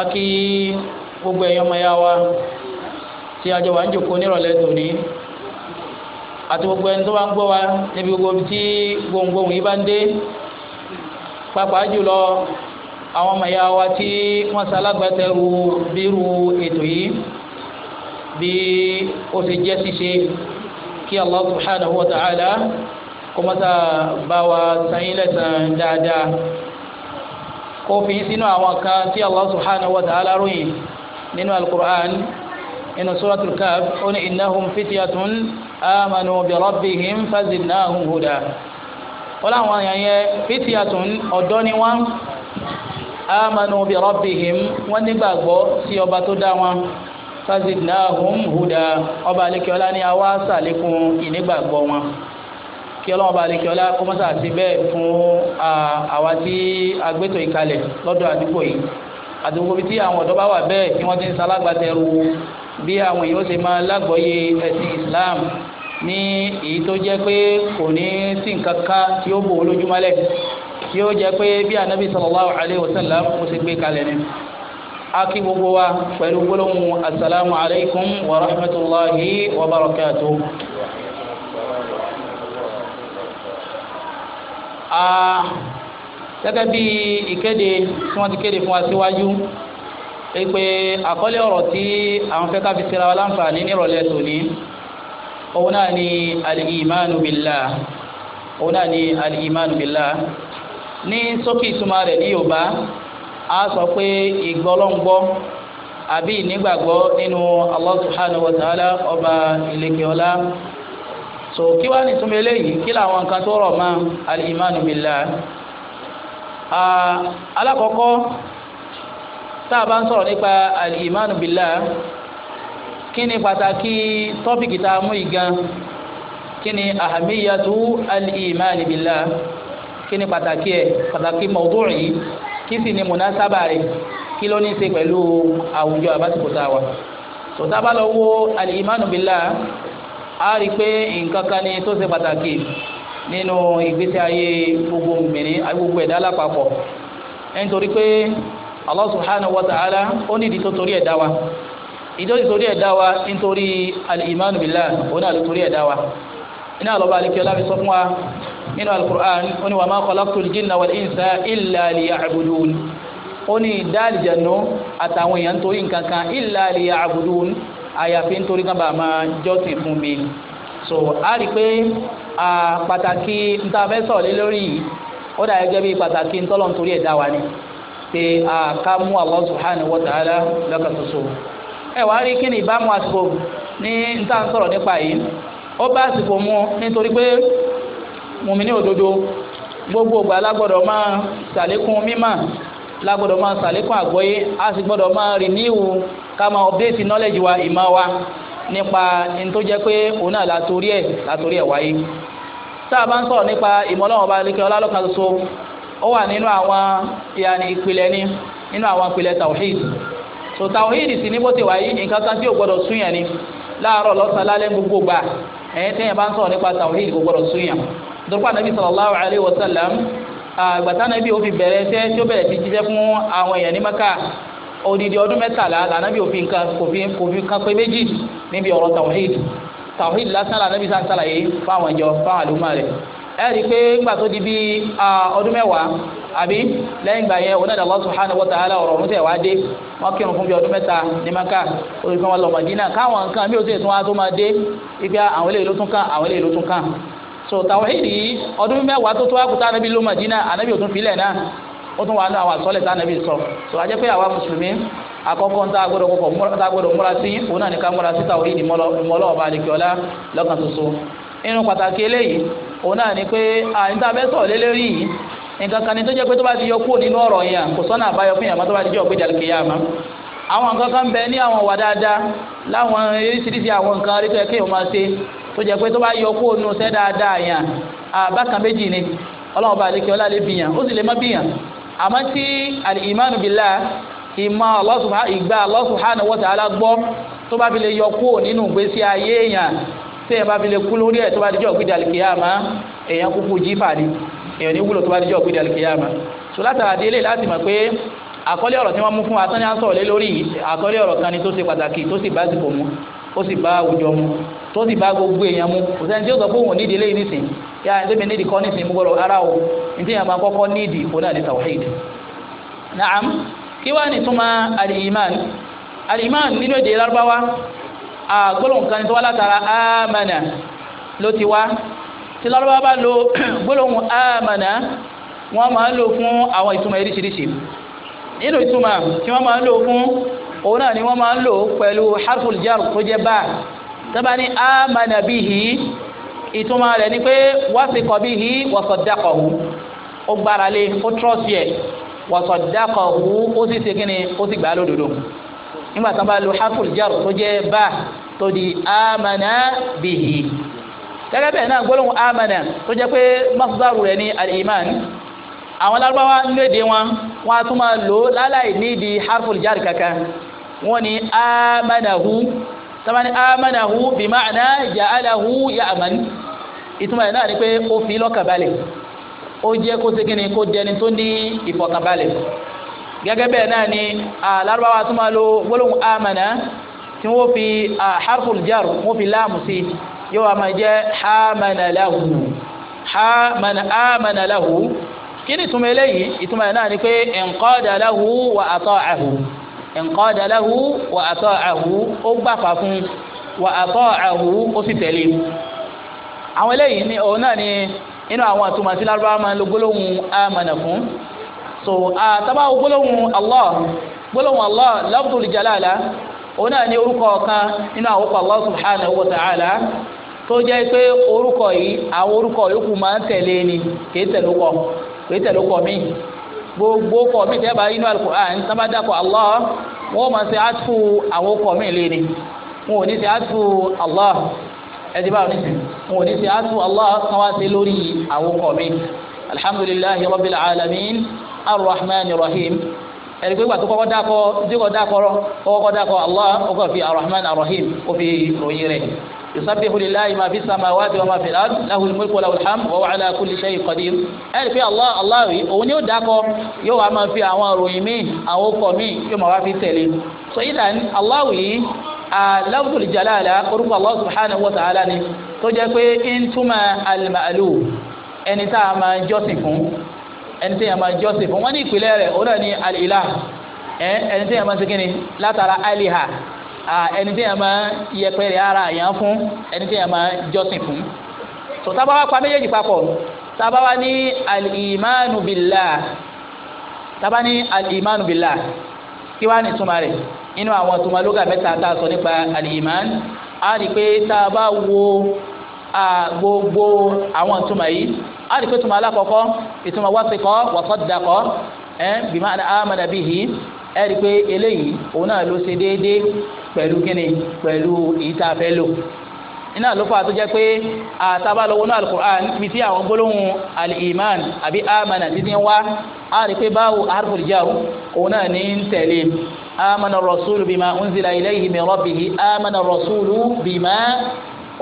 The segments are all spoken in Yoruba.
Aki gbogbo ẹ̀yọ́ ọmọ ya wa tí a jọ wà ń jòkó nírọ̀lẹ́ tòní àti gbogbo ẹni tó bá ń gbọ́ wa níbi gbogbo tí gbohùngbohùn yìí bá ń dé pàápàá jùlọ àwọn ọmọ ya wa tí wọ́n ṣalágbàtẹ́rù bírú ètò yìí bí ó ti jẹ́ ṣíṣe kí Allah subhanahu wa ta'ala kó mọ́ta bá wa sanyí lẹ́sàn dáadáa ó fi sínú àwọn kan tí Allah subhanahu wa ta'ala ròyìn nínú al-Qur'an nínú suratul Kahf ó ní innahum fityatun amanu bi rabbihim fazidnahum huda ó láwọn èèyàn yẹn fityatun ọ̀dọ́ ni wọ́n amanu bi rabbihim wọ́n sí ọba tó dá wọn fazidnahum huda ọba àlekèọ́lá ni a sàlékún ìnígbàgbọ́ wọn kí ọlọ́wọ́n bá lè kí ọlá kó mọ́sá àti bẹ́ẹ̀ fún àwa tí agbẹ́tọ̀ ìkalẹ̀ lọ́dọ̀ àdúgbò yìí àdúgbò bíi tí àwọn ọ̀dọ́ bá wà bẹ́ẹ̀ tí wọ́n ti ń salágbàtẹ́rù bí àwọn èèyàn ṣe máa lágbọ́yé ẹ̀sìn Islam ní èyí tó jẹ́ pé kò ní sí nǹkan kan tí ó bò ó lójúmọ́lẹ̀ tí ó jẹ́ pé bí anabi sallallahu alayhi wa sallam mo ṣe gbé kalẹ̀ ni aki gbogbo wa pẹ̀lú gbólóhùn asalaamu alaykum wa rahmatulahi wa barakatuh. gẹ́gẹ́ bí ìkéde tí wọ́n ti kéde fún wa síwájú pé àkọlé ọ̀rọ̀ tí àwọn fẹ́ ká fi ṣera wa láǹfààní nírọ̀lẹ́ tòní òun náà ni alìmánu billah òun náà ni alìmánu billah ní sókè ìtumọ̀ rẹ̀ ní yorùbá a sọ pé ìgbọ́lọ́ngbọ́ àbí ìnígbàgbọ́ nínú Allah subhanahu wa ta'ala ọba ìlẹ̀kẹ̀ so kí wàá ní túnbẹ̀ eléyìí kí làwọn nǹkan tó rọ̀ mọ́ al-imanu billah tá a bá ń sọ̀rọ̀ nípa al-imanu kí ni pàtàkì tọ́pìkì tá a mú yìí gan kí ni ahamiyatu al-imanu billah kí ni pàtàkì ẹ̀ pàtàkì mawdu' yìí kí sì ni munasaba rẹ̀ kí ló ní í ṣe pẹ̀lú àwùjọ àbátìkútà wa so tá a bá lọ wo al-imanu billah a rí i pé nǹkan kan ni tó ṣe pàtàkì nínú ìgbésí ayé gbogbo mìíràn àti gbogbo ẹ̀dá lápapọ̀ nítorí pé Allah subhanahu wa ta'ala ó ní ìdí tó torí ẹ̀dá wa ìdí tó torí ẹ̀dá wa nítorí al-imanu ó ní àlùtorí ẹ̀dá wa iná àlọ́ba àlekẹ́ fi sọ fún wa nínú al ó ní wa ma khalaqtul jinna wal insa illa liya'budun ó ní ìdá àlìjẹ̀nu àtàwọn èèyàn torí nǹkan kan illa liya'budun àyàfi nítorí kan bá máa jọ́sìn fún mi so a rí i pé pàtàkì ntàfẹ́ sọ̀rọ̀ lórí yìí ó dà gẹ́gẹ́ bí pàtàkì ntọ́lọ̀ nítorí ẹ̀ dá wa ni pé ká mú Allah subhanahu wa ta'ala lọ́kàn ṣoṣo ẹ wàá rí kí ni ìbámu àsìkò ní ntà ń sọ̀rọ̀ nípa yìí ó bá àsìkò mu nítorí pé mùmí ní òdodo gbogbo ògbà alágbọ̀dọ̀ máa ṣàlékún mímà lágbọ́dọ̀ máa sàlékún àgbọ́yé a sì gbọ́dọ̀ máa rìn ní ìwù ká máa update knowledge wa ìmọ̀ wa nípa ní tó jẹ́ pé òun náà látòrí ẹ̀ látòrí ẹ̀ wáyé tá a bá ń sọ̀rọ̀ nípa ìmọ̀lọ́wọ́n bá lékè ọlá lọ́kàn ṣoṣo ó wà nínú àwọn ìyàní ìpìlẹ̀ ni nínú àwọn ìpìlẹ̀ tawhid so tawhid sì ní bó ti wáyé nǹkan kan tí ò gbọ́dọ̀ súnyàn ni láàárọ̀ lọ́sàn-án lálẹ́ gbogbo gbà ẹ̀yìn tẹ́yìn bá ń sọ̀rọ̀ nípa tawhid kò gbọ́dọ̀ súnyàn dọ́pọ̀ ànábì sallallahu alaihi wasallam àgbàtà nàbí ó fi bẹ̀rẹ̀ ṣẹ́ tí ó bẹ̀rẹ̀ ti jíṣẹ́ fún àwọn èèyàn ní maka odidi ọdún mẹ́tàlá lànàbí òfin kan kò fi kò fi kan pé méjì níbi ọ̀rọ̀ tawhid tawhid lásán lànàbí sàn sàlàyé fáwọn ìjọ fáwọn àlùmọ́ rẹ̀ ẹ rí i pé ńgbà tó di bí ọdún mẹ́wàá àbí lẹ́yìn ìgbà yẹn onáda Allah subhanahu wa ta'ala ọ̀rọ̀ ọ̀run tẹ̀ wá dé wọ́n kírun fún bí ọdún mẹ́ta ní maka olùfẹ́ wọn lọ Madina káwọn nǹkan bí ó sì tún wá tó máa dé ibi àwọn eléyìí ló tún kàn àwọn eléyìí ló tún kàn so tàwáhídì yìí ọdún mẹ́wàá tó tó wá kúta anabi ló Madina anabi òtún filẹ̀ náà ó tún wà ní àwọn àsọlẹ̀ tá anabi sọ so ajẹ́ pé àwa mùsùlùmí àkọ́kọ́ ntá gbọ́dọ̀ kọ́kọ́ ntá gbọ́dọ̀ múra sí òun náà ní múra sí ọba àdìgbọ́lá lọ́kàn tuntun inú pàtàkì eléyìí òun náà ní pé àyíntà bẹ́ẹ̀ sọ̀ lélẹ́rìí yìí nǹkan kan ní tó jẹ́ pé tó bá ti yọ kúrò nínú yẹn kò àbáyọ fún yàrá tó bá ti ma àwọn nǹkan kan bẹ ní àwọn wà dáadáa láwọn àwọn nǹkan tó jẹ́ pé tó bá yọ kó nu sẹ́ dáadáa yàn àbákan méjì ni ọlọ́run bá àlekè ọlá lè bìyàn ó sì lè má bìyàn àmọ́ tí al-imanu billah ìmọ̀ Allah subhanahu ìgbà Allah subhanahu wa ta'ala gbọ́ tó bá fi lè yọ kó nínú ìgbésí ayé èèyàn tí èèyàn bá fi lè kú lórí ẹ̀ tó bá dijọ́ ògbé dàlùkìyàmà èèyàn kúkú jífà ni èèyàn ní wúlò tó bá dijọ́ ògbé dàlùkìyàmà tó látara délé láti mọ̀ pé àkọlé ọ̀rọ̀ tí wọ́n mú fún wa tán ní à sọ̀rọ̀ lé lórí àkọlé ọ̀rọ̀ kan ni tó ṣe pàtàkì tó sì básìkò mu ó sì bá àwùjọ mu tó sì bá gbogbo èèyàn mu kò sẹ́ni tí ó sọ pé òun nídìí léyìn nísìn yá ẹni tẹ́mi nídìí kọ́ nísìn mú gbọ́dọ̀ ara o ní tí yàrá máa kọ́kọ́ nídìí òun náà ní tawhid. naam kí wàá ní túmọ̀ al-iman al-iman nínú èdè lárúbáwá gbólóhùn kan tó wá látara amana ló ti wá tí lárúbáwá bá lo gbólóhùn amana wọ́n máa ń lò fún àwọn ìtumọ̀ eríṣiríṣi nínú ìtumọ̀ tí wọ́n máa ń lò fún òun náà ni wọ́n máa ń lò pẹ̀lú harful jar tó jẹ́ bá tábà ní amana bihi ìtumọ̀ rẹ̀ ni pé wasiqa bihi wa saddaqahu ó gbára lé ó trọ́ọ̀sì ẹ̀ wa saddaqahu ó sì ṣe kíni ó sì gbà á lódodo nígbà tí wọ́n bá lo harful jar tó jẹ́ bá tó di amana bihi gẹ́gẹ́ bẹ́ẹ̀ náà gbólóhùn amana tó jẹ́ pé masdaru rẹ̀ ní al-iman àwọn lárúbáwá ń léde wọn wọn a tún máa lò láláì nídìí harful jar kankan wọ́n ní amanahu sábàá ní amanahu bima'na ja'alahu ya'man ìtumọ̀ yẹn náà ni pé ó fi lọ́kàn balẹ̀ ó jẹ́ kó ṣe kíni kó dẹni tó ní ìfọ̀kànbalẹ̀ gẹ́gẹ́ bẹ́ẹ̀ náà ni alárúbáwá tó máa lo gbólóhùn amana tí wọ́n fi harful jar wọ́n fi láàmù sí yóò wá máa jẹ́ amana lahu kí ni ìtumọ̀ eléyìí ìtumọ̀ yẹn náà ni pé inqada lahu wa ata'ahu. ẹ̀ńkọ́dà lẹ́hu wà àtọ́ àhù ó gbàfà fún wà àtọ́ àhù ó sì tẹ̀lé àwọn eléyìí ni ni inú àwọn àtúmọ̀ lárúbáwá máa ń lo gbólóhùn amànà fún so àtàbà gbólóhùn allah gbólóhùn allah lafdul jalala òun náà ni orúkọ kan nínú àwọn allah subhanahu wa ta'ala tó jẹ́ pé orúkọ yìí àwọn orúkọ yòókù máa ń tẹ̀lé ni kì í tẹ̀lé gbogbo kọ mi tẹ bá inú alukur'an sábà dàpọ̀ allah wọn ma ṣe àtúfù àwọn kọ mi lé ni wọn ò ní ṣe àtúfù allah ẹdí bá wọn ní wọn ò ní ṣe àtúfù allah kan wá ṣe lórí àwọn kọ mi alhamdulilayi rabbil alamin arrahman rahim ẹni pé gbàtú kọ́kọ́ dàkọ́ díkọ̀ dàkọ́ kọ́kọ́ dàkọ́ allah ó kọ́ fi arrahman arrahim ó fi ròyìn rẹ̀. يسبح لله ما في السماوات وما في الارض له الملك وله الحمد وهو على كل شيء قدير ẹni pé allah allah yìí òun ni ó dákọ yóò wá máa fi àwọn òròyìn míì àwọn ọkọ míì yóò máa wá fi tẹ̀lé so idan allah yìí lafzul jalala orúkọ allah subhanahu wa ta'ala ni tó jẹ́ pé intuma alimalu ẹni tá a máa jọ́sìn fún ẹni tí a máa jọ́sìn fún wọ́n ní ìpìlẹ̀ rẹ̀ òun náà ni alìlá ẹni tí a máa ń segin ni látara aliha ẹni tí yẹn máa yẹpẹrẹ ara yẹn fún ẹni tí yẹn máa jọ́sìn fún tó tábà wá pa méjèèjì papọ̀ tábà wá ní alìmánu bìlà tábà ní alìmánu bìlà kí wàá ní túmọ̀ rẹ̀ nínú àwọn túmọ̀ lóga mẹ́ta tá a sọ nípa alìmán á rí i pé tá a bá wo gbogbo àwọn túmọ̀ yìí á rí i pé túmọ̀ alákọ̀ọ́kọ́ ìtumọ̀ wá sí kọ́ wàsọ́ dàkọ́ ẹ̀ bìmọ̀ àmàdàbí yìí ẹ rí i pé eléyìí òun náà ló ṣe déédéé pẹ̀lú kíni pẹ̀lú ìta fẹ́ lò iná ló fà tó jẹ́ pé àtàbálọ́wọ́ náà alukur'an mi ti àwọn gbólóhùn al-iman àbí amana títí wá a rí pé báwo harful òun náà ní ń tẹ̀lé amana rasulu bima unzila ilayhi min rabbihi amana rasulu bima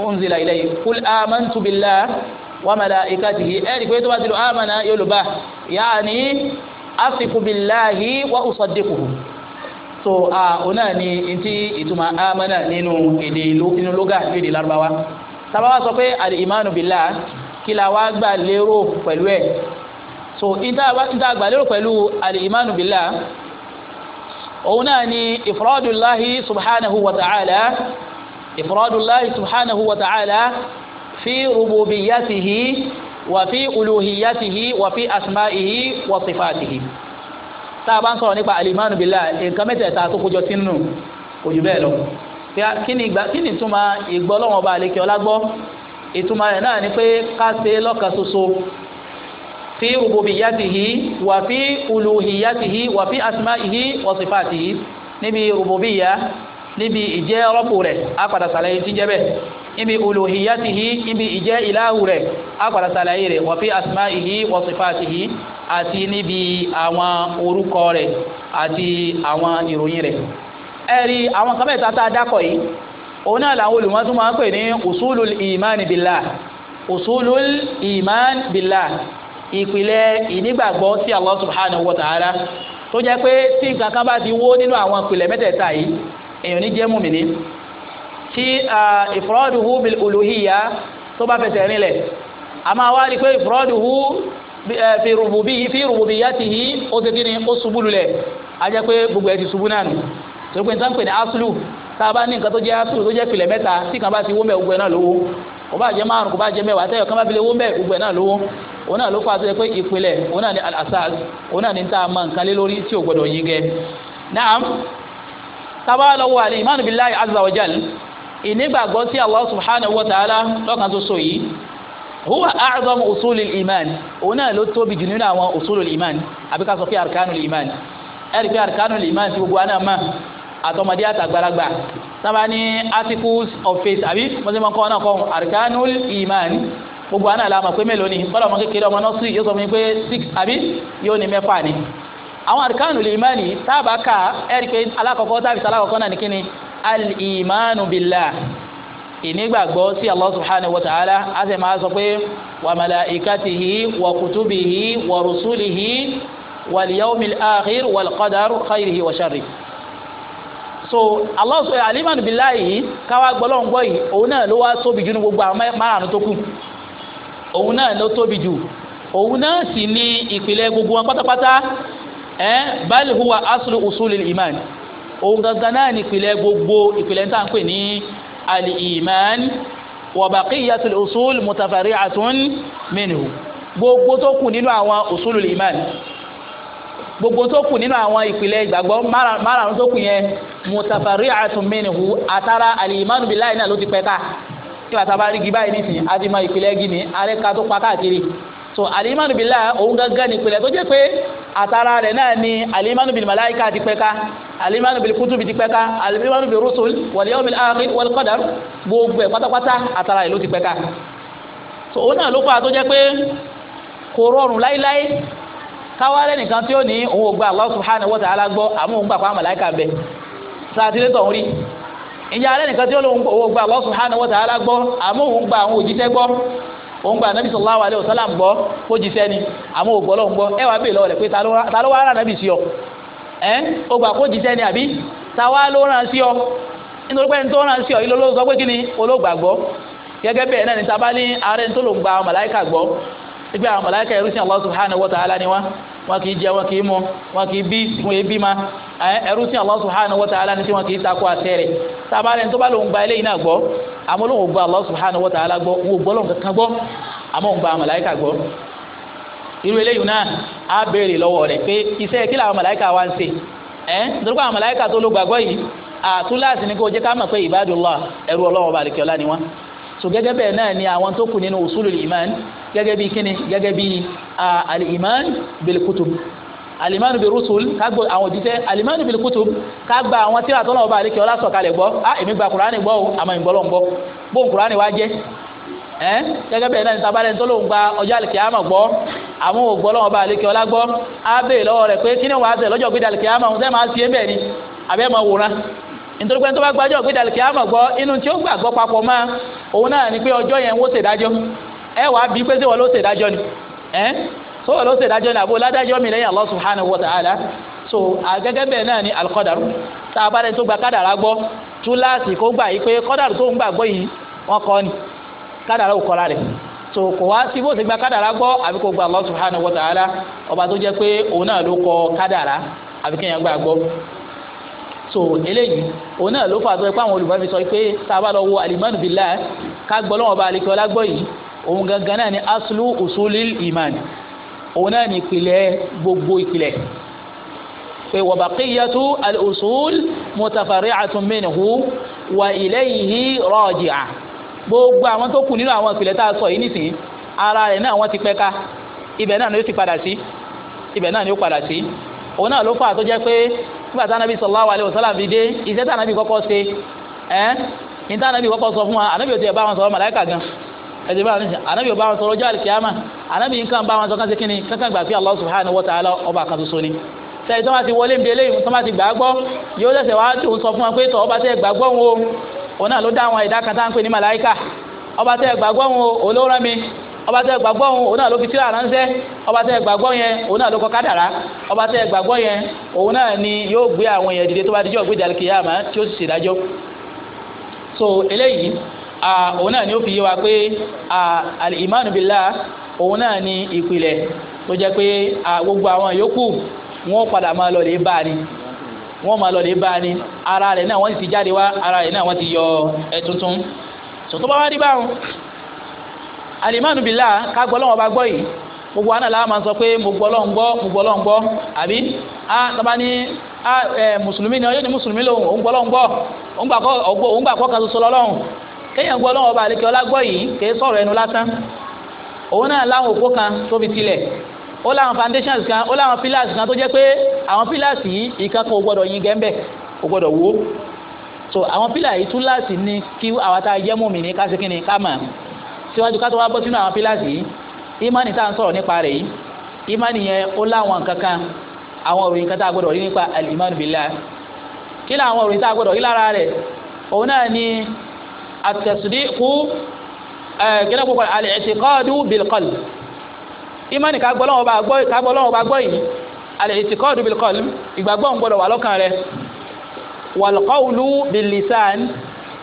unzila ilayhi kul amantu billah wa malaikatihi ẹ rí i pé tó bá ti lo amana yorùbá yáà ní asiku billahi wa usaddiquhu so ọ̀nà ni ntí ìtumọ̀ amana nínú èdè inú lóga lédè Lárúbáwá sábàá sọ pé àlè ìmánu bìlá kí la wá gbà lérò pẹ̀lú ẹ̀ so níta gbà lérò pẹ̀lú àlè ìmánu bìlá òun náà ni ìfúrọ́dùláhi subhanahu wa ta'ala ìfúrọ́dùláhi subhanahu wa ta'ala fi rububiyatihi wàfi uluhiyatihi wàfi asma'ihi wàsifatihi tá a bá ń sọ̀rọ̀ nípa alimanu billah nǹkan mẹ́tẹ̀ẹ̀ta tó kójọ sínú kò jù bẹ́ẹ̀ lọ kí ni ìtumọ̀ ìgbọ́ lọ́wọ́n ọba àlekè ọlá gbọ́ ìtumọ̀ rẹ̀ náà ni pé ká ṣe lọ́kan ṣoṣo fi rububiyatihi wàfi uluhiyatihi wàfi asma'ihi wàsifatihi níbi rububiya níbi ìjẹ́ rọ́pù rẹ̀ á padà sàlẹ̀ ìjíjẹ́ bẹ́ẹ̀ ibi uluhiyatihi ibi ìjẹ́ ìláhù rẹ̀ àpàdà sàlàyé rẹ̀ wọ́n fi asma'ihi wa sifatihi àti níbi àwọn orúkọ rẹ̀ àti àwọn ìròyìn rẹ̀ ẹ̀rí àwọn kan mẹ́ta tá a dákọ̀ yìí òun náà làwọn olùmọ́tún máa ń pè ní usulul iman billah usulul iman billah ìpìlẹ̀ ìnígbàgbọ́ sí Allah subhanahu wa ta'ala tó jẹ́ pé tí nǹkan kan bá ti wó nínú àwọn ìpìlẹ̀ mẹ́tẹ̀ẹ̀ta yìí èèyàn ní jẹ́ mùmínì tí ìfúrọ́dùhù bil olùhíyà tó bá fẹsẹ̀ rinlẹ̀ àmọ́ àwa rí i pé ìfúrọ́dùhù fi rububi fi rububi yatihi o ti kini o ṣubú lulẹ̀ ajẹ pé gbogbo ẹ ti ṣubú náà nù torí pé nǹkan pè ní asulu tá a bá ní nǹkan tó jẹ asulu tó jẹ filẹ̀ mẹ́ta tí kan bá ti wó mbẹ gbogbo ẹ náà lówó kò bá jẹ márùn kò bá jẹ mẹ́wàá tẹyọ kan bá fi wó mbẹ gbogbo ẹ náà lówó òun náà ló fà tó pé ìpìlẹ̀ òun náà ní alasaz òun náà ní tá a mọ nǹkan lé lórí tí ò gbọdọ̀ yín gẹ. naam tábà lọ́wọ́ àlè imánu billahi ìnígbàgbọ́ sí Allah subhanahu wa ta'ala lọ́kàn tó so yìí huwa a'zam usulil iman òun náà ló tóbi jù nínú àwọn usulil iman àbí ká sọ pé arkanul iman ẹ̀rí pé arkanul iman ti gbogbo àná mà àtọmọdé àtàgbàlagbà sábà ní articles of faith àbí mọ́sẹ́mọ́ kọ́ náà kọ́ arkanul iman gbogbo àná la mọ̀ pé mélòó ni bọ́lá ọmọ kékeré ọmọ nọ́ọ̀sì yóò sọ mi pé six àbí yóò ní mẹ́fà ni àwọn arkanul iman yìí táàbà ká ẹ̀rí pé alákọ̀ọ́kọ́ táàbì al-imanu billah ìnígbàgbọ́ sí Allah subhanahu wa ta'ala a sì máa sọ pé wa malaikatihi wa kutubihi wa rusulihi wal yawmil akhir wal qadar khayrihi wa sharrihi so allah sọ alimani bilayi káwa gbọlọ́ngbọ́ yìí òun náà ló wá tóbi jù ní gbogbo àwọn márùn tó kù òun náà ló tóbi jù òun náà sì ní ìpìlẹ̀ gbogbo wọn pátápátá ẹ bal huwa aslu usulil iman òun gangan náà ní ìpìlẹ̀ gbogbo ìpìlẹ̀ tá à ń pè ní al-iman wa baqiyatul usul mutafari'atun minhu gbogbo tó kù nínú àwọn usulul iman gbogbo tó kù nínú àwọn ìpìlẹ̀ ìgbàgbọ́ márùn-ún tó kù yẹn mutafari'atun minhu àtàrà al-iman billahi náà ló ti pẹ́ ká kí wàá tábà rí gí nísìnyí àti ìpìlẹ̀ gí ni àrẹ́ká tó pa káàkiri so alimanu bila òun gangan ni ìpìlẹ̀ tó jẹ́ pé àtàrà rẹ̀ náà ni alimanu bil malaika ti pẹ́ka alimanu bil kutubi ti pẹ́ka alimanu bil rusul wal yawmil akhir wal qadar gbogbo ẹ̀ pátápátá àtàrà rẹ̀ ti pẹ́ka so òun náà ló fà tó jẹ́ pé kò rọrùn láíláí káwárẹ́ nìkan tí ó ní òun ò gba Allah subhanahu wa ta'ala gbọ́ àmọ́ òun gbà pa malaika bẹ̀ sàtìlétọ̀ ń rí ìyá alẹ́ nìkan tí ó lóun ò gba Allah subhanahu wa ta'ala gbọ́ òun gba àwọn òjíṣẹ́ òun gba anabi sallallahu alayhi wa sallam gbọ́ kó jíṣẹ́ ni àmọ́ ògbọ́ lọ́hùn gbọ́ ẹ wàá bèè lọ́wọ́ rẹ̀ pé ta ló wá ọ ẹ ó gbà kó àbí ta wá ló rán sí ọ nítorí pé nítorí rán sí ọ ilé olóògbé pé kí ni olóògbàgbọ́ gẹ́gẹ́ bẹ́ẹ̀ náà ní ààrẹ tó ló gba màláìkà àwọn màláìkà ẹrú sí ma ẹrú sí ni tí wọn kì í takò ní àmọ́ lóun ò gbọ́ Allah subhanahu wa ta'ala gbọ́ wọn ò gbọ́ lóun kankan gbọ́ àmọ́ òun gba màláìka gbọ́ irú eléyìí náà á béèrè lọ́wọ́ rẹ̀ pé iṣẹ́ kí làwọn màláìka wa ń ṣe ẹ́ nítorí pé àwọn màláìka tó ló gbàgbọ́ yìí àtúláàsì ni kò jẹ́ ká mọ̀ pé ibadullah ẹrú ọlọ́wọ́ balẹ̀kẹ́ ọlá ni wọ́n so gẹ́gẹ́ bẹ́ẹ̀ náà ni àwọn tó kù nínú usulul iman gẹ́gẹ́ bí kíni gẹ́gẹ́ bí al iman bil alimanu bi rusul ká gbọ́ àwọn òjíṣẹ́ alimanu bi kutub ká gba àwọn tíra tọ́nà ọba àlekè ọlá sọ̀kalẹ̀ gbọ́ a ah, èmi gba kurani gbọ́ o àmọ́ ìgbọ́lọ́ ń gbọ́ bó kurani wá jẹ́ ẹ́ gẹ́gẹ́ bẹ́ẹ̀ náà ní tabalẹ̀ tó lóun gba ọjọ́ àlekè àmọ̀ gbọ́ àmọ́ ògbọ́lọ́ ọba àlekè ọlá gbọ́ á béè lọ́wọ́ rẹ̀ pé kíni wàá bẹ̀ lọ́jọ́ gbé dàlekè àmọ̀ ń sẹ́ máa ṣe bẹ́ẹ̀ ni àbẹ́ máa wòran nítorí pé tó bá gbàjọ́ gbé dàlekè àmọ̀ gbọ́ inú tí ó gbàgbọ́ papọ̀ òun náà ni pé ọjọ́ yẹn wó ṣèdájọ́ ẹ wàá bí pé ṣé wọ́n ló ṣèdájọ́ ni ẹ́ so ló ṣe dájọ́ ní àbó ládájọ́ mi lẹ́yìn Allah subhanahu wa ta'ala so àgẹ́gẹ́ bẹ́ẹ̀ náà ni alikọ́dàrú tá a bá rẹ tó gba kádàrá gbọ́ túláàsì kó gbà yìí pé kọ́dàrú tó ń gbà gbọ́ yìí wọ́n kọ́ ni kádàrá ò kọ́ra rẹ̀ so kò wá sí bó ṣe gba kádàrá gbọ́ àbí kò gba Allah subhanahu wa ta'ala ọba tó jẹ́ pé òun náà ló kọ kádàrá àbí kéèyàn gbà gbọ́ so eléyìí òun náà ló fà tó pé àwọn olùmọ̀ fi sọ pé tá a bá lọ wo alimanu billah ká gbọ́ lọ́wọ́ bá alikọ́lá gbọ́ yìí òun gangan náà ni aslu usulil iman òun náà ní ìpìlẹ̀ gbogbo ìpìlẹ̀ pé wa baqiyatu al-usul mutafarri'atun minhu wa ilayhi raji'a gbogbo àwọn tó kù nínú àwọn ìpìlẹ̀ tá a sọ yìí nìsín ara rẹ̀ náà wọ́n ti pẹ́ka ibẹ̀ náà ni ó ti padà sí ibẹ̀ náà ni ó padà sí òun náà ló fà tó jẹ́ pé nígbà tí anabi sallallahu alaihi wasallam fi dé iṣẹ́ tí anabi kọ́kọ́ ṣe ẹ́ ní tí anabi kọ́kọ́ sọ fún wa anabi ò ẹ̀sìn bá wọn níṣẹ́ ànábì ọba wọn sọ̀rọ̀ ọjọ́ àlìkíyàmá ànábì nǹkan bá wọn sọ káńsẹ́ kínní kankan gbà pé Allah subhanahu wa ta'ala ọba kan ṣoṣo ni sẹ́yìn tó bá ti wọlé nbẹ̀lẹ̀ tó bá ti gbàgbọ́ yóò lẹ́sẹ̀ wá tó sọ fún wa pé tọ́ ọba tẹ́ gbàgbọ́ wọn o òun náà ló dá àwọn ẹ̀dá kan tá pè ní màláìkà ọba tẹ́ gbàgbọ́ wọn o olóra mi ọba tẹ́ gbàgbọ́ wọn òun náà ló fi tíra ránṣẹ́ ọba tẹ́ gbàgbọ́ yẹn òun náà ló kọ kádàrá ọba tẹ́ gbàgbọ́ yẹn òun náà ni yóò gbé àwọn èèyàn dìde tó bá dijọ́ gbé dàlùkì tí ó sì ṣèdájọ́ so eléyìí òun náà ni ó fi yé wa pé al-imanu billah òun náà ni ìpìlẹ̀ tó jẹ́ pé gbogbo àwọn yòókù wọ́n padà máa lọ lè bá a ni wọ́n máa lọ lè bá a ni ara rẹ̀ náà wọ́n ti jáde wá ara rẹ̀ náà wọ́n ti yọ ẹ tuntun sọtọ́ bá wá rí báwọn al-imanu billah ká gbọ́ lọ́wọ́ bá gbọ́ yìí gbogbo àná làwọn máa sọ pé mo gbọ́ lọ́n gbọ́ mo gbọ́ lọ́n gbọ́ àbí a tọ́ba ní a ẹ mùsùlùmí ni ọyọ́ ni mùsùlùmí lòun òun gbọ́ lọ́n gbọ́ òun gbà kọ́ kan ṣoṣo lọ́lọ́run kéèyàn gbọ́ ọlọ́wọ́ ọba àlekè ọlá gbọ́ yìí kèé sọ̀rọ̀ ẹnu lásán òun náà láwọn òpó kan tó fi tilẹ̀ ó láwọn foundations kan ó láwọn kan tó jẹ́ pé àwọn yìí ìkan kan ò gbọ́dọ̀ yin gẹ́ńbẹ̀ ò gbọ́dọ̀ wó so àwọn pillars yìí tún láti ní kí àwa tá a jẹ́ mú mi ni ká mọ̀ síwájú ká tó wá bọ́ sínú àwọn yìí ìmánì tá à ń sọ̀rọ̀ nípa rẹ̀ yìí ìmánì yẹn ó láwọn nǹkan kan àwọn òròyìn kan tá a gbọ́dọ̀ rí nípa al-imanu billah kí láwọn òròyìn tá a gbọ́dọ̀ rí lára rẹ̀ àtẹ̀sídìkú gẹ́gẹ́ kó kọ́ni àlẹ́tìkọ́dù bìlkọ́l ìmánì ká gbọ́ lọ́wọ́ bá gbọ́ ká gbọ́ lọ́wọ́ bá gbọ́ yìí àlẹ́tìkọ́dù bìlkọ́l ìgbàgbọ́ ń gbọ́dọ̀ wà lọ́kàn rẹ wàlùkọ́wùlù bìlìsàn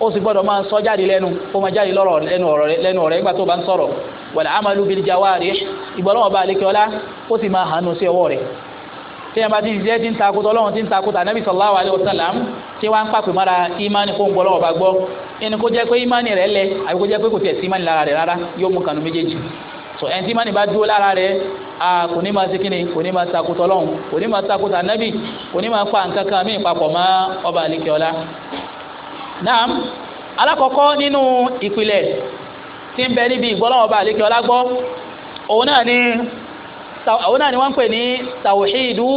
ó sì gbọ́dọ̀ máa sọ jáde lẹ́nu kó máa jáde lọ́rọ̀ lẹ́nu ọ̀rọ̀ lẹ́nu ọ̀rọ̀ nígbà tó bá ń sọ̀rọ̀ wàlẹ́ amalu bìlìjàwárì ìgbọ́lọ́wọ́ bá alẹ́kẹ́ọ́lá ó sì máa hànú sí ọwọ́ rẹ̀ téèyàn bá ti ń jẹ́ ti ń ta kótó ọlọ́run ti ń ta kótó anabi sallallahu alayhi wa sallam tí wọ́n á ń pàpè mọ́ra imani kó ń gbọ́ lọ́wọ́ bá gbọ́ ẹni kó jẹ́ pé imani rẹ̀ lẹ àbí kó jẹ́ pé kò tẹ̀ sí imani lára rẹ̀ rárá yóò mú kànú méjèèjì so ẹni tí imani bá dúró lára rẹ̀ a kò ní máa sikini kò ní máa ta kótó ọlọ́run kò ní máa ta kótó anabi kò ní máa fa nǹkan kan mí papọ̀ mọ́ ọba àlekèọ́lá naam alakọkọ nínú ìpìlẹ̀ tí ń bẹ níbi ìgbọ́lọ́wọ́ ọba àlekèọ́lá gbọ́ òun náà ni àwọn náà ni wọ́n ń pè ní tawhidu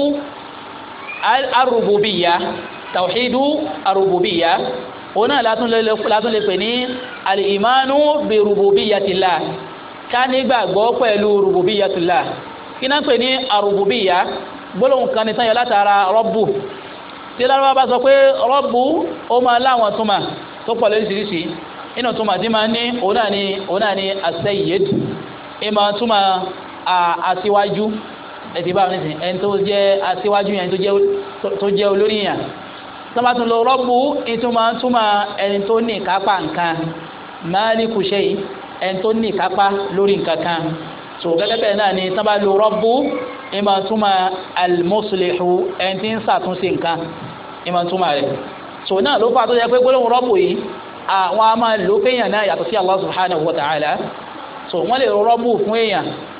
arububiya tawhidu arububiya òun náà látún lè pè ní alìmánu bi rububiyatillah ká nígbàgbọ́ pẹ̀lú rububiyatillah kí náà ń pè ní arububiya gbólóhùn kan ní sanyọ látara rọ́bù tí lárúbá bá sọ pé rọ́bù ó máa láwọn túmọ̀ tó pọ̀ lóríṣiríṣi inú túmọ̀ tí máa ní òun náà ni òun náà ìmọ̀ túmọ̀ aṣíwájú ẹtì báwọn nísìnyí ẹni tó jẹ́ aṣíwájú yẹn tó jẹ́ olórí yẹn sábà tún lọ rọ́bù ìtumọ̀ túmọ̀ ẹni tó ní ìkápá nǹkan máàlíkù ṣẹ́yìn ẹni tó ní ìkápá lórí nǹkan kan so gẹ́gẹ́ bẹ́ẹ̀ náà ni sábà lọ rọ́bù ìmọ̀ túmọ̀ almuslihu ẹni tí ń ṣàtúnṣe nǹkan ìmọ̀ rẹ̀ so náà ló fà tó yẹ pé gbólóhùn rọ́bù yìí àwọn a máa lò péyàn náà yàtọ̀ sí Allah subhanahu wa ta'ala so wọ́n lè rọ́bù fún èèyàn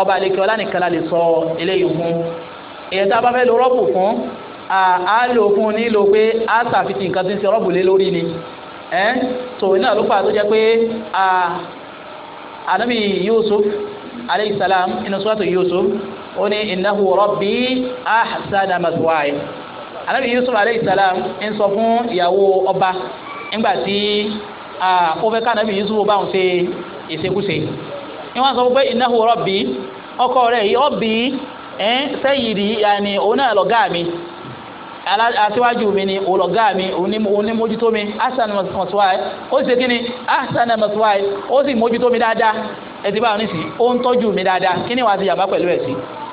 ọba àlekè ọlá nìkan la lè sọ eléyìí fún èyí tá a bá fẹ́ lo rọ́bù fún a lò fún ní lo pé a ṣàfihàn nǹkan tó ń ṣe rọ́bù lé lórí ni ẹ́ tó iná ló fà tó jẹ́ pé anabi Yusuf alayhi salam inú suratu Yusuf ó ní innahu rabbi ahsana maswaya anabi Yusuf alayhi salam ń sọ fún ìyàwó ọba nígbà tí ó fẹ́ ká anabi Yusuf bá òun ṣe ìṣekúṣe ni wọ́n sọ pé innahu rabbi ọkọ rẹ̀ yìí rabbi ẹ̀ sayyidi yàní òun náà lọ̀gá mi aṣíwájú mi ni ọlọ́gá mi òun ni mójútó mi ahsan maswai ó sì ṣe kí ni ahsan maswai ó sì mójútó mi dáadáa ẹtì báwọn ní sí ó ń tọ́jú mi dáadáa kí ni wàá ti yàgbá pẹ̀lú ẹ̀ sí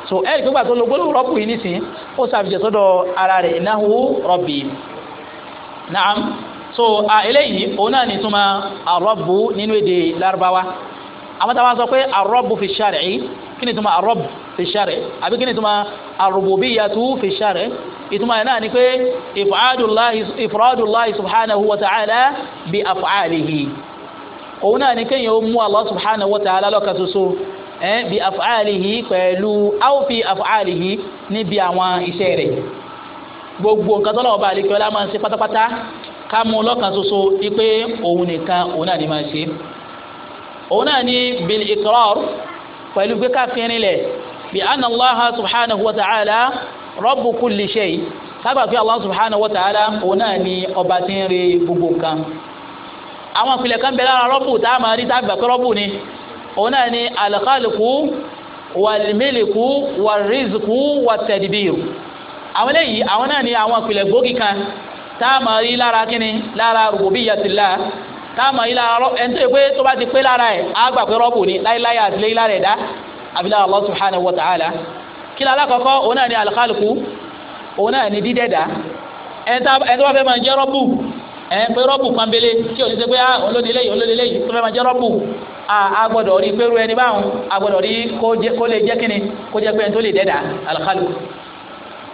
so ẹ̀rì pípa tó lo gbólóhùn rọ́pù yìí nísìn ó ṣàfihàn sọ́dọ̀ ara rẹ̀ innahu rabbi naam so eléyìí òun náà ní túmọ̀ ar-rabbu nínú èdè lárúbáwá àwọn táwọn sọ pé arọ́bù fi ṣàrẹ̀ kí ni ìtumọ̀ arọ́bù fi ṣàrẹ̀ àbí kí ni ìtumọ̀ arububiyatu fi ṣàrẹ̀ ìtumọ̀ yẹn náà ni pé ifradullahi subhanahu wa ta'ala bi af'alihi òun náà ni kéèyàn ó mú Allah subhanahu wa ta'ala lọ́ka soso bi af'alihi pẹ̀lú aw fi af'alihi níbi àwọn iṣẹ́ rẹ̀ gbogbo nǹkan tó lọ́wọ́ bá àlekẹ́ máa ń ṣe pátápátá ká mú lọ́ka soso ipe òun nìkan òun náà ni máa ṣe òun náà ní bil iqrar pẹ̀lú gbé káfíń lẹ̀ bí anna allah subhanahu wa ta'ala rabbu kulli shay sábà pé allah subhanahu wa ta'ala òun náà ní ọba tí ń re gbogbo nǹkan àwọn ìpìlẹ̀ kan bẹ lára rabbu tá a máa rí tábìlì pé rabbu ni òun náà ní al-khalqu wal-milku àwọn eléyìí àwọn náà ní àwọn ìpìlẹ̀ gbòógì kan tá a máa rí lára kíni lára rububiyyatillah káàmà ilà ẹni tó yẹ pé tó bá ti pé lára ẹ̀ á gbà pé rọ́bù ni láíláí àtìlẹ́ ilà rẹ̀ dá abilá Allah subhanahu wa ta'ala kí la alákọ̀ọ́kọ́ òun náà ni alikálukú òun náà ni dídẹ̀dá ẹni tó bá fẹ́ máa jẹ́ rọ́bù ẹ̀ pé rọ́bù pàmbélé tí òní ṣe pé olódìlé ah, yìí olódìlé yìí tó fẹ́ máa jẹ́ rọ́bù agbọ́dọ̀ rí pé ru ẹni báwọn agbọ́dọ̀ rí kó lè jẹ́ kíni kó jẹ́ pé ẹni tó lè dẹ́dà alikálukú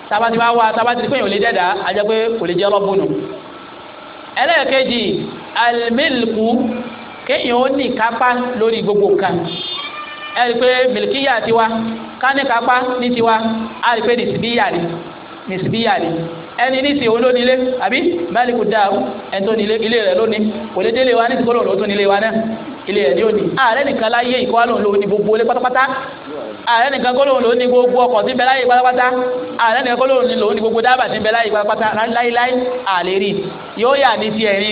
tabati alimilku kéèyàn ó ní ìkápá lórí gbogbo nǹkan ẹ rí i pé mìlìkíyà tiwa ká ní ìkápá ní tiwa á rí i pé nìsibíyà rí nìsibíyà rí ẹni ní ìsìn olónílé àbí máàlìkù dáhùn ẹni tó nílé ilé rẹ lónìí kò lè délé wa ní ìsìnkú lòun ló tún nílé wa náà ilé rẹ ní òní. ààrẹ nìkan láyé ìkọ́ àlòun lòun ní gbogbo ilé pátápátá ààrẹ nìkan kọ́ lòun lòun ní gbogbo ọkọ̀ tí ń bẹ láyé pátápátá ààrẹ nìkan kọ́ lòun lòun ní gbogbo dábàá tí ń bẹ láyé pátápátá láíláí àlè yóò yà ní tiẹ̀ ní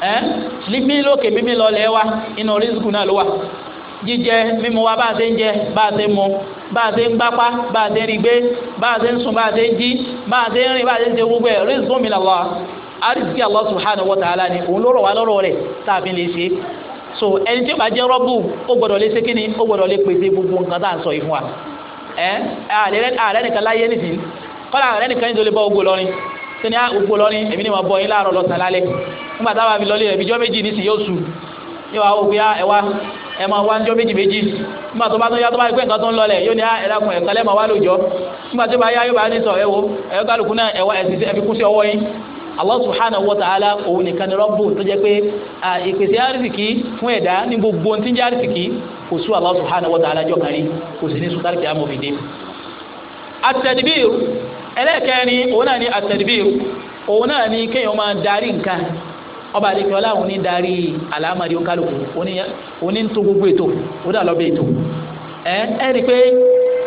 ẹ mímí lókè mímí lọlẹ wa inú rizikù náà ló wà jíjẹ mímu wa bá a ṣe ń jẹ bá a ṣe ń mu bá a ṣe ń gbápá bá a ṣe ń rigbé bá a ṣe ń sùn a ṣe ń jí bá a ṣe ń rìn bá a ṣe ń ṣe gbogbo ẹ Allah Allah subhanahu wa ni òun lọ́rọ̀ wa lọ́rọ̀ rẹ̀ tá a fi lè ṣe so ẹni tí ó bá jẹ rọ́bù ó gbọ́dọ̀ lè ṣe ó pèsè gbogbo nǹkan tá sọ yìí fún wa ẹ nìkan láyé nìsín kọ́lá nìkan yìí sani ah, gbogbo lọ́ni èmi ni mo bọ̀ yín láàárọ̀ lọ́sàn-án lálẹ́ nígbà táwa mi lọ́lé rẹ̀ bíjọ́ méjì nísìnyí yóò sùn yóò wá òkú yá ah, ẹ wá ẹ máa wá níjọ́ méjì méjì nígbà tó bá tó yá tó bá gbé nǹkan tó ń lọlẹ̀ yóò ní ah, ẹ dákun ẹ̀ka lẹ́ẹ̀ máa wá lójọ́ nígbà tó bá yá yóò bá ní sọ ẹ wo ẹ kálukú náà ẹ wá ẹ fi kún sí ọwọ́ yín Allah subhanahu wa ta'ala òun nìkan ni rọ́bù tó jẹ́ pé ìpèsè àrísìkí fún ẹ̀dá ní gbogbo ohun tí ń jẹ́ àrísìkí kò sú Allah subhanahu wa ta'ala jọ kárí kò sì ní sùn kárí kí á mọ̀ ẹlẹ́ẹ̀kẹrin òun náà ni àtẹ̀dìbí òun náà ni kéèyàn máa darí nǹkan ọba àdìkẹ́ ọláhùn ní darí àlámàrí oníkálukú òní ń tó gbogbo ètò ó dà lọ́bẹ̀ ètò ẹ ẹ rí i pé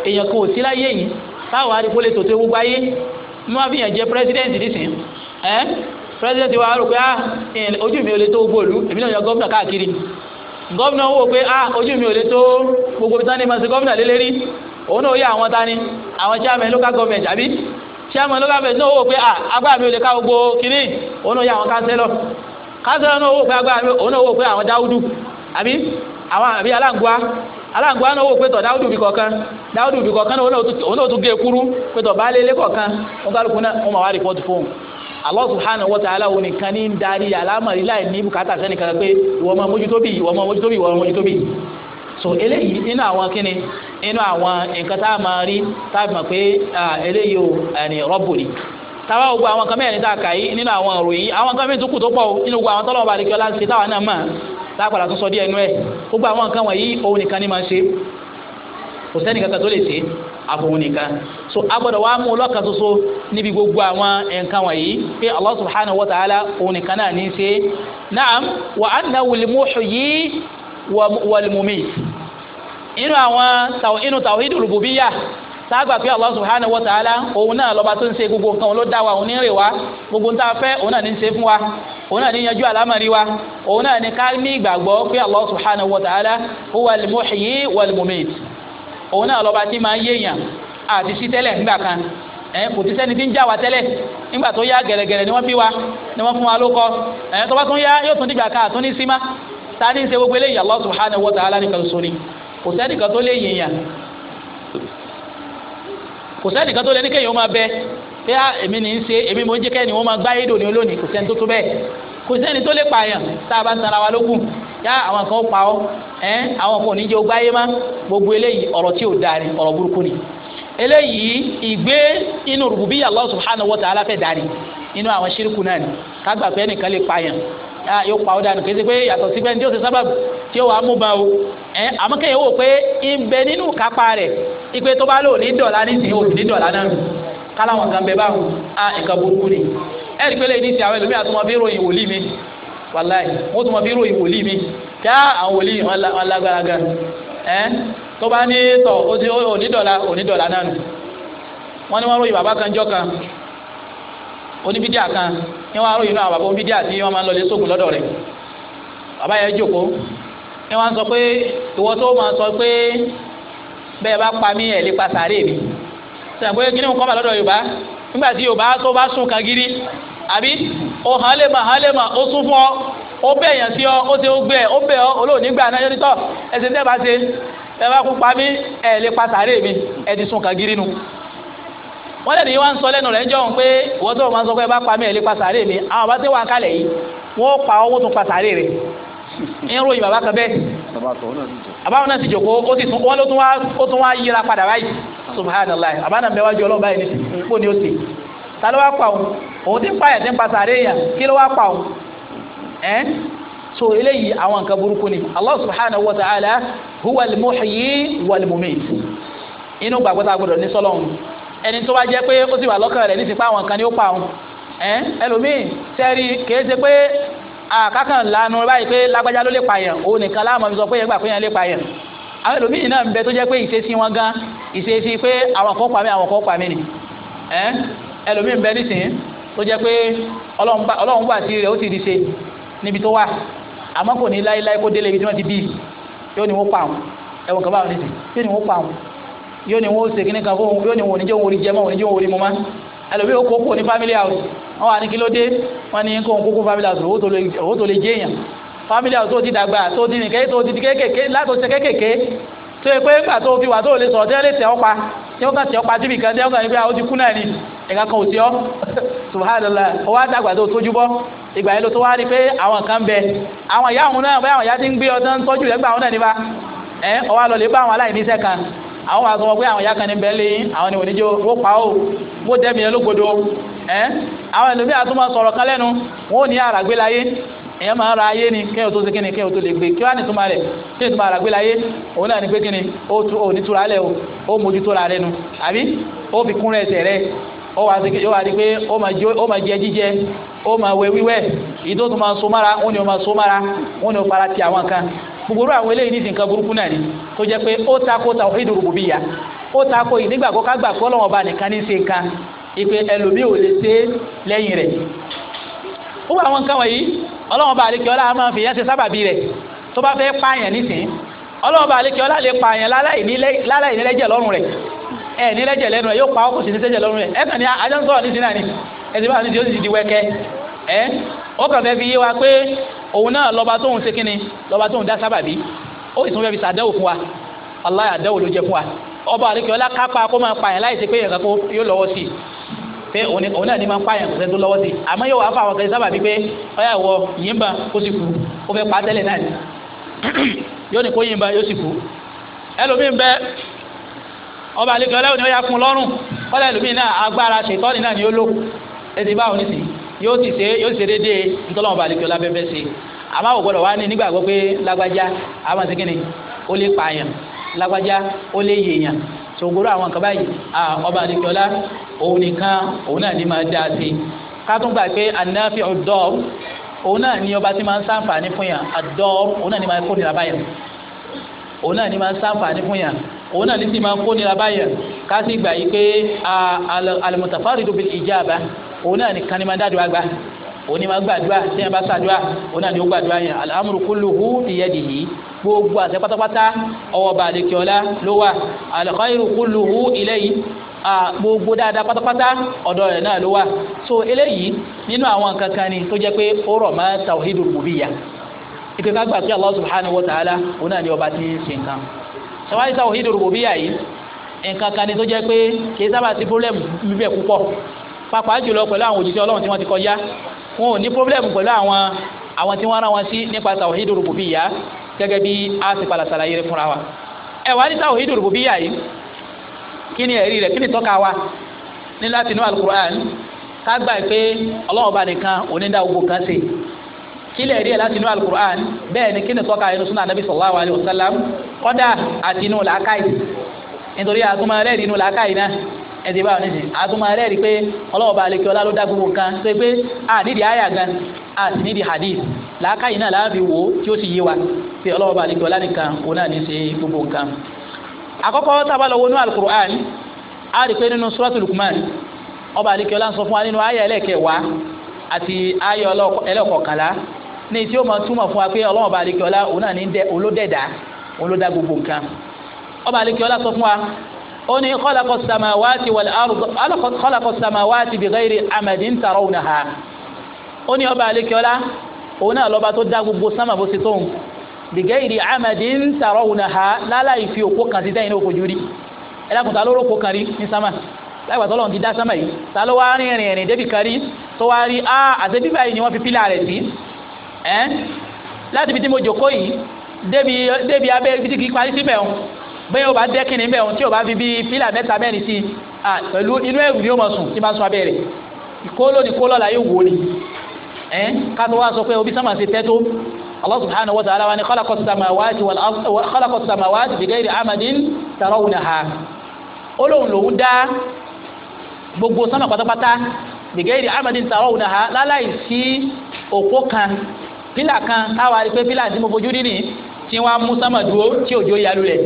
èèyàn kan ò sí láyé yìí báwo àdìpọ̀ lè tòtò gbogbo ayé mo máa fi yàn wa rò pé ah, ojú mi ò lè tó gbogbo òlu èmi náà wò pé ah ojú mi ò lè tó gbogbo òun náà yọ àwọn tani àwọn chairman local government àbí chairman local government náà wò pé ah, agbára mi ò lè ká gbogbo kínní òun náà yọ àwọn councillor councillor náà wò pé agbára mi òun náà wò pé àwọn dáúdù àbí àwọn àbí aláǹgbá aláǹgbá náà wò pé tọ̀ dáúdù náà òun náà tún gé e kúrú pé baálé wọn náà wọn máa wá fóun nìkan ní ń darí so eléyìí inú àwọn kíni inú àwọn nǹkan tá a máa rí tá a mọ̀ pé eléyìí o ẹni rọ́bù ni táwa gbogbo àwọn kan mẹ́rin tá a kà yí nínú àwọn ìròyìn àwọn kan mẹ́rin tó kù tó pọ̀ nínú gbogbo àwọn tọ́lọ́mọba àdékọ́lá ń ṣe táwa náà mọ̀ lápàdà tó sọ díẹ̀ nú ẹ̀ gbogbo àwọn nǹkan wọ̀nyí òun nìkan ni máa ń ṣe kò sẹ́ni kankan tó lè ṣe àfọwọ́n nìkan so agbọ́dọ̀ wa mú lọ́kàn soso níbi gbogbo àwọn nǹkan wọ̀nyí pé Allah subhanahu wa ta'ala òun nìkan náà ní í ṣe naam wa anna wal muhyi wal mumit inú àwọn inú tawhid rububiyya sáàgbà pé Allah subhanahu wa ta'ala òun náà lọ́ba tó ń ṣe gbogbo nǹkan ló dá wa òun ní rè wa gbogbo nǹkan afẹ́ òun náà ní ṣe fún wa òun náà ní yanjú àlámọ̀rí wa òun náà ní ká ní ìgbàgbọ́ pé Allah subhanahu wa ta'ala huwa al-muhyi wal-mumit òun náà lọ́ba tí máa ń yéèyàn àti sí tẹ́lẹ̀ nígbà kan ẹ̀ kò ti sẹ́ni tí ń já wa tẹ́lẹ̀ nígbà tó yá gẹ̀rẹ́gẹ̀rẹ́ ni wọ́n bí wa ni wọ́n fún wa lókọ ẹ̀ tó bá yá yóò tún dìgbà kan àtún ní ta ní ṣe gbogbo eléyìí Allah subhanahu wa ta'ala ní kan sórí kò sẹ́nìkan tó lè yìnyàn kò sẹ́nìkan tó lè ní kéèyàn máa bẹ pé á emi ní í ṣe èmi mo ń jẹ́ kẹ́ni wọ́n máa gbá édò ní olónìí kò sẹ́ni tó tó bẹ́ẹ̀ kò sẹ́ni tó lè pààyàn tá a bá ń tara wa lókun yá àwọn kan ó pa àwọn kan ò ní yé má gbogbo eléyìí ọ̀rọ̀ tí ò dáa ni ọ̀rọ̀ burúkú ni eléyìí ìgbé inú inú àwọn Ah, yóò pa ọ́ dànù kéde pé yàtọ̀ síbẹ̀ ní tí ó ti sábàbù tí ó wà á mú ba o ẹ àmọ́ kéèyàn wò pé ìbẹ nínú kápá rẹ̀ ipe tó bá lò ní dọ̀là nísìnyí òsì ní dọ̀là náà káláwọn kan bẹ báwọn a nǹkan burúkú ni ẹ rí pélé ní ti àwọn ẹlòmíà tó mọ fi ròyìn wòlíì mi wàláì wọn tó mọ fi ròyìn wòlíì mi kí àwọn wòlíì wọn lágbára gan ẹ tó bá ní tọ onídọ̀là onídọ̀là náà wọn ni wọn ròyìn bàbá kan jọ kan oníbídíà kan ní wọn aróyìn náà bàbá oníbídíà tí wọn máa ń lọlé sógun lọ́dọ̀ rẹ̀ bàbá yẹn jòkó ní wọn sọ pé ìwọ tó máa sọ pé bẹ́ẹ̀ bá pa mí ẹ̀ lè pa sàárè mi sàn pé kí ni mo kọ́ bà lọ́dọ̀ Yorùbá nígbà tí Yorùbá tó bá sùn kan gírí àbí ó hàn lè o hàn lè mà ó sún fún ọ o bẹ̀ yàn sí ọ ó ti o gbé ẹ ó bẹ̀ ọ olóòní gbà náà yọnitọ́ ẹsẹ̀ tẹ́ bá ṣe ẹ bá kú pa mí ẹ̀ lè sàárè mi ẹ ti sùn kan nu wọ́n lẹ́nu yìí wá ń sọ lẹ́nu rẹ̀ ń jọ̀hún pé ìwọ́n tó máa ń sọ pé bá pa mí ẹ̀ lé pasàárè mi àwọn bá tẹ́ wà kálẹ̀ yìí wọ́n pa owó tún pasàárè rẹ̀ ń ròyìn bàbá kan bẹ́ẹ̀ àbáwọn náà ti jòkó ó ti tún wọ́n ló tún wá yíra padà báyìí subhanallah àbáwọn náà mẹ́wájú ọlọ́run báyìí ní kó ni ó ti ta ló wá pa òun òun ti ń ti ń pasàárè yàn kí ló wá pa òun ẹ́ so eléyìí àwọn nǹkan burúkú ni allah subhanahu wa ta'ala huwa al-muhyi wal-mumit inú gbàgbọ́ta gbọ́dọ̀ ní sọ́lọ́run ẹni tó bá jẹ́ pé ó sì wà lọ́kàn rẹ̀ nísìpá àwọn kan ni ó pa òun ẹlòmíì sẹ́rí kìí ṣe pé àkákàn lanu báyìí pé lágbájá ló lè pààyàn òun nìkan láàmú mi sọ pé ẹgbà pé yẹn lè pààyàn àwọn ẹlòmíì náà ń bẹ tó jẹ́ pé ìṣesí wọn gan ìṣesí pé àwọn kan pa mí àwọn kan pa mí ni ẹlòmíì ń bẹ nísìnyí tó jẹ́ pé ọlọ́run wà sí rẹ̀ ó ti di ṣe níbi tó wà àmọ́ kò ní láéláé kó délé ibi tí wọ́n ti bí yóò ní wọ́n pa àwọn ẹ̀wọ̀n kan báwọn nísìnyí yóò ní wọ́n pa àwọn yóò ní wọ́n ṣe kíní kan fóun yóò ní wọ́n oníjẹ́ wọ́n jẹ́ mọ́ oníjẹ́ wọ́n mọ́ má ẹlòmíì ó kókó ní family house wọ́n wà ní kí ló dé wọ́n ní kó kókó family house owó tó lè jẹ́ èèyàn family house tó ti dàgbà tó ti nìkẹ́ tó ti kékèké látò ti kékèké tó yẹ pé ńgbà tó fi wà tó lè sọ̀rọ̀ tí wọ́n lè pa tí wọ́n kà tẹ̀ ọ́ pa síbi kan tí wọ́n kà ní pé àwọn ah, ti kú náà ni ẹ̀ka kan ò sí ọ́ subhanallah ó wá dàgbà tó tójú bọ́ ìgbà yẹn ló tó wá rí pé àwọn kan bẹ àwọn ìyá òun náà bẹ́ẹ̀ àwọn ìyá ti ń gbé ọdún tọ́jú rẹ̀ gbà òun náà nípa ẹ̀ ọ wá lọ lè bá àwọn aláìníṣẹ́ kan àwọn wa sọ wọn pé àwọn ìyá kan ní bẹ́ẹ̀ lẹ́yìn àwọn ni wọ́n níjó wọ́n pa ó wọ́n dẹ́mi yẹn lógodo ẹ́ àwọn ẹlòmíì àtúmọ̀ sọ̀rọ̀ kan lẹ́nu wọ́n ò ní àràgbé láyé máa ra ayé ni kéèyàn tó ṣe kíni kéèyàn tó lè gbé kí wàá ní túmọ̀ rẹ̀ kí èèyàn tó máa ràgbé láyé òun náà ní pé kíni ó ní túra lẹ̀ o ó mójútó ra rẹ nu àbí ó fi kún rẹ̀ ẹsẹ̀ rẹ̀ gbogbo àwọn eléyìí ní nǹkan burúkú náà ni tó jẹ́ pé ó takò tawhid rububiyya ó takò ìnígbàgbọ́ ká gbà pé Ọlọ́hun Ọba nìkan ní í ṣe nǹkan ìpè ẹlòmíì ò lè ṣe lẹ́yìn rẹ̀ ó wà àwọn nǹkan wọ̀nyí Ọlọ́hun Ọba àlekè ọlá máa fi yẹn ṣe sábàbí rẹ̀ tó bá fẹ́ pààyàn nísìn Ọlọ́hun Ọba àlekè ọlá lè pààyàn láláì nílẹ́jẹ̀ lọ́rùn lọ́rùn rẹ̀ ni ẹ̀ ti bá àwọn ti wa pé òun náà lọ́ba tóun se kínni lọ́ba tóun da sábàbí ó sì tún fẹ́ fi fún wa ló ọba àríkè ọlá kápá kó máa pààyàn láì ṣe pé èèyàn kankan yóò lọ́wọ́ sí i pé òun náà ní máa pààyàn kò tó lọ́wọ́ sí i àmọ́ yóò wá fún àwọn kẹ́sì sábàbí pé ọyà wọ kó sì kú ó fẹ́ pa á tẹ́lẹ̀ náà yóò ní kó yóò sì kú ọba àríkè ọlá òní ó yà lọ́rùn náà agbára yóò ti ṣe yóò ṣe déédéé ntọ́lọ́mọ bá alekiola bẹ́ẹ̀ ṣe àmọ́ àwọn gbọ́dọ̀ wá ní nígbàgbọ́ pé lágbájá àwọn ṣe kíni ó lè pààyàn lágbájá ó lè yèèyàn ṣògbóró àwọn nǹkan báyìí ọba alekiola òun nìkan òun náà ní máa dáa sí i ká tún gbà pé anáfi ọ̀dọ́ òun náà ní ọba tí máa ń ṣàǹfààní fún yàn àdọ́ òun náà ní máa kó nira báyàn òun náà ní máa ń ṣàǹfààní fún yàn òun náà ní sì máa kó nira báyàn ká sì gbà yí pé alimutafaridu bil òun náà nìkan ni máa ń dádùá gbà òun ni máa gbàdúrà tí wọn bá ṣàdúrà òun náà ni ó gbàdúrà yẹn al-amru kulluhu biyadihi gbogbo àṣẹ pátápátá ọwọ́ bàdékẹ́ọ́lá ló wà al-khayru kulluhu ilayhi gbogbo dáadáa pátápátá ọ̀dọ̀ rẹ̀ náà ló wà so eléyìí nínú àwọn nǹkan ni tó jẹ́ pé ó rọ̀ mọ́ tawhidu rububiyya ìpè ká gbà pé Allah subhanahu wa ta'ala òun náà ni ọba ti ń ṣe nǹkan sọwáyé tawhidu rububiyya yìí nǹkan kan ni tó jẹ́ pé kì í sábà ti pọ́lẹ́mù bíbẹ̀ púpọ̀ pàápàá jùlọ pẹ̀lú àwọn òjijì ọlọ́run tí wọ́n ti kọjá wọn ò ní pọ́blẹ́mù pẹ̀lú àwọn àwọn tí wọ́n rán wọn sí nípa tawhidur rububiyya gẹ́gẹ́ bí a ti padà ṣàlàyé rẹ̀ fúnra wa ẹ wá ní tawhidur rububiyya yìí kí ni ẹ̀rí rẹ̀ kí ni tọ́ka wa ní láti inú alukur'an ká gbà pé ọlọ́run bá nìkan onídàá ogun kan ṣe kílẹ̀ rí ẹ̀ láti inú alukur'an bẹ́ẹ̀ ni kí ni tọ́ka inú sunan anabi sallallahu alayhi wa sallam kọ́dà àti inú làákàyè nítorí àtúmọ̀ rẹ̀ ẹ̀dí báwọn ní sìn àtúmọ̀ rẹ̀ rí pé ọlọ́wọ́ bá alekẹ́ ọlá ló dá gbogbo nǹkan ṣe pé a nídìí àyà gan a sì nídìí hadith làákàyè náà láàbì wò tí ó sì yé wa pé ọlọ́wọ́ bá alekẹ́ ọlá nìkan òun náà ní ṣe gbogbo nǹkan. àkọ́kọ́ tábà lọ wọnú alukur'an a rí pé nínú suratul lukman ọba alekẹ́ ọlá ń sọ fún wa nínú àyà ẹlẹ́kẹwàá àti àyà ẹlẹ́kọ̀ọ̀kànlá ní tí ó máa túmọ̀ fún wa pé ọlọ́wọ́ bá alekẹ́ ọlá òun ó ní khalaqa samawati wal ard khalaqa samawati bi ghairi amadin tarawnaha ó ní ọba àlekíọ́lá òun náà lọ́ba tó dá gbogbo sámà bó ti tóun bi ghairi amadin tarawnaha láláì fi òkú kan ti dẹ́yìn òkú júrí ẹlẹ́kùnta lóró kó kan rí ní sámà láìpẹ́ tó lọ́n ti dá sámà yìí ta ló wá rìn rìn rìn débi kan rí tó wá rí a àti bíbá yìí ni wọ́n fi pílà rẹ̀ sí ẹ́ láti fi tí mo jòkó yìí débi débi abẹ́ ibi tí kì í parí bẹ́ẹ̀ o bá dẹ́kin ní bẹ́ẹ̀ o tí o bá fi bí pílà mẹ́ta mẹ́rin sí a pẹ̀lú inú ẹ̀rù ni o mọ̀ sùn tí bá sùn abẹ́ rẹ̀ ìkóló ni kóló la yóò wò ni ẹ̀ kátó wá sọ pé obi sàmà ṣe tẹ́ tó Allah subhanahu wa ta'ala wa ni khalaqas samawati wal ard khalaqas samawati bi ghairi amadin tarawnaha olóhùn lòún dá gbogbo sánmà pátápátá bi ghairi amadin tarawnaha láláì sí òpó kan pílà kan táwa rí pé pílà tí mo fojú rí ni tí wọ́n á mú sánmà dúró tí òjò yálù rẹ̀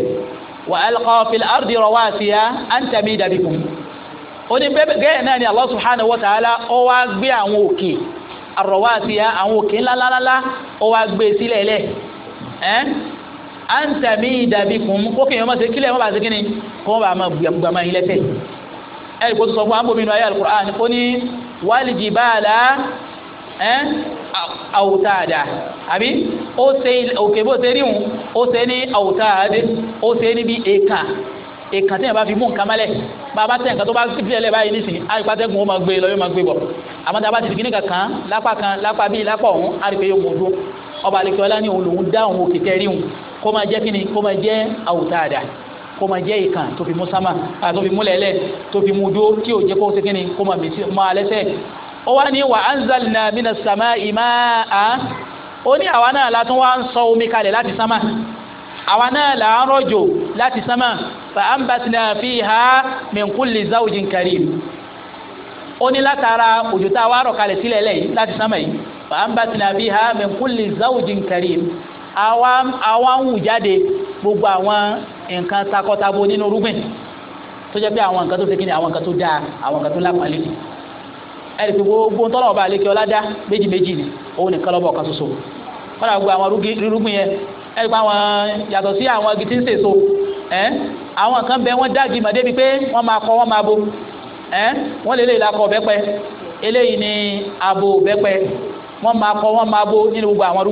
wa alqa fil ardi rawasiya an tamida bikum ó ní bẹ́ẹ̀ náà ni Allah subhanahu wa ta'ala ó wá gbé àwọn òkè arrawasiya àwọn òkè ńláńláńlá ó wá gbé sílẹ̀ lẹ̀ ẹ́ an tamida bikum kókè yẹn wọ́n ti kílẹ̀ wọ́n bá ti kíni kó wọ́n bá máa gbàmọ́ yín lẹ́sẹ̀ ẹ̀ kó tó sọ fún wa ń bomi nù ayé al wal jibala ẹ́ eh? àwùtáàdà àbí ó ṣe òkè bó ṣe ríhun ó ṣe ní àwùtáàdé ó ṣe níbi èka èka tí yẹn bá fi mú nǹkan mọ́lẹ̀ bàbá tẹ̀ nǹkan tó bá fi ẹlẹ́ báyìí nísìnyí àyípatẹ́gùn ó máa gbé e lọ yóò máa gbé e bọ̀ àmọ́ tá a bá ti dìgbìn kankan lápá kan lápá bíi lápá ọ̀hún á rí pé yóò mọ̀ ọdún ọba àlekè ọlá ní òun lòún dá òun òkè kẹríhun kó máa jẹ́ kíni kó máa jẹ́ àwùtáàdà kó máa jẹ́ ìkàn tó fi mú sámà tó fi mú lẹ́lẹ̀ tó fi mú dúró tí ò jẹ́ kó ó wá ní wà anzalna minas samaa'i maa'an ó ní àwa náà látún wá ń sọ omi kalẹ̀ láti sánmà àwa náà là ń rọ̀jò láti sánmà fa ambatna fiha min kulli zawjin karim ó ní látara òjò tá a wá rọ̀ kalẹ̀ sílẹ̀ lẹ́yìn láti sánmà yìí fa ambatna fiha min kulli zawjin karim àwa àwa ń wù jáde gbogbo àwọn nǹkan takọtabo nínú rúgbìn tó jẹ́ pé àwọn nǹkan tó ṣe kí ni àwọn nǹkan tó dáa àwọn nǹkan tó lápàlẹ́ ẹ̀rì pé gbogbo tọ́lọ̀ ọba àlékè ọládá méjì méjì ni òun nìkan lọ́bọ̀ kan ṣoṣo kọ́dà gbogbo àwọn rúgbìn yẹn ẹ̀rì àwọn yàtọ̀ sí àwọn igi tí ń sèso ẹ̀ àwọn kan bẹ wọ́n dági mọ̀ débi pé wọ́n máa kọ wọ́n máa bo ẹ̀ wọ́n lè lè lakọ̀ eléyìí ni abo wọ́n máa wọ́n máa bo nínú gbogbo àwọn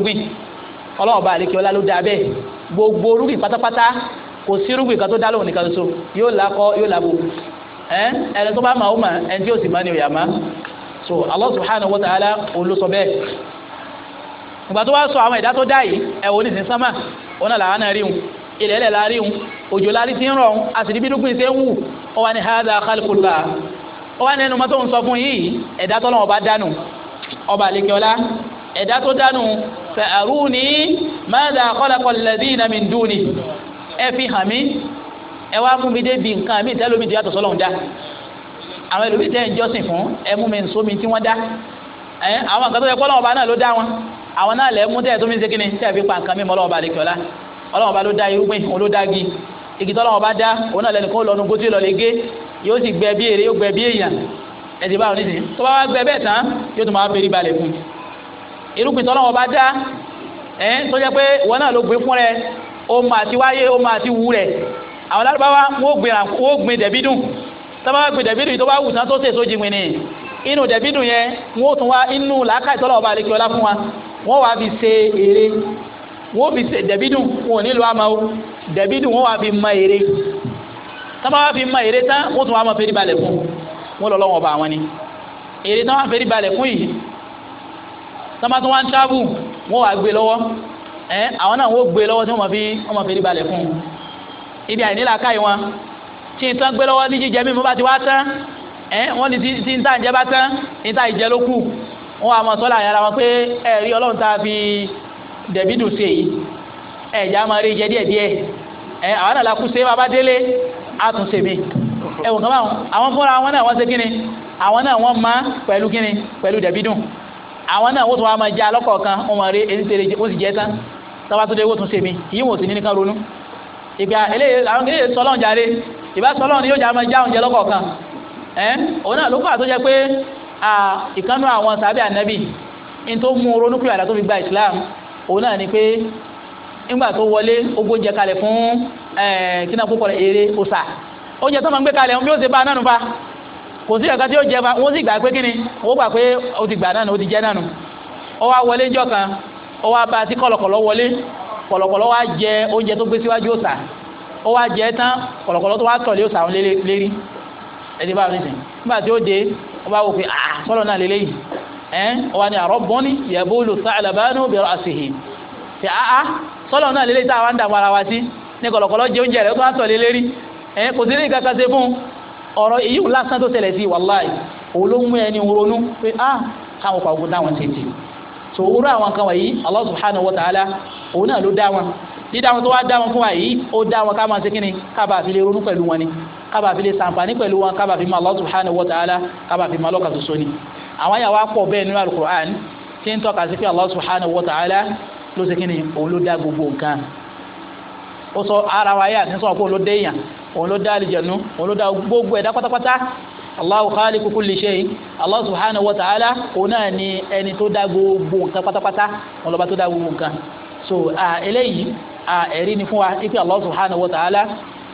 ọba tó so Allah subhanahu wa ta'ala olóso bẹ́ẹ̀ ìgbà tó wá sọ àwọn ìdá tó dá yìí ẹ̀wọ̀ ní sin sámà wọn náà làwọn náà rí wọn ilẹ̀ ẹlẹ̀ la rí wọn òjò lárí ti ń rọ̀ wọn àti ibi dúkùn ṣe ń wù wọn wá ní hadha khalqullah wọn wá ní ẹnu mọ́tò ń sọ fún yìí ẹ̀dá tó lọ́wọ́ bá dánù ọba àlekẹ́ọ́lá ẹ̀dá tó dánù fa'aruni madha khalaqa alladhina min ẹ fi hàn mí ẹ wá fún mi dé bí nǹkan mi ìtẹ́lómi ti yàtọ̀ sọ́lọ́ àwọn ẹlòmíì tẹ́ ń jọ́sìn fún ẹ mú mi ń sómi tí wọ́n dá ẹ àwọn nǹkan tó yẹ kọ́ ọlọ́wọ́ bá náà ló dá wọn àwọn náà lẹ́ mú tẹ́ tó mi ṣe kíni tẹ́ fi pa nǹkan mímọ́ ọlọ́wọ́ bá lè kíọ́lá ọlọ́wọ́ bá ló dá irúgbìn òun ló dá gi igi tọ́lọ́wọ́ bá dá òun náà lẹ́nìkan lọ́nu gbójú lọ lè gé yóò sì gbẹ bí èrè yóò gbẹ bí èèyàn ẹ̀sìn bá wọn náà sábà pé dẹ̀bídùn tó bá wù sán tó sè sójì wìn ni inú dẹ̀bídùn yẹn wọ́n tún wá inú làákàyè tọ́lọ̀ ọba àlekí ọlá fún wa wọ́n wá fi se èrè wọ́n fi ṣe dẹ̀bídùn wọn ò nílò àmọ́ dẹ̀bídùn wọ́n wá fi mọ èrè sábà wá fi mọ èrè tán wọ́n tún wá mọ fèrè balẹ̀ fún wọn lọ lọ́wọ́ ọba àwọn ni èrè tán wá fèrè balẹ̀ fún yìí sábà tún wá ń tábù wọ́n wá gbé lọ́wọ́ ẹ àwọn náà wọ́n gbé lọ́wọ́ tí wọ́n mọ fèrè balẹ̀ fún ibi àìnílàákàyè wọn tí n tán gbé lọ́wọ́ ní jíjẹ mímu bá ti wá tán ẹ wọ́n ní tí n tà ń jẹ bá tán n tà ìjẹ ló kù wọ́n àmọ́ sọ́lá yàrá wọn pé ẹ̀rí ọlọ́run tá a fi dẹ̀bí dùn sí èyí ẹ̀já máa rí jẹ díẹ̀díẹ̀ ẹ àwọn àlà kú sèé bàbá délé àtúnṣe mi ẹ wò kàn báwọn àwọn fúnra wọn náà wọ́n ṣe kíni àwọn náà wọ́n máa pẹ̀lú kíni pẹ̀lú dẹ̀bí dùn àwọn náà wọ́n tún wá máa jẹ alọ́kọ̀ọ̀kan wọ́n máa rí èyí tẹ̀lé wọ́n sì jẹ tán tábàtúndé wọ́n tún ṣe mi yìí wọ́n sì ní nìkan ronú ìgbà eléyìí àwọn eléyìí ìbáṣọ ọlọ́run ni yóò jẹ́ àmọ́ já oúnjẹ lọ́kọ̀ọ̀kan ẹ̀ òun náà ló fà tó jẹ́ pé ìkánú àwọn sàbẹ̀ ànábì ní tó mú àdá tó fi gba Islam òun náà ni pé nígbà tó wọlé ogún oúnjẹ kalẹ fún kí náà púpọ̀ èrè òsà oúnjẹ tó máa ń gbé kalẹ̀ bí ó ṣe bá náà si fa kò sí ẹ̀ka tí jẹ fa wọ́n sì gbà pé gbà pé ti gbà náà ti ó ó wá jẹ tán kọ̀lọ̀kọ̀lọ̀ tó wá tọ̀lé òsà àwọn lérí ẹ̀dí bá rìn nígbà tí ó dé ó bá wò pé ah sọ́lọ̀ náà lélẹ́yìí ẹ̀ ó wá ní àrọ́ bọ́ni yẹ̀bú olùsá àlàbánú bẹ̀rẹ̀ àṣehì ṣe ah ah sọ́lọ̀ náà lélẹ́yìí tá a wá ń dàgbà ara wa sí ní kọ̀lọ̀kọ̀lọ̀ jẹ oúnjẹ rẹ̀ ó tó wá tọ̀lé lérí ẹ̀ kò sí ní ìkàkà ṣe fún ọ̀rọ̀ èyí lásán tó ṣẹlẹ̀ sí wàláì òun ló mú ẹni ronú pé ah káwọn pàgùn táwọn ṣe ti so irú àwọn nǹkan wọ̀nyí Allah subhanahu wa ta'ala òun náà ló dá wọn dídá wọn tó wá dá wọn fún wa yìí ó dá wọn ká máa ṣe kí ni ká bá fi lè ronú pẹ̀lú wọn ni ká bá fi lè sàǹfààní pẹ̀lú wọn ká bá fi máa Allah subhanahu wa ta'ala ká bá fi máa lọ́kà soso ni àwọn àyàwó pọ̀ bẹ́ẹ̀ nínú al-Qur'an tí ń tọ́ka sí pé Allah subhanahu wa ló ṣe kí òun ló dá gbogbo nǹkan ó sọ ara wa yà ní Allahu khaliqu kulli shay Allah subhanahu wa ta'ala òun náà ni ẹni tó dá gbogbo nǹkan pátápátá wọn lọ́ba tó dá gbogbo nǹkan so eléyìí ẹ̀rí ni fún wa ipe Allah subhanahu wa ta'ala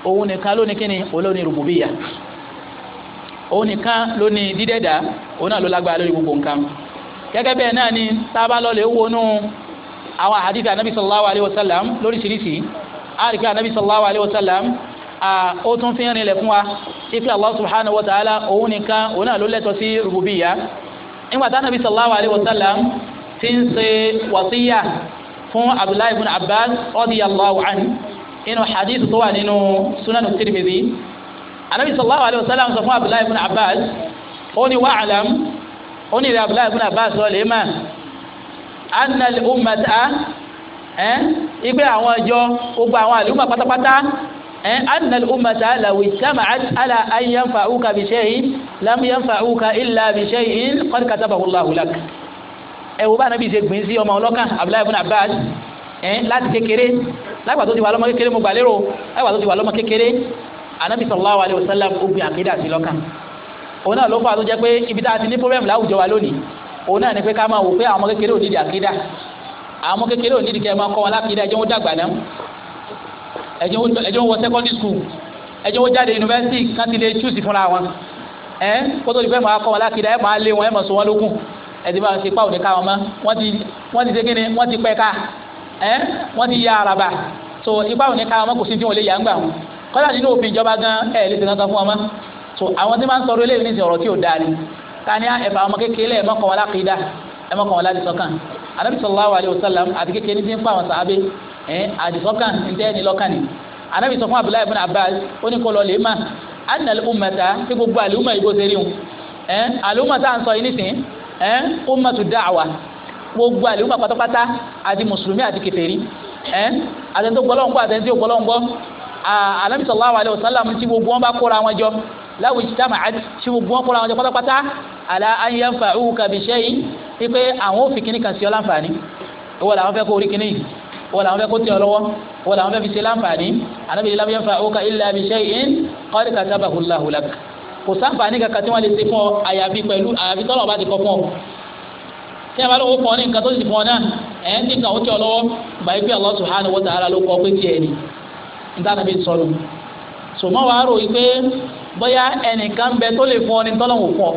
òun nìkan ló ní kíni olóòní rububiyya òun nìkan ló ní dídẹ̀dá òun náà ló lágbára lórí gbogbo nǹkan gẹ́gẹ́ bẹ́ẹ̀ náà ni tábà wọnú àwọn àdìsí anabi wa sallam lóríṣiríṣi ó tún fi ń rinlẹ̀ fún wa ipe Allah subhanahu wa ta'ala òun nìkan òun náà ló lẹ́tọ̀ọ́ sí rububiyya nígbà tá nàbí sallallahu alayhi wa sallam ti ń ṣe wàsíyà fún abdullahi ibn abbas radiyallahu anhu inú hadith tó wà nínú sunanu tirmidhi anabi sallallahu alayhi wa sallam sọ fún abdullahi ibn abbas ó ní wa'lam ó ní ìrẹ abdullahi ibn abbas sọ lè má anna ẹ ipe àwọn ẹjọ gbogbo àwọn àlùmọ pátápátá أن الأمة لو اجتمعت على أن ينفعوك بشيء لم ينفعوك إلا بشيء قد كتبه الله لك ẹ wo bá anabi ṣe gbìn sí ọmọ ọlọ́kàn abdullahi ibn abbas ẹ eh, láti kékeré lágbà tó ti wà lọ́mọ kékeré mo gbà lérò lágbà tó ti wà lọ́mọ kékeré anabi sallallahu alayhi wa sallam ó gbìn àkédà sí lọ́kàn òun náà ló fà tó jẹ́ pé ibi tá a ti ní problem láwùjọ wa lónìí òun náà ni pé ká máa wò pé àwọn ọmọ kékeré ò nídìí àkédà àwọn ọmọ kékeré ò nídìí kẹ́ ẹ máa kọ́ wọn lákédà ẹjọ́ wọn dàgbà náà ẹ̀jẹ̀ wọ secondary school ẹ̀jẹ̀ wọ jáde university kan ti lè choose fúnra wọn ẹ̀ kótó ìfẹ́ máa kọ́ wọn lákìdá ẹ̀ máa lé wọn ẹ̀ máa so wọn lókun ẹ̀dí bá ṣe pàwọn nìka wọn mọ́ wọ́n ti wọ́n ti ṣe kí ni wọ́n ti pẹ́ ká ẹ̀ wọ́n ti ya àràbà so ipa wọn nìka wọn kò sí tí wọn lè yà ń gbà wọn kọ́lá nínú òfin ìjọba gan ẹ̀ lè ṣe kankan fún wọn mọ́ so àwọn tí máa ń sọ̀rọ̀ eléyìí ní ìsìn ọ̀rọ̀ tí ò dáa ni ká ní ẹ̀fà ọmọ kékeré ẹ̀ mọ́kànlá kìí dá ẹ̀ mọ́kànlá ti sọ́kàn anabi sallallahu alayhi wa sallam àti kékeré ní ti ń fa àwọn sàábé ẹ àdìsọ́kàn ntẹ́ ni lọ́kàn ni anabi sọ fún abdullahi ibn abbas ó ní kó lọ lè mà anna al-ummata tí gbogbo àlùmọ̀ ìbò adi rí wọn ẹ àlùmọ̀ tá à ń sọ yìí nísìn ẹ ummatu da'wa gbogbo àlùmọ̀ pátápátá àti mùsùlùmí àti kèfèrí ẹ àtẹ̀ntó gbọ́lọ́ láwùjọ ìjàmà àti ṣé gbogbo wọn kóra wọn jọ pátápátá àlà àyànfà òwúkà bí sẹ́yìn ni pé àwọn ò fi kíní kan sí ọ láǹfààní ìwọ làwọn fẹ́ kó orí kíní ìwọ làwọn fẹ́ kó tẹ̀ ọ lọ́wọ́ ìwọ làwọn fẹ́ fi ṣe láǹfààní ànábì lam yanfa'uka illa bi shay'in qad katabahu Allahu lak kò sáǹfààní kankan tí wọ́n lè ṣe fún ọ àyàfi pẹ̀lú àyàfi tọ́lọ̀ ọba ti kọ fún ọ sòmọ́ wàá rò wípé bóyá ẹnìkan bẹ tó lè fún ọ ní tọ́lọ́wò fún ọ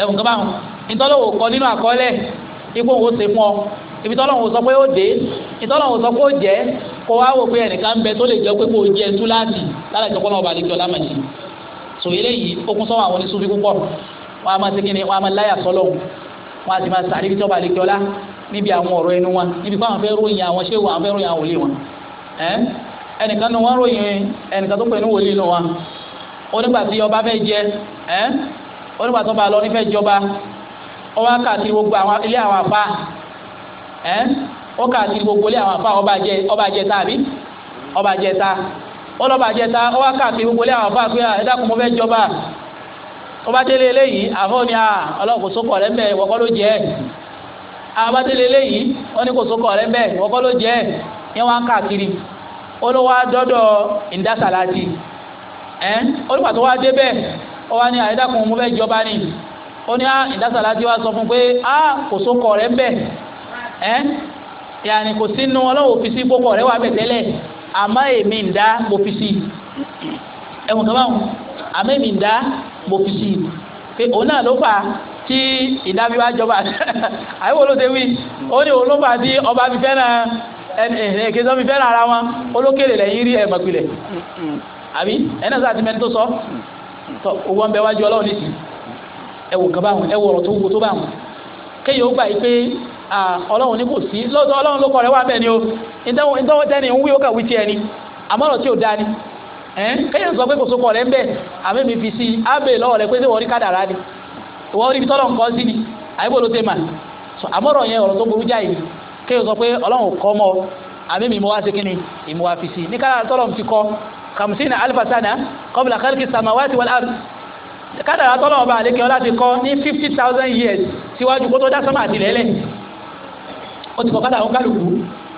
ẹ̀wọ̀n kan báwọn ní tọ́lọ́wò kọ nínú àkọọ́lẹ̀ ipò òwò ṣe fún ọ ibi tọ́lọ́wò sọ pé ó dé ìtọ́lọ́wò sọ pé ó jẹ́ kó wàá wò pé ẹnìkan bẹ tó lè jẹ́ pé kó o jẹ tú láti lára ìjọkọ́lọ́ ọba àlejò ọlámàjì sò eléyìí ó kún sọ́wọ́ àwọn oníṣúfì púpọ̀ wọ́n á máa ṣe kí ni wọ́n á máa láyà sọ́lọ́ wọ́n á sì máa sàrí ibi àlejò ọlá níbi àwọn ọ̀rọ̀ ẹnu wọn níbi pé àwọn àwọn ṣéwò àwọn àwọn òlé wọn ẹnìkan nu wọn ròyìn ẹnìkan tó pè ní wòlíì nù wa onígbà tí ọba fẹ́ jẹ ẹ́ onígbà tó bá lọ nífẹ̀ jọba ọba káàkiri gbogbo àwọn ilé àwọn àfa ẹ́ ó káàkiri gbogbo ilé àwọn àfa ọba jẹ ọba jẹ tàbí ọba jẹ ta ọlọ́ba jẹ ta ọba káàkiri gbogbo ilé àwọn àfa pé ẹ dákun mo fẹ́ jọba ọba délé eléyìí àfọ ni a ọlọ́kùn sókọ̀ rẹ̀ mbẹ́ wọ́kọ́ ló jẹ́ àbá délé eléyìí wọ́n ní kò sókọ̀ rẹ̀ mbẹ́ wọ́kọ́ ló jẹ́ yẹn wá káàkiri olówó adọ́dọ̀ ìdásàlájì ẹ́ olùkọ́ tó wá débẹ̀ ó wá ní àyẹ̀dàkùn mo fẹ́ jọba ni ó ní ìdásàlájì wá sọ fún pé a kò sókọ rẹ̀ ń bẹ̀ ẹ́ yàní kò sínú ọlọ́wọ́ fi sí gbogbo rẹ̀ wà bẹ̀ tẹ́lẹ̀ àmọ́ èmi ń dá mo fi sí ẹ̀wọ̀n kan báwọn àmọ́ èmi ń dá mo pé òun náà ló fà á tí ìdábí bá jọba àyẹ̀wò ló ṣe wí ó ní òun ló fà á tí ọba fi fẹ́ràn èké eh, eh, sọ fi fẹ́ràn ara wọn olókèrè lẹ́yìn rí ẹ̀mọ̀ àbí ẹ̀nà tó sọ owó wájú ọlọ́run nìsí ẹ̀wò kan báwọn ọ̀rọ̀ tó wo tó báwọn kéèyàn ó gbà yí pé ọlọ́run ní kò sí lọ́dọ̀ ọlọ́run ló rẹ̀ wá bẹ́ẹ̀ ni o ìdánwò tẹ́ni ń wí ó kà wí tiẹ̀ ni àmọ́ ni sọ pé i ni rí tọ́lọ̀ nǹkan sí ni àyíkò ló mà àmọ́ ọ̀rọ̀ yẹn ọ̀rọ̀ kéèyàn sọ pé ọlọ́run kọ́ mọ́ àmì mi mo wá sí kíni ìmú wa fi sí ní kára tọ́lọ̀ ti kọ́ kàmùsínà alifasana kọ́bùlà kálíkì samawati wal ard kádàrá tọ́lọ̀ ọba àlékè ọlá ti kọ́ ní fifty thousand years síwájú kó tó dá sọ́mà àtìlẹ́lẹ̀ ó ti kọ́ kádàrá ó kálukú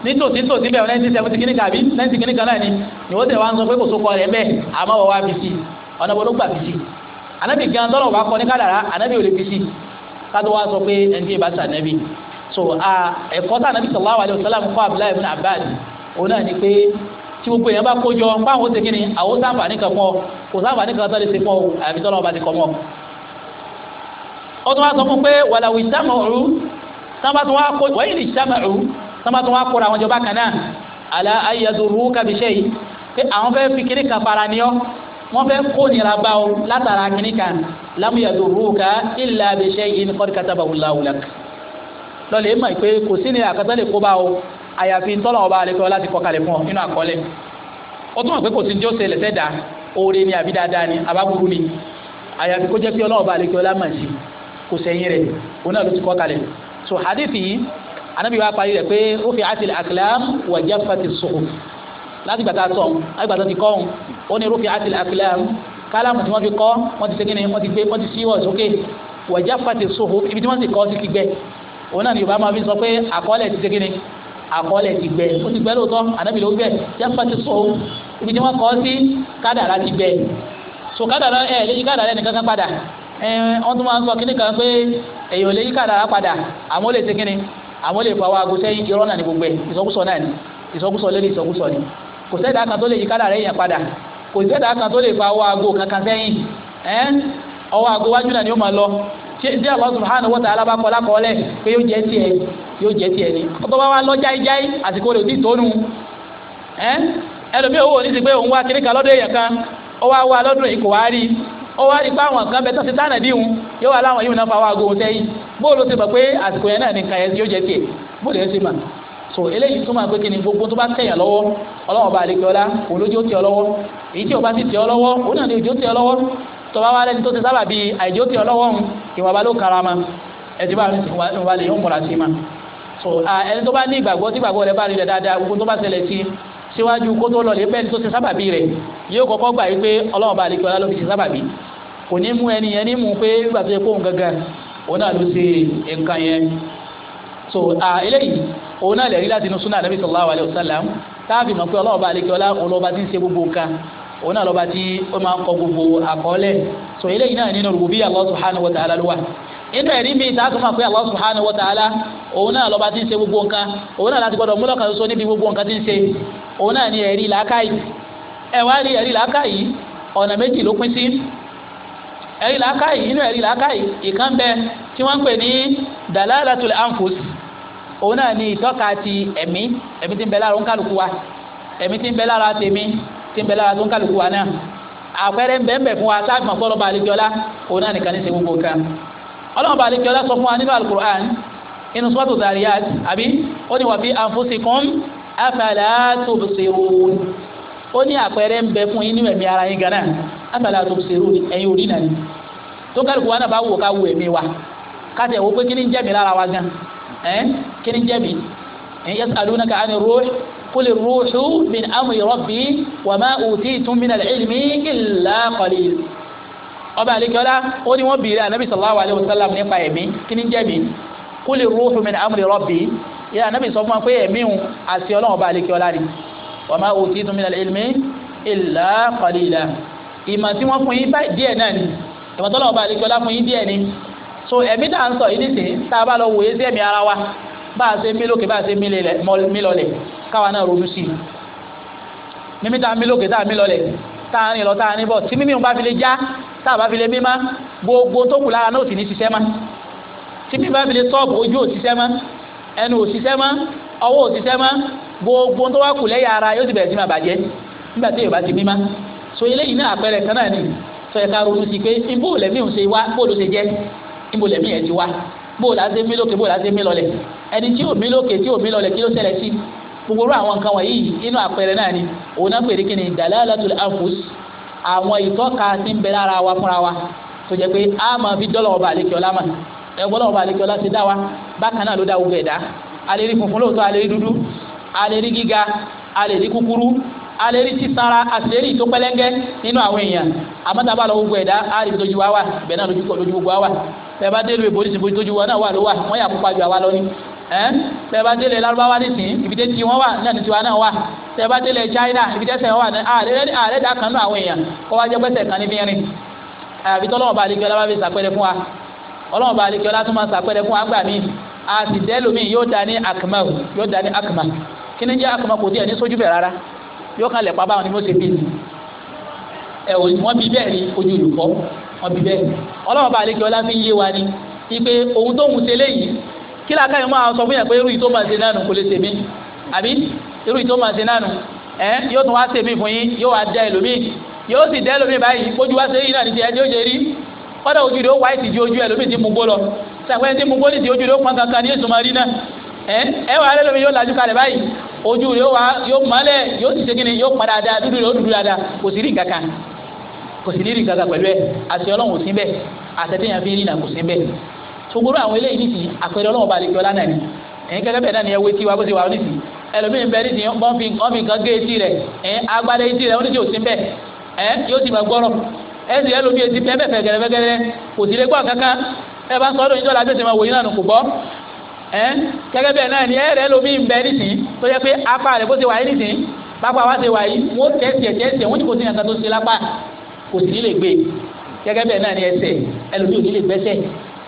nítòsí tòsí bẹ́ẹ̀ nineteen seventy kìíní kan àbí nineteen kìíní ni ni wọ́n tẹ̀ wá ń sọ pé kò sókọ rẹ̀ bẹ́ẹ̀ àmọ́ wọ́n wá fi sí ọ̀nà wọn ló gbà fi sí ànábì gan tọ́lọ̀ wá kọ́ ní kádàrá ànábì ò lè fi sí kátó wá sọ pé ẹni tí ì bá so ẹ̀kọ́ tá ànábì sallallahu alaihi wasallam kọ́ abdullahi ibn abbas òun náà ni pé tí gbogbo èèyàn bá kójọ báwọn ó ṣe kí ni àwọn sáǹfààní kan pọ̀ kò sáǹfààní kan tó lè ṣe pọ̀ àbí tọ́lọ́ ọba ti kọ́ mọ́ ó tún wá sọ fún pé wàlàwì sámọ̀rú sábà tún wá kó wáyé ní sámọ̀rú sábà tún wá kóra àwọn ìjọba kan náà àlà ayédùrú kàbíṣẹ́ yìí pé àwọn fẹ́ fi kíní kan fara ni ọ́ wọ́n fẹ́ kó nira bá ọ látara kíní kan lámúyẹ̀dùrú ká ìlà àbíṣẹ́ yìí ní kọ́ lọ́lẹ̀ mọ̀ pé kò sí ní àkàtà lè kó bá o àyàfi tọ́lọ̀ ọba àlẹ́fẹ́ láti kọ́ kalẹ̀ fún ọ nínú àkọọ́lẹ̀ ó túmọ̀ pé kò sí tí ó lẹ́sẹ̀ dá oore ni àbí dáadáa ni àbábúrú ni àyàfi kó jẹ́ pé ọlọ́ọ̀ba àlẹ́fẹ́ ọlá mọ̀ sí kò sẹ́yìn rẹ̀ òun náà ló ti kọ́ so hadith yìí anabi wa parí rẹ̀ pé ó fi àti àkìlám wà jáfàtì sòkò láti gbàtà sọ láti gbàtà ti kọ́hún ó ní rúfi àti àkìlám kálámù tí wọ́n fi kọ́ wọ́n ti ṣe kí wọ́n ti gbé wọ́n ti síwọ̀ sókè wà jáfàtì sòkò ibi tí wọ́n ti kọ́ sí kígbẹ́ òun náà ni yorùbá máa fi sọ pé àkọọ́lẹ̀ ti segin ni àkọọ́lẹ̀ ti gbẹ ó ti gbẹ lóòótọ́ ànábì ló gbẹ jẹ́pà ti sọ o ibi tí wọ́n kọ́ sí kádàrá ti gbẹ so kádàrá ẹ̀ lẹ́yìn kádàrá ẹ̀ nìkan kan padà ẹ̀ wọ́n tún máa ń sọ kíní kan pé èyàn lẹ́yìn kádàrá padà àmọ́ lè segin ni àmọ́ lè fọwọ́ aago sẹ́yìn irọ́ náà ni gbogbo ẹ̀ ìsọkúsọ náà ni ìsọkúsọ lórí ìsọkúsọ ni kò sẹ́dá kan tó lè yí kádàrá èèyàn padà kò sẹ́dá kan tó lè tí Allah subhanahu wa ta'ala bá kọ́ lákọ́ọ́lẹ̀ pé yóò jẹ́ tiẹ̀ yóò jẹ́ tiẹ̀ ni ọtọ́ bá wà lọ jáíjáí àsìkò rẹ̀ ò tí tónu ẹ ẹlòmíì owó ní ti pé òun wá kiri kan lọ́dún èèyàn kan ó wá wá lọ́dún èyí kò wá rí ó wá rí pé àwọn kan bẹ tó ti tánà bí òun yóò wá láwọn yìí náà fa wá ago òun tẹ́yìn bóòlù ti mọ̀ pé àsìkò yẹn náà ní nǹkan yẹn yóò jẹ́ tiẹ̀ bóòlù yẹn ti mọ̀ so eléyìí tó máa gbé kí ni gbogbo tó bá tẹ̀yàn lọ́wọ́ ọlọ́wọ́ bá lè gbọ́lá olójú ó tẹ̀ ọ́ lọ́wọ́ èyí tí o bá ti tẹ̀ ọ́ lọ́wọ́ òun náà ni òjò tẹ̀ ọ́ lọ́wọ́ tọ́ba wa lẹ́ni tó ti sábà bíi àìjó tẹ̀ ọ́ lọ́wọ́ òun ìwà bá ló karama ẹtì bá ìwà lè yọ̀ kọ̀ra sí ma so ẹni tó bá ní ìgbàgbọ́ tí ìgbàgbọ́ rẹ̀ bá rí rẹ̀ dáadáa gbogbo tó bá ṣẹlẹ̀ sí síwájú kó tó lọlé bẹ́ẹ̀ tó ti sábàbí rẹ̀ yóò kọ́kọ́ gbà yí pé ọlọ́run bá àlekí ọlá ló fi ti sábàbí kò ní mú ẹni yẹn mú pé nígbà tó yẹ kóhun gangan òun náà ló ṣe nǹkan yẹn so eléyìí òun náà lè rí láti inú súnà nàbí sallallahu alaihi wasallam táàbì mọ̀ pé ọlọ́run bá àlekí ọlá òun lọ́ba ti ń ṣe gbogbo nǹkan òun náà lọ́ba tí ó máa ń kọ gbogbo àkọọ́lẹ̀ so eléyìí náà nínú rububiyya Allah subhanahu wa ta'ala ló wà nínú ẹ̀rí mi ìta tó máa pé Allah subhanahu wa ta'ala òun náà lọ́ba tí ń ṣe gbogbo nǹkan òun náà láti gbọ́dọ̀ múlọ́kàn ṣoṣo níbi gbogbo nǹkan tí ń ṣe òun náà ní ẹ̀rí làákàyè ẹ̀ wá rí ẹ̀rí làákàyè ọ̀nà méjì ló pín sí ẹ̀rí làákàyè inú ẹ̀rí làákàyè tí ń bẹ lára tó ń kálukú wa náà àpẹẹrẹ ńbẹ̀ńbẹ̀ fún wa tá a fi mọ̀ fọlọ́ bá alekiola òun náà nìkan ní ṣe gbogbo kan ọlọ́run bá alekiola sọ fún wa nínú alukur'an inú sọ́tò zariyat àbí ó ní wà fi anfusikum afala tubsirun ó ní àpẹẹrẹ ńbẹ fún yín nínú ẹ̀mí ara yín gan náà afala tubsirun ẹ̀yin òrí nàní tó kálukú wa náà bá wò ká wò ẹ̀mí wa kátẹ̀ wò pé kí jẹ́mi lára wa gan ẹ́ kí jẹ́mi yas'alunaka قل الروح من أمر ربي وما أوتيتم من العلم إلا قليل ọba àlekẹ́ọ́lá ó ní wọ́n bèèrè ànábì sallallahu alaihi wasallam nípa ẹ̀mí kí ni jẹ́ mi qul ruhu min amri rabbi yẹ ànábì sọ fún wa pé ẹ̀mí ń àti ọlọ́run ọba àlekẹ́ọ́lá ni wa ma utitum min al-ilmi illa qalila ìmọ̀ tí wọ́n fún yín díẹ̀ náà ni ìmọ̀ ọba àlekẹ́ọ́lá fún yín díẹ̀ ni so ẹ̀mí dà ń sọ yìí nìsín tá a bá lọ wòye sí ẹ̀mí ara wa bá a ṣe mí lókè bá a ṣe mí lọlẹ̀ káwa náà ronú sí i mímí tá a mí lókè tá a mí lọlẹ̀ tá a rìn lọ tá a rìn bọ̀ tí mímí òun bá fi lè já tá a bá fi lè mímá gbogbo tó kù lára náà ò sì ní ṣiṣẹ́ mọ́ tí mímí bá fi lè sọ́ọ̀bù ojú ò ṣiṣẹ́ mọ́ ẹnu ò ṣiṣẹ́ mọ́ ọwọ́ ò ṣiṣẹ́ mọ́ gbogbo tó wá kù lẹ́yà ara yóò ti bẹ̀rẹ̀ sí máa nígbà tí yorùbá ti mímá so eléyìí náà àpẹẹrẹ kan náà ni sọ ẹ̀ka ronú sí pé nbó lẹ́mí ò ṣe wá bó ṣe jẹ́ nbó lẹ́mí ẹ̀ ti wá bó o láti mí lókè bó o láti mí lọlẹ̀ ẹni tí ò mí lókè tí ò mí lọlẹ̀ kí ló ṣẹlẹ̀ sí gbogbo àwọn nǹkan wọ̀nyí inú àpẹẹrẹ náà ni òun náà pèrè kí ni dalalatul anfus àwọn ìtọ́ka ti ń bẹ lára wa fúnra wa tó jẹ́ pé a máa fi dọ́lọ̀ ọba àlekè ọlá mà ẹ̀gbọ́n ọba àlekè ọlá ti dá wa bákan náà ló dá gbogbo ẹ̀dá alérí funfun lóòótọ́ alérí dúdú alérí gíga alérí kúkúrú alérí sísanra àtìlérí tó pẹ́lẹ́ńgẹ́ nínú àwọn èèyàn àmọ́ lọ gbogbo ẹ̀dá a rí wa wà bẹ́ẹ̀ náà lójú gbogbo wa wà bẹ́ẹ̀ bá délé ìbò nísìnyí bójú tójú wa náà wà ló wà wọ́n yà pupa ju àwa lọ ni bẹ́ẹ̀ bá délé Lárúbáwá nísìnyí ibi tẹ́tí wọn wà náà ní tiwa náà wà bẹ́ẹ̀ bá délé China ibi tẹ́sẹ̀ wọn wà náà ààrẹ dà kan náà àwọn èèyàn kọ́ wá jẹ́ pẹ́sẹ̀ kan níbi irin àbí tọ́lọ́mọba àlekẹ́ ọlá bá fi sàpẹ́rẹ́ fún wa ọlọ́mọba àlekẹ́ ọlá tún máa sàpẹ́rẹ́ fún wa a sì dẹ́lómi yóò da ní akma yóò da ní akma kí ni jẹ́ akma kò díẹ̀ ní sójú bẹ̀ rárá yóò kan lẹ̀ pa báwọn ni mo ṣe bí ẹ̀ wọ́n bí bẹ́ẹ̀ ni ọbí bẹ́ẹ̀ ọlọ́run bá àlejò ọlá fi yé wa ni ipe ohun tó ń ṣe léyìí kí làákà yẹn máa sọ fún yẹn pé irú ìtó màá ṣe náà nù kò lè ṣèmí àbí irú ìtó màá ṣe náà nù ẹ yóò tún wá ṣèmí fún yín yóò wá dá ẹlòmíì yóò sì dá ẹlòmíì báyìí kójú wá sẹ́yìn náà ní ti ẹni ó jẹ rí kọ́dà ojú rẹ̀ ó wáyé ti di ojú ẹlòmíì ti mú gbó lọ sàgbẹ́ ti mú gbó ní ti ojú rẹ̀ ó pọn kankan ní èso máa rí náà ẹ ẹ wà lẹ́lọ́mi yóò lajú kalẹ̀ báyìí ojú rẹ̀ yóò mọ́lẹ̀ yóò sì ṣe kí yóò padà dáa dúdú rẹ̀ ó dúdú dáadáa kò sí rí nǹkan kan kò sì ní rí gàgà pẹ̀lú ẹ àti ọlọ́run sí bẹ́ẹ̀ àtẹ̀tẹ̀yàn fi rí nà kò sí bẹ́ẹ̀ ṣùgbọ́n àwọn eléyìí nìsí àpẹẹrẹ ọlọ́run bá lè ọlá náà ni ẹ̀yin gẹ́gẹ́ bẹ́ẹ̀ náà ni ẹ wo etí wa bó ti wà nìsí ẹlòmíín bẹ́ẹ̀ nìsí wọ́n fi nǹkan gé etí rẹ̀ ẹ̀yin agbádẹ́ etí rẹ̀ wọ́n ti òsín bẹ́ẹ̀ ẹ̀ yóò ti máa gbọ́rọ̀ ẹ̀ ẹlòmíín etí ni ẹ̀rẹ́ ẹlòmíín bẹ́ẹ̀ nìsí tó yẹ pé apá rẹ̀ bó ti wà nìsí pápá wa ti wà yìí wọ́n tẹ̀sí ẹ̀ tẹ̀sí ẹ̀ wọ́n ti kò sí nǹkan tó ṣe lápá kò sí lè gbé gẹ́gẹ́ bẹ́ẹ̀ náà ni ẹsẹ̀ ẹlòmíì ò ní lè gbẹ́sẹ̀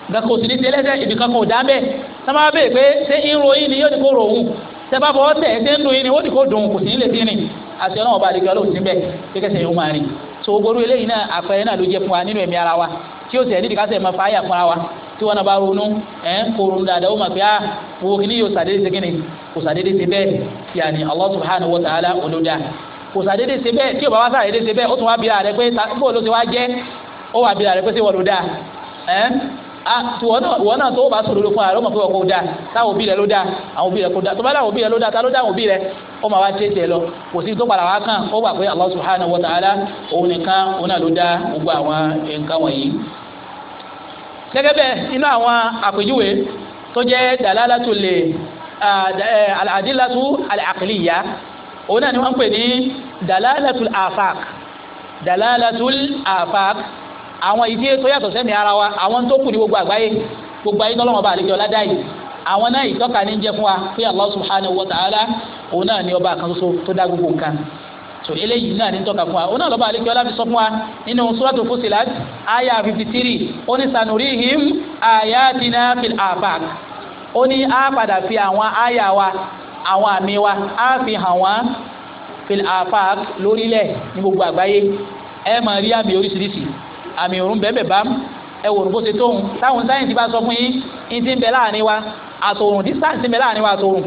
nǹkan kò sí ní ti ẹlẹ́sẹ̀ ibì kan kò dá bẹ́ẹ̀ sábà bẹ́ẹ̀ pé ṣé irun yìí ni yóò ní kó rò òun sábà bọ́ tẹ̀ ṣé ń dun yìí ni ó ní kó dùn kò sí ní lè fi rìn àti ọlọ́wọ́ bá àdéjọ́ lóhùn síbẹ̀ kékẹ́sẹ̀ yóò máa rìn so gbogbo eléyìí náà àpẹẹrẹ náà ló jẹ fún wa nínú ẹ̀mí ara wa tí ó tẹ̀ nídìí kásẹ̀ máa fa àyà fúnra wa tí wọn náà bá ronú ẹ̀ ń korun dáadáa ó máa fi á wo kí ni yóò sàdédé ṣe kí ni kò sàdédé ṣe bẹ́ẹ̀ yàní Allah subhanahu wa ta'ala olódà kò sàdédé ṣe bẹ́ẹ̀ tí ò bá wá sàdédé ṣe bẹ́ẹ̀ ó tún wá bira rẹ pé bó ló ti wá jẹ́ ó wà bira rẹ pé ṣé wọ́n ló dáa ẹ́ wọ́n náà tó o bá sọ̀rọ̀ ló fún ara ó mọ̀ pé ọkọ̀ dáa táwọn òbí rẹ ló dáa àwọn òbí rẹ kò dáa tó bá dáwọn òbí rẹ ló dáa tá ló dáwọn òbí rẹ ó máa wá tẹ́ tẹ́ lọ kò sí tó padà wá kàn ó wà pé Allah subhanahu wa ta'ala òun nìkan òun náà ló dá gbogbo àwọn nǹkan wọ̀nyí. gẹ́gẹ́ bẹ́ẹ̀ inú àwọn àpèjúwe tó jẹ́ dàlálàtú lè àdìlátú al-aqliyya òun náà ni wọ́n ń pè ní dalalatul afaq dalalatul afaq àwọn ìdí tó yàtọ̀ sẹ́mi ara wa àwọn tó kù ní gbogbo àgbáyé gbogbo ayé tọ́lọ́mọ bá àlejò ọ̀lá dáyìí àwọn náà ìtọ́ka ní jẹ́ fún wa pé Allah subhanahu wa ta'ala òun náà ni ọba kan ṣoṣo tó dá gbogbo nǹkan so eléyìí náà ní tọ́ka fún wa òun náà lọ́ba àlejò ọ̀lá fi sọ fún wa nínú suratul Fusilat aya fifty ó ní sanurihim ayatina fil afaq ó ní á fi àwọn aya wa àwọn àmì wa á fi hàn wọ́n fil afaq lórílẹ̀ ní gbogbo àgbáyé ẹ máa rí àmì oríṣiríṣi àmì òrùn bẹ́ẹ̀ bẹ́ẹ̀ bá ẹ wòrùn bó ṣe tóun táwọn sáyẹ̀nsì bá sọ fún yín ní ti ń bẹ láàrin wa àtòrùn distance ti ń bẹ láàrin wa àtòrùn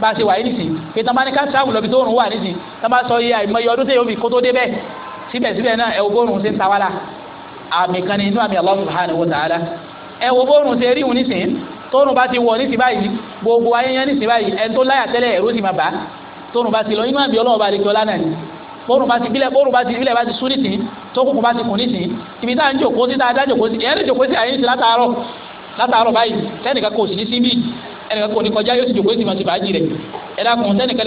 bá a ṣe wà yìí nìsín pé tán bá ní ká travel lọ́bi tó wà nìsín tán bá sọ iye àìmọye ọdún tẹ̀yọ́ mi kó tó dé bẹ́ẹ̀ síbẹ̀síbẹ̀ náà ẹ wo bóòrùn ṣe ń ta wá la àmì kan ní inú àmì Allah tóòrùn bá ti wọ̀ ní ìsìnbá yìí gbogbo ayẹyẹ ní ìsìnbá yìí ẹni tó láyà tẹ́lẹ̀ ẹ̀rọ ti máa bá tóòrùn bá ti lọ inú àmì ọlọ́wọ́ bá ọlá náà ni bóòrùn bá ti bílẹ̀ bóòrùn bá ti bílẹ̀ bá ti sún nìsín tó kùkù bá ti kùn nìsín ibi tá à ń jòkó sí tá a dá jòkó sí ẹ̀rẹ́ jòkó sí àyè ń sí látàárọ̀ látàárọ̀ báyìí tẹ́nìkan kò sì ní síbí ẹnìkan kò ní kọjá yóò sì jòkó sí màtí bàájì rẹ̀ ẹ̀dá kùn tẹ́nìkan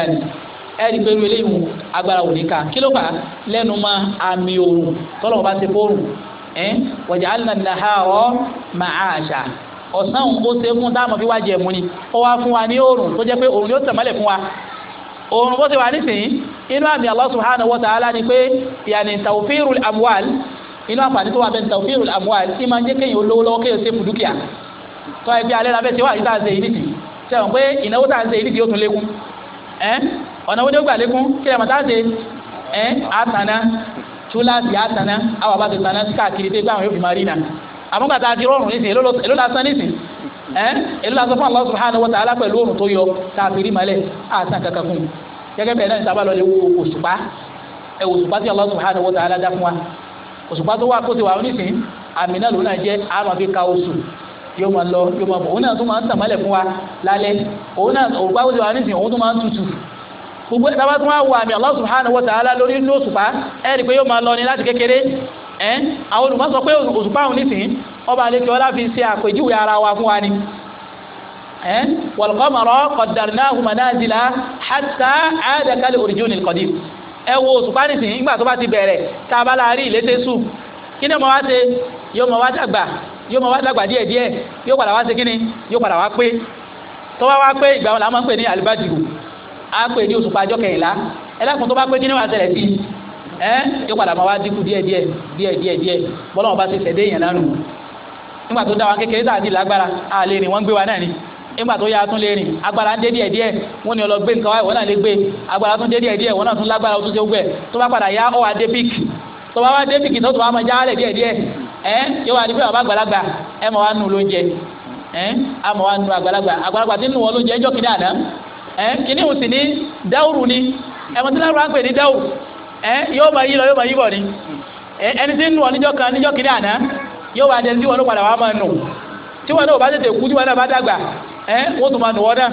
lè ẹ̀rí pẹ̀lú eléyìí agbára òní ká kí ló fà á lẹ́nu ma àmì òrùn tọ́lọ̀ bá ti fóòrùn ẹ̀ wọ̀jà alìnàdìnà ha ọ́ màá àṣà ọ̀sán òun ó ṣe fún táàmù fi wá jẹ mú ni ó wá fún wa ní òrùn tó jẹ́ pé òrùn yóò tẹ̀mọ́lẹ̀ fún wa òrùn bó ti wà nísìnyí inú àmì Allah subhanahu wa ta'ala ni pé yàní tawfirul amwal inú àǹfààní tó wà bẹ́ẹ̀ tawfirul amwal tí máa ń jẹ́ kéèyàn olówó lọ́wọ́ kéèyàn ṣe fún dúkìá tọ́ ẹbí alẹ́ la bẹ́ẹ̀ ṣe wà yìí tá ṣe yìí nìsín pé ìnáwó tá ṣe yìí nìsín tún lékún ọ̀nà wo ni ó gbà lékún kí lè mọ̀tá ṣe ẹ́ àtàná túláàsì àtàná àwọn àbá ti káàkiri tó gbàwọn yóò fi máa rí nà àmúgbà tá a ti rọrùn nísìn èló lásán nísìn ẹ́ èló lásán fún Allah subhanahu wa ta'ala pẹ̀lú òrùn tó yọ tá fi malẹ̀ àtàn kankan fún un gẹ́gẹ́ bẹ́ẹ̀ náà ní lè wo ti lọ yóò ma gbogbo ẹ̀ tábà tún wá wà mí Allah subhanahu wa ta'ala lórí inú òṣùpá ẹ̀ rí i pé yóò máa lọ ní láti kékeré ẹ̀ àwọn olùmọ̀ sọ pé òṣùpá òun nìsín ọba àlekè ọlá fi ṣe àpèjúwe ara wa fún wa ni ẹ̀ wal-qamara qaddarnahu manazila hatta 'ada kal-urjunil qadim wo òṣùpá nìsín nígbà tó bá ti bẹ̀rẹ̀ tábà láàrin ìlétésù kí ni mo wá ṣe yóò mọ wá dàgbà yóò mọ wá dàgbà díẹ̀ díẹ̀ yóò padà wá ṣe kí ni yóò padà wá pé tó wá wá pé ìgbà wọn là máa ń pè ní alibadiru á pè ní òṣùpá ọjọ́ kẹrìnlá ẹlẹ́kùn tó bá pé kíní wà ṣẹlẹ̀ sí ẹ yóò padà máa wá dínkù díẹ̀ díẹ̀ díẹ̀ díẹ̀ díẹ̀ bọ́lá wọn bá ti ṣẹ̀dé èèyàn lánàá nígbà tó dá wa kékeré tá a di lágbára a lè rìn wọ́n gbé wa náà ni nígbà tó yá a tún lè rìn agbára ń dé díẹ̀ díẹ̀ wọ́n ní ọ lọ gbé nǹkan wá ìwọ náà lè gbé agbára tún dé díẹ̀ díẹ̀ wọ́n náà tún lágbára tún ṣe gbẹ tó bá padà yá ọ wá dé pík tó bá wá dé pík tó tó bá máa já lẹ̀ díẹ̀ díẹ̀ ẹ yóò wá di pé bàbá àgbàlagbà ẹ mọ̀ wá nù lóúnjẹ ẹ àmọ̀ wá nù àgbàlagbà àgbàlagbà tí nù wọ́n lóúnjẹ ẹjọ́ kìnìún àná ẹ kìíní òun sì ní dáwùrù ni n tí lárúbá pè ní dáwùrù ẹ yóò bá yí lọ yóò bá yí bọ̀ ni ẹni tí ń ọ níjọ́ kan níjọ́ kìíní àná yóò wá dẹni tí wọn ló padà wá máa nù tí wọn náà bá tètè kú tí wọn náà bá dàgbà ẹ wọn tún máa nù wọn náà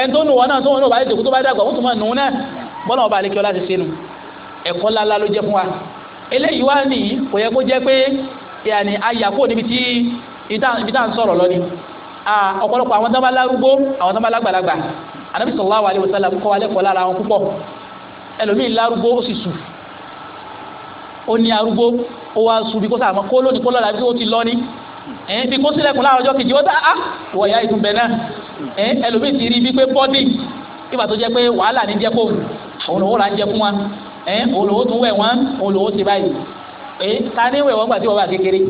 ẹni tó nù wọn náà tó wọn náà ọba ẹ̀kọ́ ló jẹ́ fún wa eléyìí wá kò yẹ kó jẹ́ pé ibi tá à ń sọ̀rọ̀ anabi sallallahu alayhi wa sallam kọ́ alẹ́ kọ́ lára wọn púpọ̀ ẹlòmíì lárúgbó ó sì sùn ó ní arúgbó ó wá sùn bí kó sáà mọ́ kó lónìí kó lọ́la bí ó ti lọ ní ẹ̀ẹ́n bí kó sílẹ̀kùn láàárọ̀ ọjọ́ kejì ó dá á ah, wọ̀ ya ìdúnbẹ̀ náà ẹ̀ẹ́n ẹlòmíì ti rí bí pé bọ́dì ìgbà tó jẹ́ pé wàhálà ní jẹ́kó òun òun là ń jẹ fún wa ẹ̀ẹ́n òun lòun tún wẹ̀ wọ́n òun lòun ti báyìí ẹ̀ẹ́ ta ní wẹ̀ wọ́n gbà tí wọ́n bá kékeré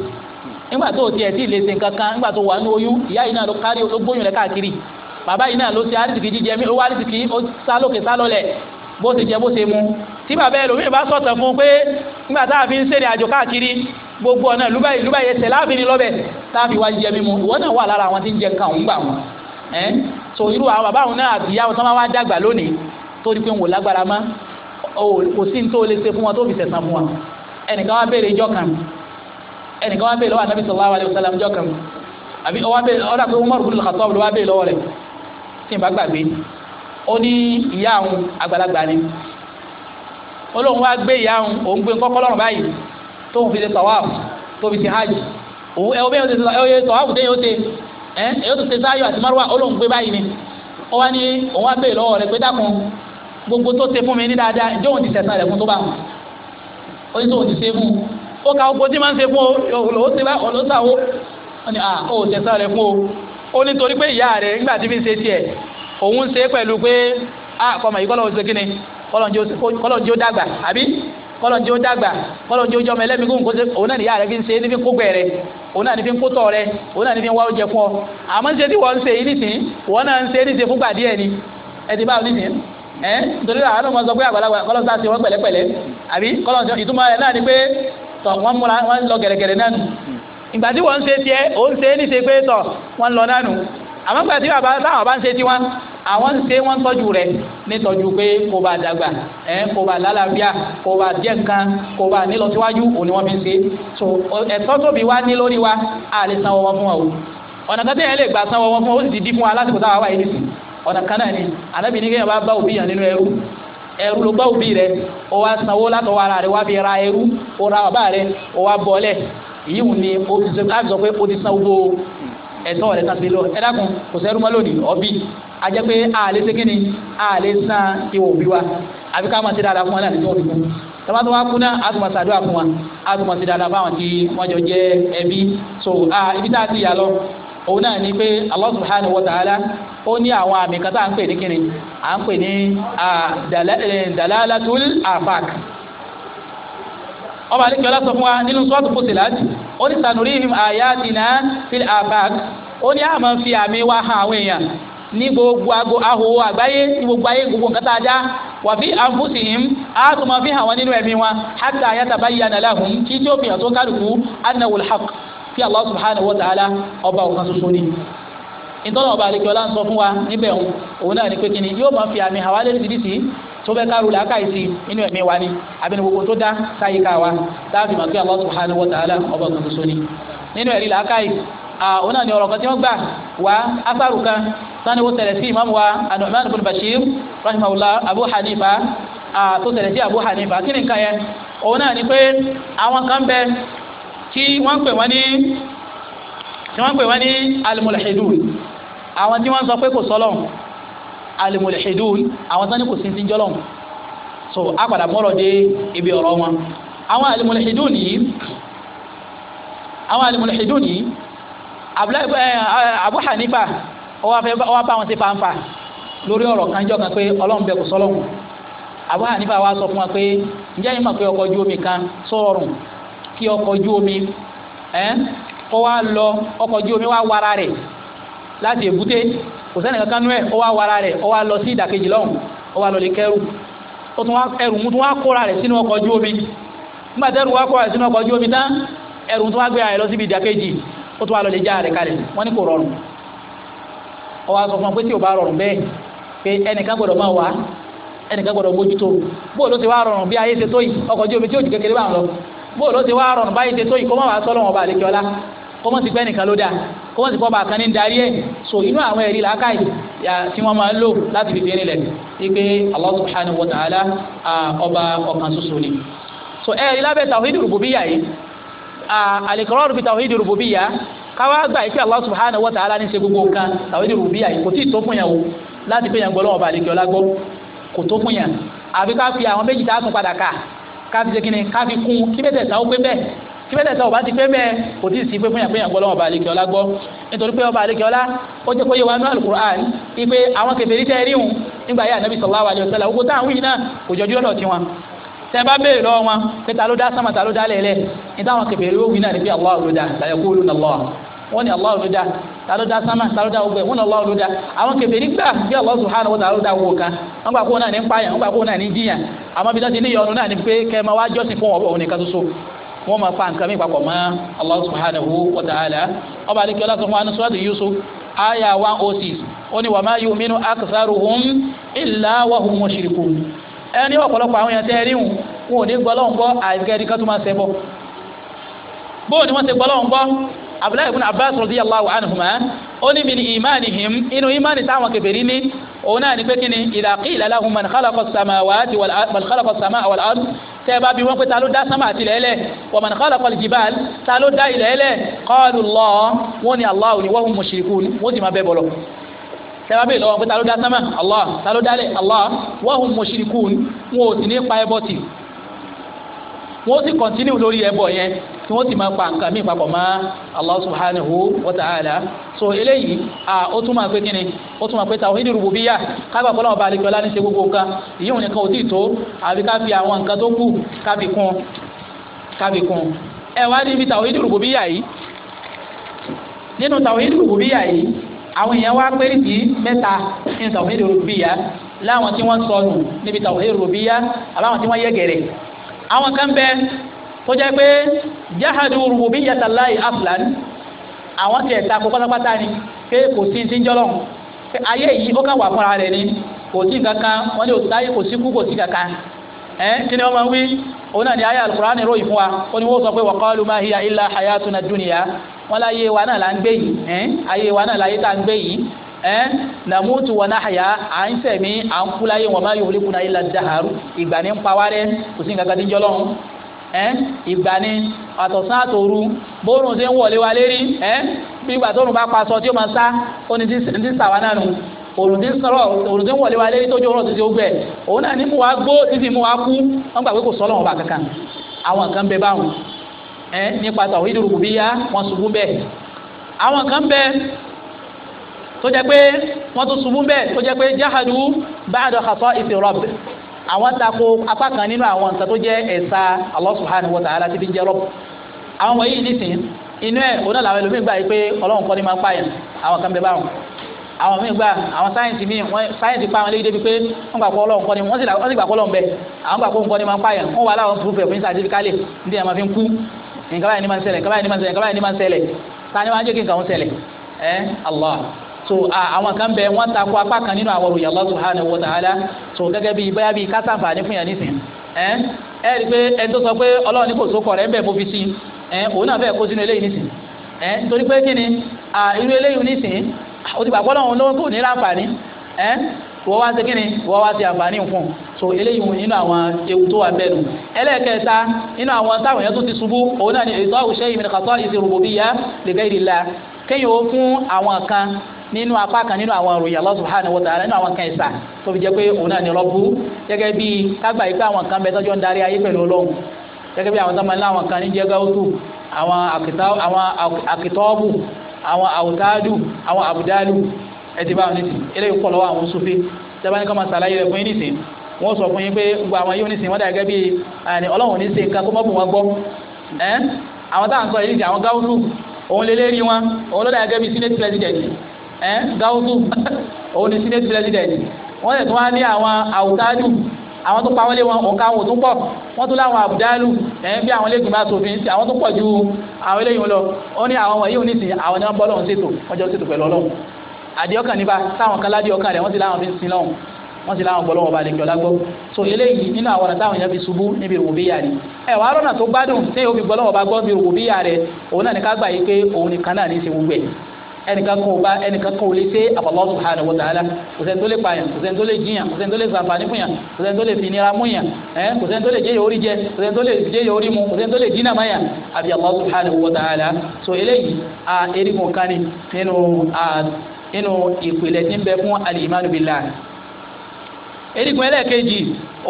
nígbà tó tiẹ̀ tí ì lè ṣe nǹkan kan nígbà tó wà ní oyún ìyá yìí náà ló kárí ló gbóyún rẹ̀ káàkiri bàbá yìí náà ló ṣe àrísìkì jíjẹ mi ó wá àrísìkì ó sálòkè sálọlẹ̀ bó ṣe jẹ bó ṣe mu tí bàbá ẹlòmíì bá sọ̀tàn fún un pé nígbà tá a fi ń ṣèrìn àjò káàkiri gbogbo ọ̀nà lúbàyè lúbàyè ẹsẹ̀ láàfin ni lọ́bẹ̀ tá a fi wá jíjẹ mímu ìwọ náà wà lára àwọn tí ń jẹ nǹkan òun gbà wọn ẹ so irú àwọn bàbá àwọn náà àti ìyá wọn tó máa wá dàgbà lónìí tó rí pé ń wò lágbára mọ́ kò sí ní lè ṣe fún wọn tó fi sẹ̀sán fún wọn ẹnìkan wá béèrè ìjọ kan ẹnìkan wá béèrè lọ́wọ́ àtàbí sọ̀rọ̀ àwọn àlẹ́ tí n bá gbàgbé ó ní ìyá àwọn àgbàlagbà ni ó lóun wá gbé ìyá àwọn òun gbé kọ́kọ́ lọ́rùn báyìí tóun fi ṣe tọ́wáàfù tó fi ṣe hajj òun ẹ̀ ọbẹ̀ yóò tọ́wáàfù téyàn ó ṣe ẹ̀ yóò tún ṣe sáyọ àti márùwà ó lóun gbé báyìí ni ó wá ní òun wá béè lọ́wọ́ rẹ̀ pé dákun gbogbo tó ṣe fún mi ní dáadáa ǹjẹ́ òun ti tẹ̀sán rẹ̀ fún tó bá ó ní tóun ti ó o ó ti bá ní à ó ní torí pé ìyá rẹ̀ nígbà tí fi ń ṣe tiẹ̀ òun ṣe pẹ̀lú pé a kọ́mọ yìí kọ́lọ́ ṣe kíni kọ́lọ́ ń jó dàgbà àbí kọ́lọ́ ń jó dàgbà kọ́lọ́ ń jó jọmọ kó òun náà fi ń ṣe ní fi ń fi ń kó tọ̀ òun náà ń wá oúnjẹ fún ọ àmọ́ ń ṣe tí ń ṣe yìí nìsín náà ni ẹ ọ nìsín ẹ nítorí àwọn ọmọ sọ pé àgbàlagbà ṣe àbí ìtumọ̀ náà ni pé ìgbà tí wọ́n ń ṣe tiẹ̀ ó ń ṣe é níṣe pé tọ̀ wọ́n ń lọ nánu àmọ́ ìgbà tí bàbá táwọn bá ń ṣe tiwọn àwọn ń ṣe wọ́n tọ́jú rẹ̀ nítọ́jú pé kò bá dàgbà ẹ̀ kò bá lálàáfíà kò bá díẹ̀ kan kò bá nílọsíwájú òní wọ́n fi ń ṣe so ẹ̀tọ́ tóbi wá ní lórí wa a lè sanwó wọn fún wa o ọ̀nà kan tẹ́yẹ lè gbà sanwó wọn fún ó sì ti di fún wa lásìkò táwa wáyé nìsín ọ̀nà kan náà ni ànábì ní kéèyàn bá bá òbí yàn nínú ẹrú ẹrú ló bá òbí rẹ ó wá sanwó látọwọ́ ara rẹ wá fi ra ẹrú ó ra bàbá rẹ ó wá bọ́lẹ̀ èyí wù ní o ti sọ láti sọ pé o ti san owó ẹ̀tọ́ rẹ̀ kan sí lọ ẹ dákun kò sẹ́rú mọ́ lónìí ọbí a jẹ́ pé a lè ṣe kíni a lè san ìwọ̀ òbí wa àfi ká máa ṣe dáadáa fún wa láti tún òbí tọ́ba tó wá kú náà a tún máa wa a tún máa ṣe dáadáa tí wọ́n jọ jẹ́ ẹbí so ibi tá a ti yà lọ òun náà ni pé Allah subhanahu wa ta'ala ó ní àwọn àmì kan tá à ń pè ní kíni à ń pè ní eh, dalalatul afaq ọba àlejò ọlá sọ fún wa nínú sọ́ọ̀tù Fussilat ó ní sanurihim ayatina fil afaq ó ní àmọ́ fi àmì wa hàn àwọn èèyàn ní gbogbo ago ahòhò àgbáyé ní gbogbo ayé gbogbo nǹkan tá a já wà fi anfusihim á tún máa fi hàn wọn nínú ẹ̀mí wọn hatta yatabayyana lahum kí tí ó fi hàn tó kálukú annahu al fi Allah subhanahu wa ta'ala ọba ọ̀kan ṣoṣo ni ìtọ́nà ọba àlejò ọlá ń sọ fún wa níbẹ̀ òun òun náà ni pé kíni yóò máa fi àmì àwa lẹ́sìdìsì tó fẹ́ káàrú làákàyèsí inú ẹ̀mí wa ni àbẹ̀ni gbogbo tó dá sáyíká wa láàbì màgbé Allah subhanahu wa ta'ala ọba kan ṣoṣo ni nínú ẹ̀rí làákàyè òun náà ni ọ̀rọ̀ kan tí wọ́n gbà wá afárù kan sani wọ́n tẹ̀lé sí ìmáàmù wa An-Nu'man Bashir rahimahullah Abu Hanifa tó tẹ̀lé sí Abu Hanifa kí ni nǹkan yẹn òun náà ni pé àwọn kan bẹ tí wọ́n pè wọ́n ní tí wọ́n àwọn tí wọ́n sọ pé kò sọ́lọ́n al-mulhidun àwọn tán ní kò sí jọ́lọ́n so a padà mọ́rọ̀ dé ibi ọ̀rọ̀ wọn àwọn al-mulhidun yìí àwọn al-mulhidun yìí eh, eh, Abu Hanifa ó bá wọn sí fanfa lórí ọ̀rọ̀ kan pé ọlọ́run bẹ kò sọ́lọ́n kan láti èbúté kò sẹ́ni kankan nú ẹ̀ ó wá wara rẹ̀ ó wá lọ sí ìdàkejì lọ́hùn ó wá lọ lè kẹ́rù ó tún wá ẹrù mú tún wá kóra rẹ̀ sínú ọkọ̀ ojú omi nígbà tẹ́rù wá kóra rẹ̀ sínú ọkọ̀ ojú omi tán ẹrù tún wá gbé rẹ̀ lọ síbi ìdàkejì ó wọn pé tí rọrùn bẹ́ẹ̀ pé ẹnìkan gbọ́dọ̀ máa wà ẹnìkan gbọ́dọ̀ ló rọrùn bí ayé ṣe tó yìí ọkọ̀ kó wọ́n sì kọ́ bàkan ní darí ẹ̀ so inú àwọn ẹ̀rí làákàyè tí wọ́n máa ń lò láti fi fi rinlẹ̀ wípé Allah subhanahu wa ta'ala ọba ọ̀kan ṣoṣo ni. so ẹ̀rí lábẹ́ tawhid rububiyya yìí al-iqrar bi tawhid rububiyya káwá gbà yìí pé Allah subhanahu wa ta'ala ní ṣe gbogbo nǹkan tawhid rububiyya yìí kò tí ì tó fún yàn o láti pé yàn gbọ́ lọ́wọ́ balẹ̀ kí ọlá gbọ́ kò tó fún yàn àfi ká fi àwọn méjì tá a tún padà ká ká fi ṣe kíni ká fi kún kí bẹ́ẹ̀ tẹ̀ sáwó pé bẹ́ẹ̀ tí bẹ́ẹ̀ tẹ̀sán ọba ti pé bẹ́ẹ̀ kò tí ì sí pé fún yàgbé yàgbọ́ lọ́wọ́ ọba àlekè ọlá gbọ́ nítorí pé ọba àlekè ọlá ó jẹ́ kó yẹ wa nú alukur'an ipe àwọn kèfèrí tẹ́ rí hùn nígbà yà nàbì sallallahu alaihi wasallam ogun táwọn wíyìn náà kò jọjú lọ́dọ̀ tiwọn tẹ́ bá béèrè lọ́wọ́ wọn pé ta ló dá sánmà ta ló dá lẹ́lẹ́ ní táwọn kèfèrí ó wí náà ní pé Allah ló dá sayaquluna Allah wọ́n ní Allah ló dá ta ló dá sánmà ta ló dá ogbẹ̀ wọ́n ní Allah ló dá àwọn kèfèrí gbà bí Allah subhanahu wa ta'ala ló ni pé kẹ́ ẹ máa wá wọ́n máa fa nǹkan mi papọ̀ mọ́ Allah subhanahu wa ọba àdìkẹ́ ọlá sọ fún wa Yusuf aya one o oh six ó ní wa ma yu'minu aktharuhum illa wa hum mushrikun ẹni ọ̀pọ̀lọpọ̀ àwọn èèyàn tẹ́ ẹ abdullahi ibn abbas radiyallahu anhuma ó ní min imanihim inú imani táwọn kèfèrí ní òun náà ní pé kí ni idha qila lahum man khalaqa samawati man khalaqa as-samaa wal ard tẹ́ ẹ bá bí wọ́n pé ta ló dá sámà àti ilẹ̀ ẹlẹ̀ wa man khalaqa al-jibal ta ló dá ilẹ̀ ẹlẹ̀ qalu Allah wọ́n ní Allah ni wa hum mushrikun wọ́n sì máa bẹ́ bọ̀lọ̀ tẹ́wá bẹ́ẹ̀ lọ́wọ́ pé ta ló dá sámà Allah ta ló dálẹ̀ wọ́n ti kọ̀ntínú lórí ẹbọ yẹn tí wọ́n ti máa pa nǹkan míì papọ̀ mọ́ Allah subhanahu wa so eléyìí à ó tún máa pé kíni ó tún máa pé tawhid rububiyya kábà fọlọ́ ọba àlejò ọlá ní ṣe gbogbo nǹkan ìyíwò nìkan ò tí ì tó àbí ká fi àwọn nǹkan tó kù ẹ wá níbi yìí nínú yìí àwọn èèyàn wá pé mẹ́ta láwọn tí wọ́n sọnù níbi àwọn kan bẹ tó jẹ́ pé jahadu rububiyyata Allahi aflan àwọn tiẹ̀ ta ko pátápátá ni pé kò sí ti ń jọlọ pé ayé yìí ó kà wà fúnra rẹ̀ ni kò sí kankan wọn ni òtáyé kò sí kú kò sí kankan ẹ kí ni wọn máa ń wí òun náà ni ayé al ni ròyìn fún wa ó ní wọn sọ pé wa qalu ma hiya illa hayatuna dunya wọn láyé wa náà là ń gbé yìí ẹ ayé wa náà láyé tá à ń gbé yìí ẹ nàmútu wọn náhàyà à ń sẹ̀mí à ń kú láyé wọn máa yọ òlékùn náà yìí la dàhàrú ìgbà ní ń pa wá rẹ kò sí nǹkan kan tí ń jọlọ́ ẹ ìgbà ní àtọ̀sán àtòru bóòrùn ti ń wọlé wa lérí ẹ bí ìgbà tóòrùn bá pa aṣọ tí ó máa sá ó ní ti sàwa náà nù òrùn tí wọlé wa lérí tójú ọ̀rọ̀ títí ó gbẹ òun náà ní mú wa gbó títí mú wa kú wọn gbà pé kò sọ́lọ́wọ́n bá kankan àwọn kan bẹ báwọn ẹ nípa tàwọn ìdúró kù bí yá wọn ṣubú bẹ́ẹ̀ àwọn kan bẹ tó jẹ́ pé wọ́n tún ṣubú bẹ́ẹ̀ tó jẹ́ pé jahadu ba'da khasa'isi rabb àwọn tako apá kan nínú àwọn nǹkan tó jẹ́ ẹ̀sà Allah subhanahu wa ta'ala ti fi jẹ́ rabb àwọn wọ̀nyí nísìn inú ẹ̀ òun náà làwọn ẹlòmíín gbà yìí pé ọlọ́run kọ́ ni máa ń pààyàn àwọn kan bẹ báwọn àwọn míín gbà àwọn sáyẹ̀nsì míín wọ́n sáyẹ̀nsì pa àwọn léyìí débi pé wọ́n gbà pọ̀ ọlọ́run kọ́ ni wọ́n sì gbà pọ̀ ọlọ́run bẹ ni máa ń ni máa ń ni máa ń ṣẹlẹ̀ nǹkan báyìí ni máa so àwọn kan bẹ wọ́n takò apá kan nínú àwọn òròyìn Allah subhanahu wa ta'ala so gẹ́gẹ́ bíi bóyá bíi kásánfààní fún yàn nísìn ẹ ẹ rí i pé ẹni tó sọ pé ọlọ́run ní kò sókọ rẹ̀ ń bẹ̀ mo fi sí ẹ òun náà fẹ́ kó sínú eléyìí nísìn ẹ nítorí pé kí ni irú eléyìí nísìn o ti gbàgbọ́ lọ́run ló kò ní láǹfààní ẹ wọ́n wá sí kíni wọ́n wá sí àǹfààní nǹkan so eléyìí wọn nínú àwọn ewu tó wà bẹ́ẹ̀ nù ẹlẹ́ẹ̀kẹta nínú àwọn táwọn yẹn tó ti ṣubú òun náà ni ètò àwùṣe ìmìnira kàtọ́ ìṣirò bòbí yá lè gẹ́ ìdílà kéèyàn ó fún àwọn kan nínú apá kan nínú àwọn òròyìn Allah subhanahu wa ta'ala nínú àwọn kan ẹ̀sà tó fi jẹ́ pé òun náà ní rọ́bù gẹ́gẹ́ bí kágbà yìí pé àwọn kan bẹ́ẹ̀ tọ́jú ń darí ayé pẹ̀lú ọlọ́run gẹ́gẹ́ bí àwọn tọ́mọ ńlá àwọn kan ní jẹ́ gáwútù àwọn àkìtọ́ọ̀bù àwọn àwùtáàdù àwọn àbùdálù ẹ̀dì bá wọn ní ti eléyìí pọ̀ lọ́wọ́ àwọn sufi tẹ́bá ní kọ́ máa ṣàlàyé rẹ̀ fún yín nìsín wọ́n sọ fún yín pé ẹ eh, gáwùsù òun ni senate president wọ́n sì tún wá ní àwọn àwùtáàdù àwọn tó pa wọ́n lé wọn òǹkà wọn ò tún pọ̀ wọ́n tún láwọn àbùdálù ẹ̀ eh, bí àwọn ilégbèmọ̀ asòfin tí àwọn tó pọ̀ ju àwọn eléyìí lọ ó ní àwọn wọ̀nyí òní sìn àwọn ni wọ́n bọ́ lọ́hùn ṣètò wọ́n jọ ṣètò pẹ̀lú ọlọ́hùn àdìọ́kàn nípa táwọn kan ládìọ́kàn rẹ̀ wọ́n ti láwọn fi ń sin lọ́hùn wọ́n ti láwọn gbọ́lọ́wọ́ balẹ̀ gbọ́lá gbọ́ so eléyìí nínú àwọn ọ̀nà táwọn èèyàn fi ṣubú níbi rùbíyà ni ẹ wàá rọ́nà tó gbádùn tí yóò fi gbọ́lọ́wọ́ bá gbọ́ níbi rùbíyà rẹ̀ òun náà ní ká gbà yí pé òun nìkan náà ní í ṣe gbogbo ẹ̀ ẹnìkan kò bá ẹnìkan kò lè ṣe Allah subhanahu wa ta'ala kò sẹ́ni tó lè pààyàn kò sẹ́ni tó lè jiyàn kò sẹ́ni tó lè ṣàǹfààní fún yàn kò sẹ́ni tó lè fi nira mú yàn ẹ kò sẹ́ni tó lè jẹ́ yòórí jẹ kò sẹ́ni tó lè jẹ́ yòórí mu kò sẹ́ni tó lè dínà má yàn àbí Allah subhanahu wa ta'ala so eléyìí a erigun kan ni a nínú ìpìlẹ̀ tí ń bẹ fún al erigun ẹlẹ́ẹ̀kejì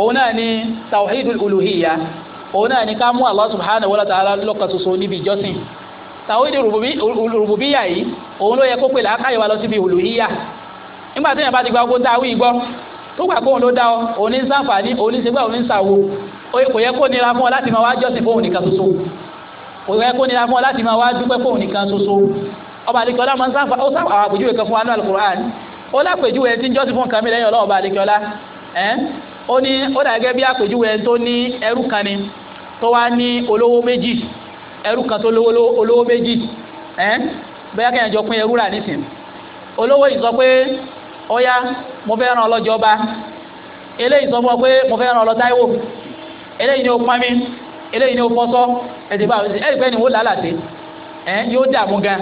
òun náà ni tawhidul uluhiyya òun ni ká mú Allah subhanahu wa ta'ala lọ́kàn ṣoṣo níbi tàwídì rùbùbíyà yìí òun ló yẹ kó pè làákàyè wa lọ síbi uluhiyya nígbà tí èèyàn bá ti gba ogun dáwí gbọ́ tó gbà kóun ló dá ọ òun ní sàǹfààní òun ní ṣe gbà òun ní sàwo kò yẹ kó nira fún ọ láti máa wá jọ́sìn fóun nìkan ṣoṣo kò yẹ kó nira fún ọ láti máa wá dúpẹ́ fóun nìkan ṣoṣo ọba àdìkọ́lá máa ń sáfà ó sáfà àwọn àpèjúwe kan fún wa ní alukur'an ó lápèjúwe tí ń jọ́sìn fún kàmí lẹ́yìn ọlọ́run ọba àdìkọ́lá ẹ́ ó ní ó dàgẹ́ bí ẹrú kan tó olówó méjì baya bẹ́ẹ̀ kẹ́yìn jọ pín ẹrú rà nísìn olówó yìí sọ pé ọ̀yá mo fẹ́ ràn ọlọ́jọ́ ọba eléyìí sọ fún ọ pé mo fẹ́ ràn eléyìí ni o pọ́n eléyìí ni ó fọ́sọ́ ẹ̀sìn bá ẹ̀ ẹ̀ pẹ́ni wò ẹ̀ yóò gan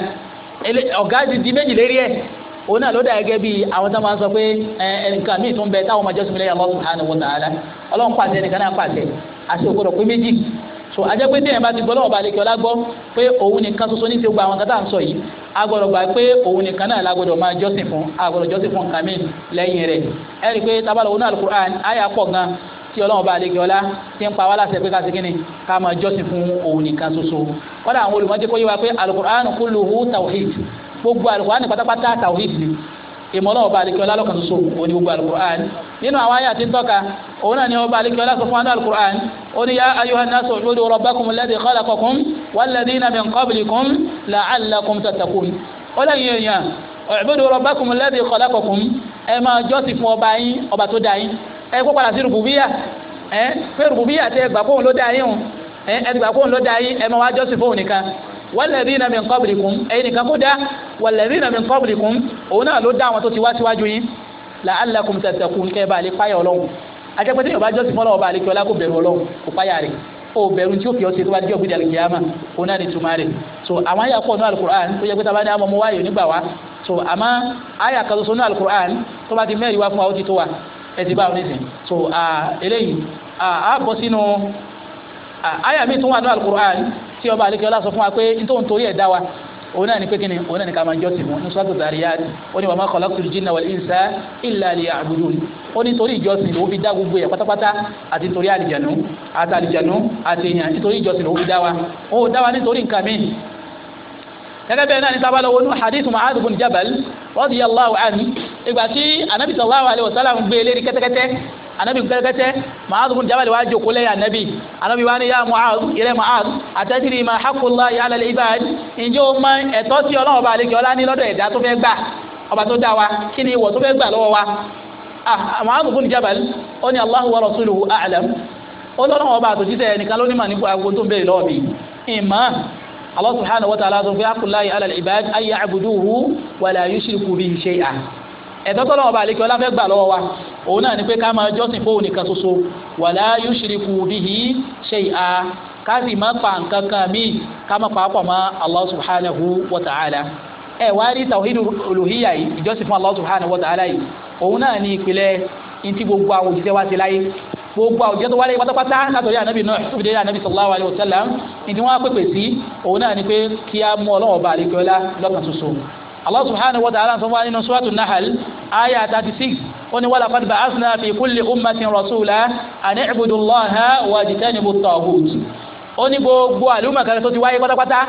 ọ̀gá ti di méjì lérí ẹ̀ òun náà ló dà gẹ́gẹ́ bí àwọn sọ pé bẹ táwọn ọmọ so ajẹ́ pé téèyàn bá ti gbọ́ lọ́wọ́ balẹ̀ kí ọlá gbọ́ pé òun nìkan ṣoṣo ní ti gba àwọn kátà ń sọ yìí a gbọ́dọ̀ gbà pé òun nìkan náà la gbọ́dọ̀ máa jọ́sìn fún a gbọ́dọ̀ jọ́sìn fún kàmí lẹ́yìn rẹ̀ ẹ rí i pé tabalọ̀ oní alukur'an àyà pọ̀ gan tí ọlọ́wọ́ balẹ̀ kí ọlá ti ń pa wá láṣẹ pé ká ṣe kíni ká máa jọ́sìn fún òun nìkan ṣoṣo kọ́dà àwọn olùmọ̀jẹ́ ìmọ̀lá ọba àlekíọ́lá lọ́kàn tó so òní gbogbo alukur'an nínú àwọn ayé àti ntọ́ka òun náà ni ọba àlekíọ́lá sọ fún wa ní alukur'an ó ní yá ayuha nasu ubudu rabbakum alladhi khalaqakum walladhina min qablikum la'allakum tattaqun. ó lẹ́yìn èèyàn ubudu rabbakum alladhi khalaqakum ẹ máa jọ́sìn fún ọba yín ọba tó dá yín ẹ kó padà sí ẹ pé rùbùbíyà tẹ gbàgbóhùn ló yín ẹ ti gbàgbóhùn yín ẹ máa wá walladhina min qablikum ẹ̀yin nìkan kó dá walladhina min qablikum òun náà ló dá àwọn tó ti wá síwájú yín la'allakum tattaqun kẹ́ bá lè páyà ọlọ́run ajẹ́pẹ́tẹ́ yóò bá jọ́sìn fọlọ́ ọba àlejò ọlá kò bẹ̀rù ọlọ́run kò páyà rẹ̀ o bẹ̀rù tí o fi ọsẹ tó bá di ọgbẹdẹ alikiyama o náà ni tuma rẹ so àmọ́ àyà kọ ní alukur'an tó yẹ pé tá àyà mi tún wà ní alukur'an tí ọba àlekẹ́ ọlá sọ fún wa pé nítorí torí ẹ̀ dá wa òun náà ni pé kíni òun náà ni ká máa jọ́sìn mọ́ nípa tó darí yára ó ní wa ma khalaqtul jinna wal insa illa liya'budun ó ní torí ìjọsìn ló fi dá gbogbo ẹ̀ pátápátá àti torí àlìjànú àti àlìjànú àti èèyàn nítorí ìjọsìn ló fi dá wa ó dá wa nítorí nǹkan mi. gẹ́gẹ́ bẹ́ẹ̀ náà ni sábà lọ́wọ́ nú hadith Mu'adh bin Jabal radiyallahu anhu ìgbà anabi gẹ́gẹ́tẹ́ ma'az bin jabal wá jókòó lẹ́yìn anabi anabi wá ní ya mu'az ilẹ̀ mu'az àtẹ́tìrì ma haqqullahi 'ala al-ibad ǹjẹ́ o máa ẹ̀tọ́ tí ọlọ́run bá àlejò ọlá ní lọ́dọ̀ ẹ̀dá tó fẹ́ gbà ọba tó dá wa kí ni ìwọ tó fẹ́ gbà lọ́wọ́ wa ah, ma'az bin jabal ó ní allahu wa rasuluhu a'lam ó lọ́rùn ọba àtòjíṣẹ́ ẹnìkan ló ní mà nípa agogo tó ń bèèrè lọ́wọ́ mi ìmọ̀ Allah subhanahu wa ta'ala tó fi haqqullahi 'ala ibad ay ya'buduhu wa la yushriku bihi ẹ̀tọ́ tọ́lọ́ ọba àlekẹ́ ọlá fẹ́ gbà lọ́wọ́ wa òun náà ni pé ká máa jọ́sìn fóun nìkan ṣoṣo wala yushriku bihi shay'a ká sì má pa nǹkan kan míì ká má pa pọ̀ mọ́ Allah subhanahu wa ta'ala ẹ wá rí tawhidu uluhiyya yìí ìjọ́sìn fún Allah subhanahu wa ta'ala yìí òun náà ni ìpìlẹ̀ ntí gbogbo àwọn òjijì wa ti láyé gbogbo àwùjọ tó wáyé pátápátá látọ̀rí ànábì náà tó ànábì sallallahu Allah subhanahu wa ta'ala sọ fún wa nínú suratu nahal aya thirty six ó ní wàlá fàdìbà asna fi kulli ummatin rasula an i'budu allaha wa jitanibu at-taghut ó ní gbogbo àlùmọ̀ kan tó ti wáyé pátápátá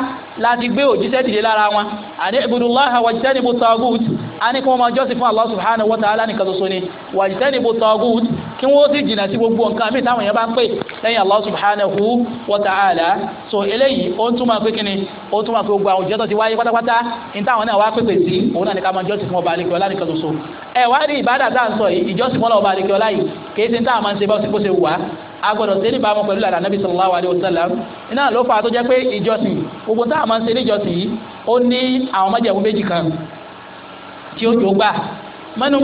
láti gbé òjíṣẹ́ dìde lára wọn àní ibùdókòláhà wàjítẹ́nibù tọ́gùt á ní kí wọ́n máa jọ́sìn fún Allah subhanahu wa ta'ala nìkan tó so ni wàjítẹ́nibù tọ́gùt kí wọ́n sì jìnnà sí gbogbo nǹkan míì táwọn èèyàn bá ń pè lẹ́yìn Allah subhanahu wa ta'ala so eléyìí ó ń túmọ̀ pé kíni ó ń túmọ̀ pé gbogbo àwọn òjíṣẹ́ tó ti wáyé pátápátá ní táwọn náà wá pèpè sí òun náà ní ká máa jọ́sìn fún ọba àlekè ọlá nìkan tó so ẹ wá rí ìbádà tá à ń sọ yìí ìjọ́sìn fún ọba àlekè yìí kì í ṣe ní táwọn máa ń ṣe bá ó ti kó ṣe wù wá agbọ́dọ̀ ṣe níbàámu pẹ̀lú àdá nàbí sallallahu alayhi wa sallam iná ló fà á tó jẹ́ pé ìjọsìn gbogbo tá a máa ń ṣe níjọsìn yìí ó ní àwọn májẹ̀mú méjì kan tí ó tó gbà mẹ́nu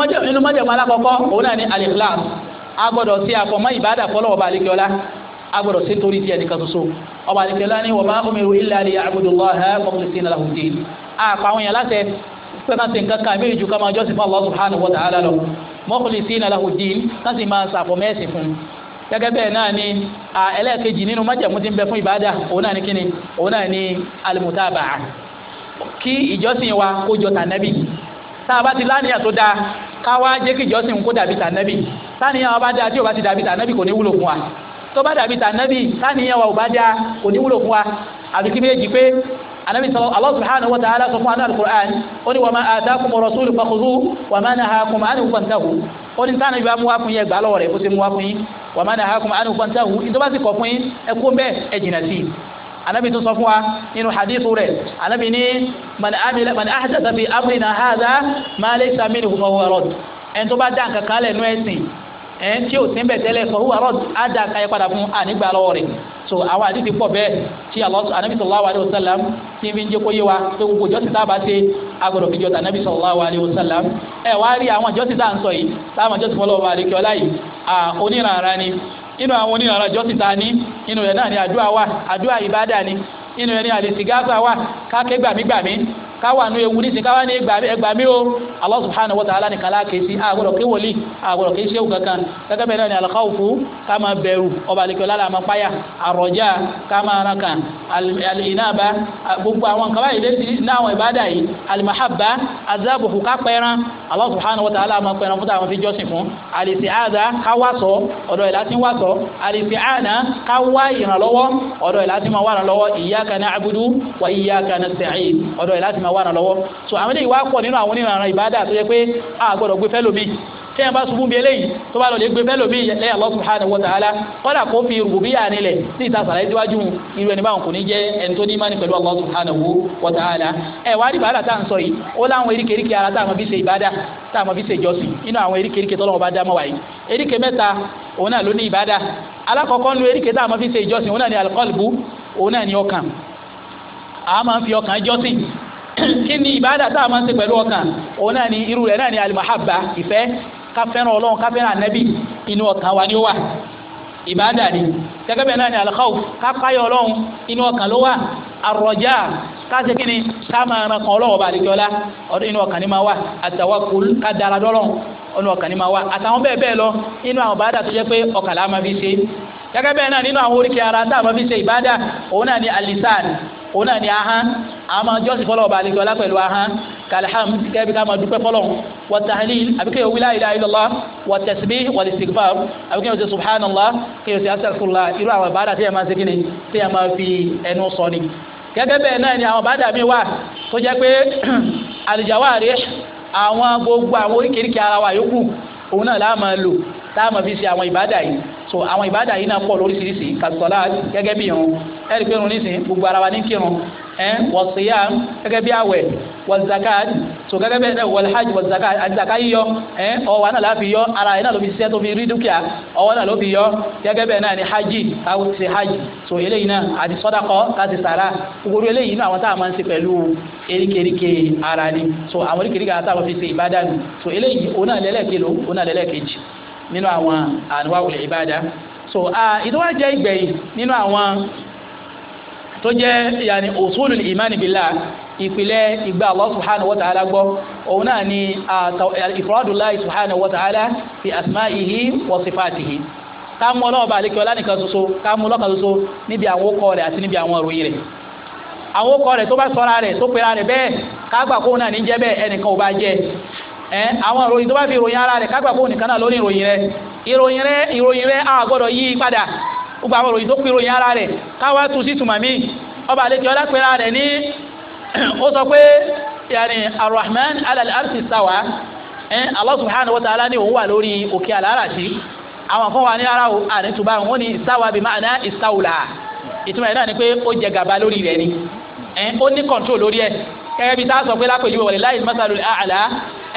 májẹ̀mú alákọ̀ọ́kọ́ òun náà ní al-ikhlas agbọ́dọ̀ ṣe àfọ̀mọ́ ìbádà fọlọ́wọ́ bá alikiola agbọ́dọ̀ ṣe torí ti ẹnìkan ṣoṣo ọba alikiola ní wa ma umiru illa liya'budullaha mukhlisina lahu ddin àpàwọn yẹn láti pẹ́ẹ́nà sí nǹkan kan gẹ́gẹ́ bẹ́ẹ̀ náà ni ẹlẹ́ẹ̀kejì nínú májẹ̀mú tí ń bẹ fún ìbádà òun náà ni kíni òun náà ni al-mutaba'a kí ìjọsìn wa kó jọ tànẹ́bì tá a bá ti láníyàn tó dáa ká wá jẹ́ kí ìjọsìn kó dàbí tànẹ́bì táníyàn wa bá dáa tí ò bá ti dàbí tànẹ́bì kò ní wúlò fún wa tó bá dàbí tànẹ́bì táníyàn wa ò bá dáa kò ní wúlò fún wa àbí méjì pé anabi sọ Allah subhanahu wa ta'ala sọ fún anu al-Qur'an ó ní wa ma atakum rasulu fakhudhu wa ma ó ní sáà níbi amúwá fún yín ẹgbàá lọ́wọ́ rẹ̀ kó ṣe múwá fún yín wà má náà hákùn ánú fún táwù ìjọba sì kọ̀ fún yín ẹ kó bẹ́ẹ̀ ẹ jìnà sí i anabi tún sọ fún wa nínú hadithu rẹ̀ anabi ní man ahdatha fi amrina hadha ma laysa huwa rad ẹni tó bá dá nǹkan kan lẹ̀ nú ẹ̀sìn ẹ̀ tí ò sí ń bẹ̀ tẹ́lẹ̀ sọ wúwa rọ́ọ̀dù á dá káyé padà fún ànígbà lọ́wọ́ rẹ̀ so àwọn àdìsí pọ̀ bẹ́ẹ̀ tí anabi sallallahu alayhi wa sallam ti fi ń jẹ́ kó yé wa pé gbogbo ìjọsìn tá a bá ṣe agbọ̀dọ̀ fi jọta anabi sallallahu alayhi wa sallam ẹ̀ wá rí àwọn ìjọsìn tá à ń sọ yìí táwọn ìjọsìn fọlọ́ wa àdìkẹ́ ọlá yìí onírànra ni inú àwọn onírànra ìjọsìn tá a ní inú rẹ̀ náà ni àdúrà wa àdúrà ìbádà ni inú rẹ̀ ni àlèsìgáàgbà wa kákégbàmígbàmí káwà nú ewu nísìn káwà ní ẹgbà mí o Allah subhanahu wa ta'ala ní kàlá kèsì àgbọ̀dọ̀ kí wòlíì àgbọ̀dọ̀ kí ṣéwù kankan gẹ́gẹ́ bẹ́ẹ̀ náà ni al-khawfu ká máa bẹ̀rù ọba àlekè ọlá páyà ar ká máa ràn kàn gbogbo àwọn kaba yìí lẹ́sìn náwọn ìbádà yìí al-mahabba ká pẹ́ran Allah subhanahu wa pẹ́ran fún máa wà lọ́wọ́ so àwọn eléyìí wá pọ̀ nínú àwọn onírànà ìbádà tó yẹ pé a gbọ́dọ̀ gbé fẹ́ lómi tí a bá ṣubú bí eléyìí tó bá lọ lè gbé fẹ́ lómi lẹ́yìn Allah subhanahu wa ta'ala kọ́dà kó fi rububiyya nílẹ̀ tí ìta sàlàyé síwájú irú ẹni báwọn kò ní jẹ́ ẹni tó ní ìmánì pẹ̀lú Allah subhanahu wa ta'ala ẹ̀ wá rí bàálà tá à ń sọ yìí ó láwọn eríkèéríkèé ara tá a máa fi ṣe ìbádà tá a máa fi ṣe ìjọsìn inú àwọn eríkèéríkèé tọ́lọ́wọ́ bá dá mọ́ wáyé eríkèé mẹ́ta òun náà ló ní ìbádà alákọ̀ọ́kọ́ nu eríkèé tá a máa fi ṣe ìjọsìn òun náà ní alqalbu òun náà ní ọkàn a máa ń fi ọkàn jọ́sìn kí ni ìbáàdà tá a máa ń ṣe pẹ̀lú ọkàn òun náà ni irú rẹ̀ náà ni alimahaba ìfẹ́ ká fẹ́ràn ọlọ́run ká fẹ́ràn ànábì inú ọkàn wa ni ó wà ìbáàdà ni gẹ́gẹ́ bẹ́ẹ̀ náà ni alkhawf ká páyọ̀ ọlọ́run inú ọkàn ló wà arọjà ká ṣe kíni ká máa ran kan ọlọ́wọ́ bá àdìjọ́lá ọdún inú ọkàn ni máa wà àtàwákùl ká dára dọ́lọ́run inú ọkàn ni máa wà àtàwọn bẹ́ẹ̀ bẹ́ẹ̀ lọ inú àwọn bàdà tó jẹ́ pé ọkàn máa fi ṣe gẹ́gẹ́ bẹ́ẹ̀ náà nínú àwọn oríkèé ara tá a máa fi ṣe ìbáàdà òun náà ni alisan òun náà ni ahán àwọn máa jọ́sìn fọlọ́ ọba àlejò ọlá pẹ̀lú ahán kalham kẹ́bi kama máa dúpẹ́ fọlọ́ wa tahlil àbíkẹ́ yóò wílá ilaha illallah wa tasbih wa istighfar àbíkẹ́ yóò subhanallah kẹ́ yóò ṣe astaghfirullah irú àwọn ìbáàdà tí yẹn máa ṣe kí ni tí yẹn máa fi ẹnu sọ ni. gẹ́gẹ́ bẹ́ẹ̀ náà ni àwọn ìbáàdà mi wà tó jẹ́ pé àlùjáwárí àwọn gbogbo àwọn oríkèéríkèé ara wa yòókù òun náà láà máa lò táà máa fi ṣe àwọn ìbáàdà yìí so àwọn ìbáàdà yìí náà pọ̀ lóríṣiríṣi kàṣọlá gẹ́gẹ́ bí irun ẹ̀rí pé irun nísìn gbogbo ara wa ní kírun ẹ̀ gẹ́gẹ́ bí àwẹ̀ wọ̀zakat so gẹ́gẹ́ bí wọ̀lhajj wọ̀zakat àtìzàká yíyọ ẹ̀ ọwọ́ náà láfi yọ ara ẹ̀ náà ló fi ṣiṣẹ́ tó fi rí dúkìá ọwọ́ náà ló fi yọ gẹ́gẹ́ bẹ́ẹ̀ náà ni hajj káwọ́ ti hajj so eléyìí náà àti sọ́dàkọ́ láti sàrà gbogbo eléyìí náà àwọn táwọn máa ń ṣe pẹ̀lú eríkèríkè ara ni so àwọn eríkèríkè àtàwọn fi ṣe ìbádànù so eléyìí òun náà lẹ́lẹ́kèlò òun náà lẹ́lẹ́kèjì nínú àwọn àníwáwulẹ̀ ìbáda so ìdọ́wà jẹ́ ìgbẹ̀yìn nínú àwọn tó jẹ́ yàní usulul iman billah ìpìlẹ̀ ìgbà Allah subhanahu wa ta'ala gbọ́ òun náà ni ifradullah fi asma'ihi wa sifatihi ká mú ọlọ́ọ̀bá àlékè ọlá nìkan ṣoṣo ká mú ọlọ́kan ṣoṣo níbi àwọn okọ rẹ̀ àti níbi àwọn òròyìn rẹ̀ àwọn okọ rẹ̀ tó bá sọ́ra rẹ̀ tó pera rẹ̀ bẹ́ẹ̀ ká náà ní jẹ́ bẹ́ẹ̀ ẹnìkan ò bá jẹ́ ẹ àwọn ìròyìn tó bá fi ìròyìn ara rẹ̀ kágbà fóònù kan náà lórí ìròyìn rẹ̀ ìròyìn rẹ̀ ìròyìn rẹ̀ a gbọ́dọ̀ yí padà gbogbo àwọn ìròyìn tó fi ìròyìn ara rẹ̀ káwá tu sí tùmọ̀ mí ọba àlejò ọlápẹ̀rẹ̀ rẹ̀ ní ó sọ pé sawa ara ó ní lórí ẹ̀ a'la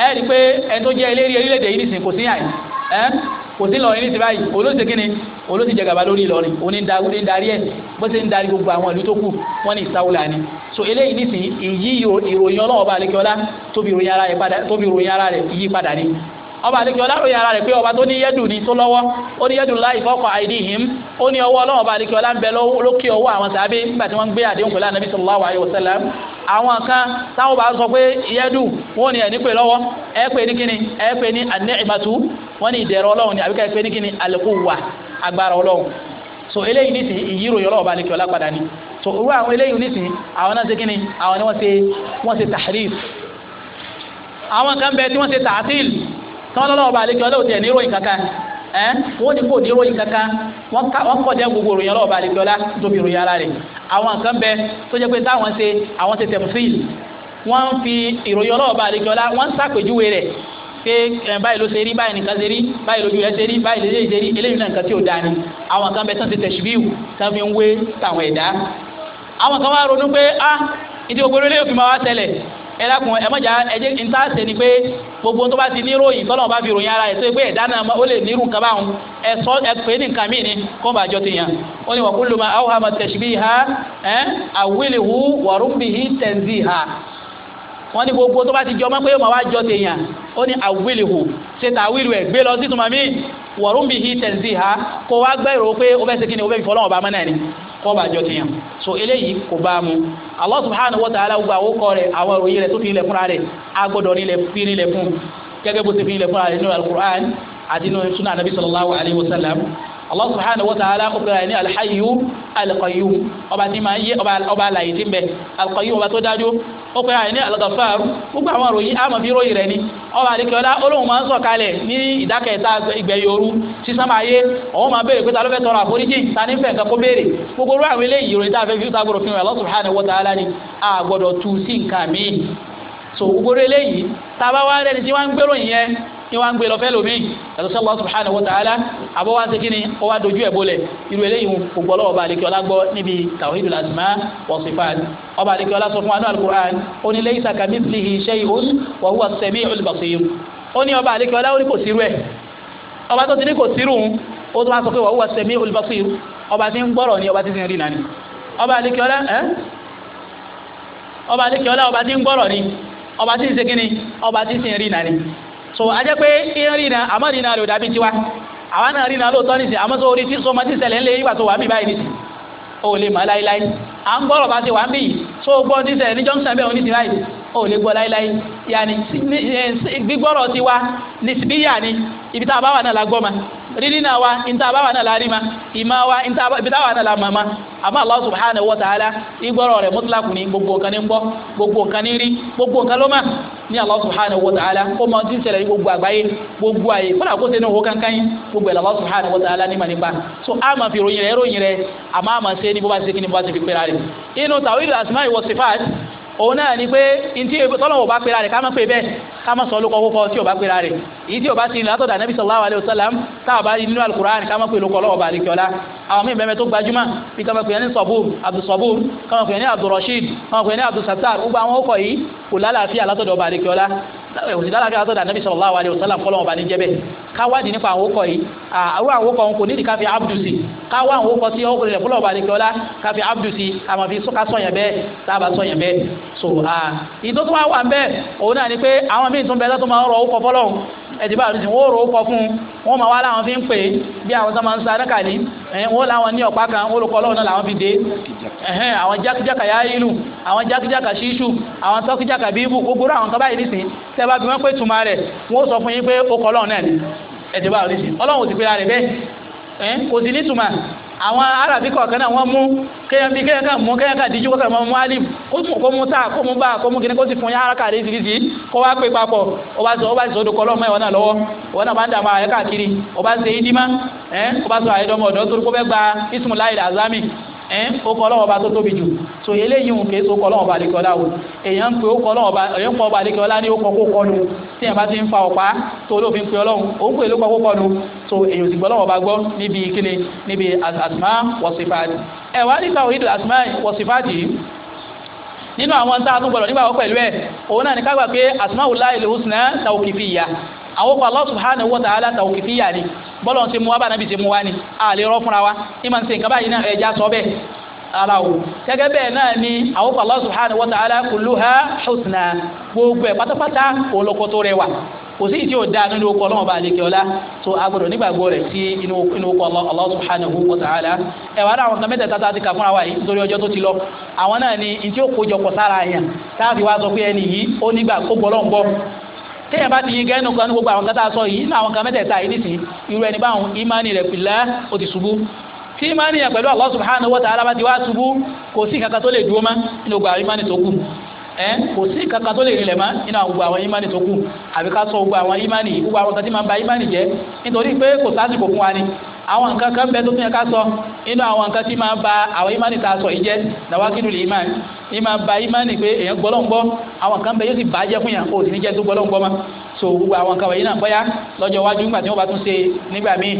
ẹ rí i pé ẹni tó jẹ́ eléré orílẹ̀-èdè yìí nìsín kò sí àyè ẹ kò sí lọ́rin nísìnyí báyìí olóòtú kínní olóòtú jẹgàba lórí Ìlọrin òní ń darí ẹ bó ṣe ń darí gbogbo àwọn ìlú tó kù wọn ní ìsáwùlà ni so eléyìí nísìnyí ìyí ìròyìn ọlọ́wọ́ bá alekiola tóbi ìròyìn ara rẹ̀ padà tóbi ìròyìn ara rẹ̀ yí padà ni ọba alekiola ròyìn ara rẹ̀ pé ọba tó ní yẹ́dù ni tó lọ́wọ́ ó ní yẹ́dù láì fọ́kọ̀ àìdí yìí ó ní ọwọ́ ọlọ́wọ́ ọba alekiola ń bẹ lókè ọwọ́ àwọn sàbẹ̀ nígbà tí wọ́n ń gbé àdéhùn pẹ̀lú ànábì sallallahu alaihi wasallam àwọn kan táwọn bá sọ pé yẹ́dù wọ́n ní ẹ̀ ní pè lọ́wọ́ ẹ pè ní kíni ẹ pè ní an-ni'matu wọ́n ní ìdẹ̀rẹ̀ ọlọ́run ni àbíkẹ́ pé ní kíni al-quwwa agbára ọlọ́run so eléyìí ní ti ìyíròyìn ọlọ́run bá lè kí ọlá padà ni so irú àwọn eléyìí ní ti àwọn náà ṣe kíni àwọn ni wọ́n ṣe wọ́n ṣe tahrif àwọn kan bẹ tí wọ́n ṣe ta'til tọ́lọ́lọ́run bá lè kí ọlọ́run tẹ̀ ní ìròyìn kankan Eh? wọ́n wọn ní kò ní ròyìn kankan wọn ká dé gbogbo ròyìn ọlọ́ọ̀bá àlejòlá tóbi ròyìn ara rẹ̀ àwọn nǹkan bẹ tó jẹ́ pé táwọn ṣe àwọn ṣe wọ́n fi ìròyìn ọlọ́ọ̀bá àlejòlá wọ́n ń ṣàpèjúwe rẹ̀ pé eh, báyìí ló ṣe rí báyìí nìkan ṣe rí báyìí lójú rẹ̀ ṣe rí báyìí ṣe rí eléyìí náà nǹkan tí ò ni àwọn nǹkan bẹ tán tẹ̀síbíù fi ń wé tàwọn ah, ẹ dákun ẹ mọ̀jà ẹ jẹ́ ní tá a ṣe ni pé gbogbo tó bá ti ní ròyìn tọ́lọ́ bá fi ròyìn ara ẹ̀ tó pé ẹ̀dá náà ó lè nírun kaba ọ̀hún ẹ sọ ẹ pé ní nǹkan mìíní kó bá jọ ti yàn ó ní wàkúlù ma àwọn àmọ tẹ̀síbí ha ẹ àwílìhu wàrúbìhí tẹ̀sí ha wọ́n ní gbogbo tó bá ti jọ mọ́ pé màá wá jọ ti yàn ó ní àwílìhu ṣe tàwílù ẹ̀ gbé lọ sí tùmọ̀ mí wàrúbìhí tẹ̀sí ha kó wá gbẹ́rò pé ó fẹ́ kọ́ bá jọ tiyàn so eléyìí kò bá mu Allah subhanahu wa ta'ala gba àwọn kọ́ rẹ̀ àwọn òròyìn rẹ̀ tó fi ilẹ̀ fúnra rẹ̀ agbọ́dọ̀ nílẹ̀ fi nílẹ̀ fún gẹ́gẹ́ bó ti fi ilẹ̀ fúnra rẹ̀ nínú al-Qur'an àti nínú sunnah nabi sallallahu alaihi wasallam. Allah subhanahu wa ta'ala ó pèrè ní alhayu alqayyum ọba tí máa yé ọba alàyè tí ń bẹ alqayyum ọba tó dájú ó pèrè ní alghafar gbogbo àwọn ròyìn àmọ́ fi ròyìn rẹ̀ ni ọba àdékẹ́ọ́lá olóhùn máa ń sọ̀ kalẹ̀ ní ìdákẹ́ta ìgbẹ̀yòoru sísan máa yé ọ̀hún máa béèrè pé ta ló fẹ́ tọrọ àforíjì ta ní fẹ́ nǹkan kó béèrè gbogbo irú àwọn eléyìí ìròyìn tá a fẹ́ fi ta gbọdọ̀ fi hàn Allah subhanahu wa ta'ala ni a gbọdọ̀ tu sí nǹkan míì so gbogbo eléyìí tá a bá wá rẹ́ni tí wọ́n ń gbèrò yẹn ní wọ́n á ń gbé lọ fẹ́ lómi yàtọ̀ sí Allah subhanahu wa ta'ala àbọ̀ wá ń segin ni ó wá dojú ẹ̀ bolẹ̀ irú eléyìí ògbọ́ lọ́wọ́ ọba àlekí ọlá gbọ́ níbi tawhidul asma wa sifat ọba àlekí ọlá sọ fún wa ní alukur'an ó ní laysa kamithlihi shay'un wa huwa as-sami'ul basir ó ní ọba àlekí ọlá ó ní kò sírú ẹ̀ ọba tó ti tí ń gbọ́rọ̀ ni ni ọba tí ń segin rí nani so ajẹ́ pé ń rí na àmọ́ rí na rè ó dàbí tiwa àwa náà rí na lóòótọ́ nìsín àmọ́ tó rí tí sọmọ tí ṣẹlẹ̀ ń lé ìgbà tó wà ń bì báyìí nìsín o lè mọ̀ láíláí à ń gbọ́rọ̀ bá ti wà ń bì yìí tó gbọ́ tí ṣẹlẹ̀ ní junction bẹ́ẹ̀ oníṣẹ́ báyìí o lè gbọ́ láíláí yàní gbígbọ́rọ̀ ti wa nísìbí yàní ibi tá a bá wà náà la gbọ́ ma rírí náà wa níta bá wà náà la rí ma ìmọ̀ wa ibi tá a wà náà la mọ̀ ma àmọ́ Allah subhanahu wa ta'ala ìgbọ́rọ̀ rẹ̀ mutlaq ni gbogbo nǹkan ní ń gbọ́ gbogbo nǹkan ní rí gbogbo nǹkan ló mà ní Allah subhanahu wa ta'ala ó máa ti ń ṣẹlẹ̀ ní gbogbo àgbáyé gbogbo àyè kódà kó sẹ́ni owó kankan yín gbogbo ẹ̀ Allah subhanahu wa ta'ala ní mànípa so a máa fi ròyìn rẹ̀ ròyìn rẹ̀ àmọ́ a máa ṣe ní bó bá ṣe kí ni bó bá ṣe fi pẹ́ra rẹ̀ inú tàwíìlì asma'i wa sifat òun náà ni pé ntí tọ́lọ́wọ́ bá pera rẹ̀ ká má pè bẹ́ẹ̀ ká má sọ lóko kókó tí o bá pera rẹ̀ èyí tí o bá ti ní látọ̀dà nàbí sallallahu alayhi wa sallam nínú alukur'an ká má pè lóko ọlọ́wọ́ bá kíọ́lá àwọn míì bẹ́ẹ̀ tó gbajúmọ̀ bí ká ní Sabur Abdusabur ká má pè ní Abdurrashid ká má pè ní Abdusattar gbogbo àwọn ó kọ yìí kò òsì eh, lálàáfíà tó dà nàbí sallallahu alaihi wasallam fọlọ́wọ́n bá ní jẹ́ bẹ́ẹ̀ káwádìí nípa àwọn òkọ̀ yìí àwọn àwọn òkọ̀ wọn nídìí káfí abdusi káwá àwọn òkọ̀ tí ọkùnrin rẹ̀ fọlọ́wọ́n bá ní kíọ́lá káfí abdusi àmọ́ fi sọ́ka sọ̀yàn bẹ́ẹ̀ sábà sọ̀yàn bẹ́ẹ̀ so ìdótó wa wà ń bẹ́ẹ̀ òun náà ni pé àwọn míì tún bẹ́ẹ̀ tó máa ń rọ òkọ̀ fọlọ́wọ́n ẹ̀dìbà àrùsì wọ́n rò ó kọ fún wọn máa wá láwọn fi ń pè bí àwọn tó máa ń sa adákàlí wọn láwọn ní ọ̀pá kan orúkọ ọlọ́run náà làwọn fi dé àwọn jákèjáka yá ìlú àwọn jákèjáka ṣíṣù àwọn tọ́kíjáka bíbù gbogbo àwọn kan báyìí nìsín tẹ́ bá bí wọ́n pè túmọ̀ rẹ̀ wọ́n sọ fún yín pé ó kọ ọlọ́run náà ẹ̀dìbà àrùsì ọlọ́run ò àwọn arábí kọ̀ọ̀kan náà wọ́n mú kéèyàn bí kéèyàn kan mú kéèyàn kan díjú kọ́kàn mọ́ mú alif ó tún kó mú táà kó mú bá kó mú kíní kó sì fún yàrá kàrí ìsirísi kó wá pé papọ̀ ó bá sọ ó bá sọ náà lọ́wọ́ ìwọ náà bá ń dààmú àyẹ́ káàkiri ó bá ṣe ìdímá ó bá sọ àyẹ́dọ́mọ ọ̀dọ́ torí kó fẹ́ gba ismu láì azami ẹ̀ ó kọ́ ọlọ́wọ́ ọba tó tóbi jù so eléyìí òun kèé so kọ́ ọlọ́wọ́ ọba àdìkọ́lá o èèyàn ń pe ó kọ́ ọlọ́wọ́ ọba èèyàn ń pọ̀ ọba àdìkọ́lá ní ó kọ́ kó kọ́ nu tí èèyàn bá ti ń fa ọ̀pá tó olófin pe ọlọ́run òun pè ló kọ́ kó kọ́ nu so èèyàn sì gbọ́lọ́wọ́ ọba gbọ́ níbi kíni níbi asma wọ̀sífàdì ẹ̀ wá nípa òyìnbó asma wọ̀sífàdì nínú àwọn tá a tún gbọ́dọ̀ nígbàgbọ́ pẹ̀lú ẹ̀ òun náà ní ká gbà pé asma ulahi al-husna tawqifiyya àwọn kò Allah subhanahu wa ta'ala tawqifiyya ni bọ́lọ̀ ti mú wa bá nàbì ti mú wa ni àlè rọ́ fúnra wa ìmọ̀ nsìn kaba yìí náà ẹ̀já sọ bẹ́ẹ̀ ara o gẹ́gẹ́ bẹ́ẹ̀ náà ni àwọn kò Allah subhanahu wa ta'ala kulluha husna gbogbo ẹ̀ pátápátá olókoto rẹwà kò sí ìdí òda nínú okò ọlọ́run ọba àlekè ọlá tó agbọ́dọ̀ nígbàgbọ́ rẹ̀ sí inú okò Allah subhanahu wa ta'ala ẹ̀wà náà àwọn kan mẹ́tẹ̀ẹ̀ta ti kà fúnra wa yìí nítorí ọjọ́ tó ti lọ àwọn náà ni ntí ó sára yẹn táàbí wa sọ pé ẹni yìí ó nígbà kó gbọ́ ọlọ́run gbọ́ téèyàn bá ti yin gẹ́nu kan ní gbogbo àwọn kan tá a sọ yìí nínú àwọn kan mẹ́tẹ̀ẹ̀ta yìí nìsín irú ẹni báwọn ìmánì rẹ̀ pìlẹ́ ó ti ṣubú tí ìmánì yẹn pẹ̀lú Allah subhanahu wa ta'ala bá ti wá ṣubú kò sí kankan tó lè dúró mọ́ nínú gbogbo àwọn ìmánì tó kù ẹ kò sí kankan tó lè rinlẹ̀ mọ́ nínú gbogbo àwọn ìmánì tó kù àbí sọ gbogbo àwọn ìmánì gbogbo àwọn kan tí máa ba imani jẹ́ nítorí pé kò sásìkò fún wa ni àwọn nǹkan kan bẹ tó fi hàn ká sọ inú àwọn nǹkan tí máa ba àwọn ìmánì tá a sọ yìí jẹ́ nàwákìlú lè ìmánì ìmá ba imani pé èèyàn gbọ́lọ́ngbọ́ àwọn nǹkan bẹ yóò sì bàjẹ́ fún yàn kó o sì ní jẹ́ tó gbọ́lọ́ngbọ́ mọ́ so gbogbo àwọn nǹkan wọ̀nyí náà bóyá lọ́jọ́ iwájú nígbà tí wọ́n bá tún ṣe nígbà míì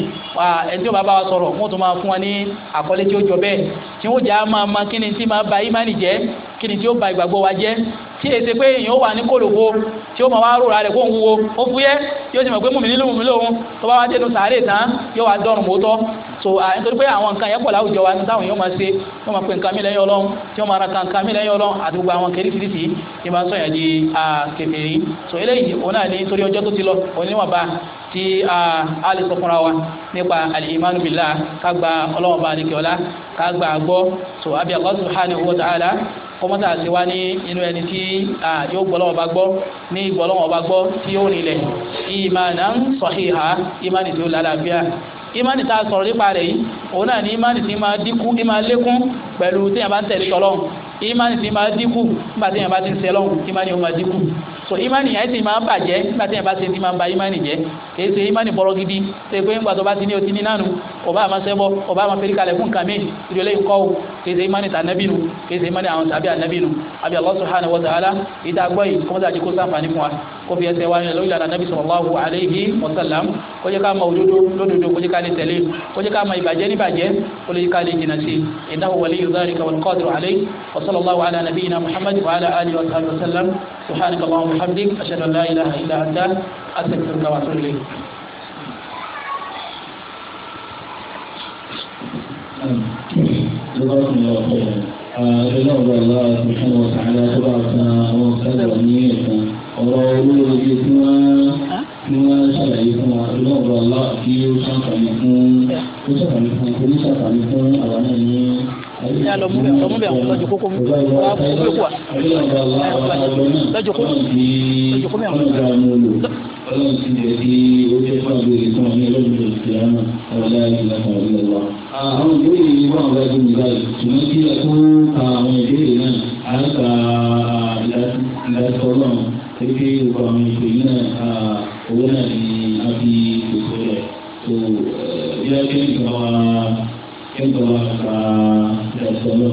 ẹni tí wọ́n bá bá wa sọ̀rọ̀ wọ́n tún máa fún wọn ní àkọlé tí ó jọ bẹ́ẹ̀ tí wọ́n jà á máa ma kí ni tí máa ba ìmánì jẹ́ kí ni tí ó ba ìgbàgbọ́ wa jẹ́ tí èsì pé èèyàn wà ní kòlòfo tí ó mọ̀ wá rora rẹ̀ kó ń wúwo ó fúyẹ́ tí ó sì mọ̀ pé mùmí nílùú mi tó bá wá dénú sàárè tán yóò wá dọ́rùn mọ́tọ́ so nítorí pé àwọn nǹkan yẹn pọ̀ láwùjọ wa táwọn yóò máa ṣe wọ́n máa pe nǹkan mi lẹ́yìn ọlọ́run tí wọ́n máa ra kan nǹkan mi lẹ́yìn ọlọ́run àti gbogbo àwọn kẹ́rì fìdítì ní máa ń sọ̀yàn di kèfèrí so eléyìí òun náà ní torí ọjọ́ tó ti lọ òun tí a lè sọ fúnra wa nípa alìmánu bìlá ká gba ọlọ́run bá àlekè ọ̀la ká gba so àbí Allah subhanahu wa ta'ala kọ́mọ́tà àti wá ní inú ẹni tí yóò gbọ́ lọ́wọ́ bá gbọ́ ní ìgbọ́ lọ́wọ́ bá gbọ́ tí yóò nílẹ̀ ìmánà sahiha ìmánì tó lálàáfíà imani ta sọ̀rọ̀ nípa rẹ̀ yìí òun náà ni imani ti máa dínkù ní máa lékún pẹ̀lú tí yàrá bá ń tẹ̀lé tọ́lọ́ imani ti máa dínkù nígbà tí yàrá bá ti ń sẹ́lọ́ imani yóò máa dínkù so imani yẹn ti máa ń bàjẹ́ nígbà tí yàrá bá ti ti máa ń ba imani jẹ́ kì í ṣe imani bọ́rọ̀ gidi ṣe pé ńgbà tó bá ti ní o ti ní nánu ọba àmọ́ sẹ́bọ̀ ọba àmọ́ fẹ́rí kalẹ̀ fún nǹkan ìdílé ńkọ́ o kì í ṣe imani ta nẹ́bìnú kì í ṣe imani àwọn tàbí ànẹ́bìnú Allah subhanahu wa ta'ala ìdá gbọ́ yìí kọ́mọ́tà àdìkú sáǹfà kó fi ẹsẹ̀ wáyé lórí ìlànà nàbí sallallahu alayhi wa sallam kó jẹ́ ká mọ òdodo lódodo kó jẹ́ ká lè tẹ̀lé kó jẹ́ ká mọ ìbàjẹ́ níbàjẹ́ kó lè ká lè jìnà sí innahu waliyyu dhalika wal qadiru alayhi wa sallallahu ala nabiyyina wa ala sallam subhanaka allahumma wa bihamdik ashhadu an la ilaha illa anta astaghfiruka Thank hmm. you ẹgbẹ́ ọ̀gá ìlú àtúnṣe wọn sàádà tó bá san àwọn kẹ́lọ̀ ní ẹ̀sán ọ̀rọ̀ olóore tí wọ́n tí wọ́n ṣàlàyé fún wa ẹgbẹ́ ọ̀gá ìlú àti ó ṣàǹfààní fún ó ṣàǹfààní fún oníṣàǹfààní fún àwọn náà ní ya lọ mú bẹ lọ mú bẹ àwọn lọjọ kókó mu wà á kú lóko wa lọjọ kókó lọjọ kókó mi àwọn lọjọ. Ọlọ́run ti lè di orí ẹ̀fọ́ àgbèrè fún ọmọ ẹlẹ́yìn lè fi àmà ọ̀la ìlà kan ìlẹ̀ wa. Àwọn ìbéèrè yìí wà wájú mi báyìí, ṣùgbọ́n kí ẹ tó ka àwọn ìbéèrè náà, à ń ka ìlàsọ náà, pépé òkú àwọn ìpè náà, owó náà ni a fi kòkó rẹ̀. Tó yẹ kí n kàn wá kẹ́kọ̀ọ́ wa ka ẹ̀sọ́ lọ.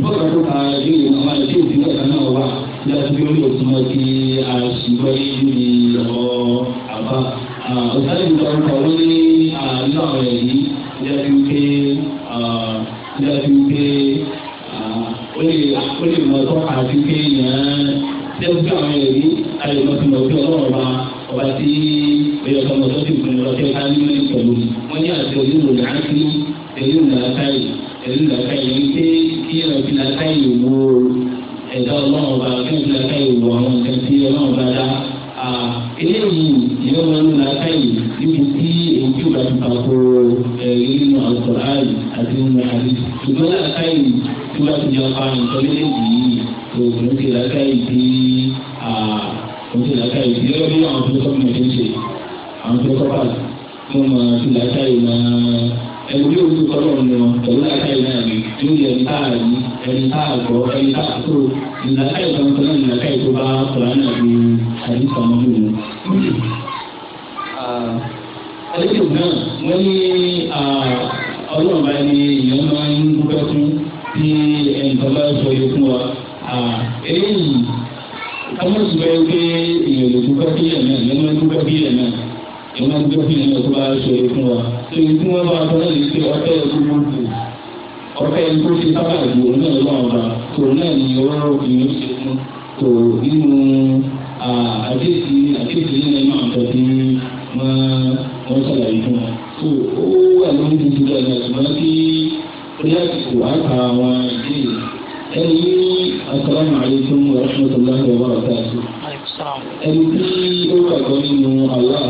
Bọ́ọ̀lù tó ka ìlú àwọn àlejò tí wọ́n kan náà wà láti bí orí òtún náà kí àṣìwọ́ yìí ní ọ̀ àbá. Òtálẹ̀ ìlú àwọn kan wọ́n ní àlọ́ àwọn ẹ̀yí láti wípé láti wípé ó lè mọ̀ tọ́ka àti pé ìyẹn lẹ́gbẹ̀ẹ́ àwọn ẹ̀yí àlè mọ̀tò mọ̀tò ọlọ́run máa ọba tí ẹyọ kan lọ sókè òkun lọ sókè káyọ ní pẹ̀lú wọn ní àti olúwo láti ẹyọ làákàyè ẹyọ làákàyè ní pé kí ẹyọ fi làákàyè wo ẹ̀dá ọlọ́run ọba kí ẹyọ fi làákàyè wo àwọn nǹkan tí ọlọ́run ọba dá eléyìí ìyẹn wọn ní làákàyè níbi tí èyí tí òkà ti pàkó ẹ̀rí nínú àkùrán àti nínú àdìs ṣùgbọ́n làákàyè tí wọ́n ti jọ pa nǹkan méjèèjì yìí òkùnrin ti làákàyè tí yìí gẹ́gẹ́ bí àwọn fílọ́sọ́fì náà ti ń ṣe àwọn fílọ́sọ́fà tó máa ti làákà yìí máa ẹni bí olú kọ́lọ́ ọ̀nà pẹ̀lú làákà náà rí ní ẹni tá a rí ẹni tá a gbọ́ ẹni tó náà làákà yìí tó bá kọ̀ọ̀rọ̀ náà bí àdìsá ọmọ mi mú. àlejò náà wọ́n ní ọlọ́run bá ní ìyẹn máa ń bí ilẹ̀ náà ìwọ́n máa ń gbé fún ìlànà tó bá ṣe é fún wa ṣe é fún wọn bá wọn náà lè fi ọtẹ ẹkú mú kù ọtẹ ẹkú ṣe sábà ju òun náà lọ́wọ́ ọba tó náà ní ọwọ́ ìyẹn ṣe fún tó nínú àdéhìí àdéhìí náà máa ń tọ́jú wọ́n ṣàlàyé fún wa tó ó wà lórí tuntun lẹ́nu àtùmọ́ kí bóyá kò á ka àwọn ìdílé ẹni asalaamualeykum wa rahmatulahi wa barakatu ẹni Allah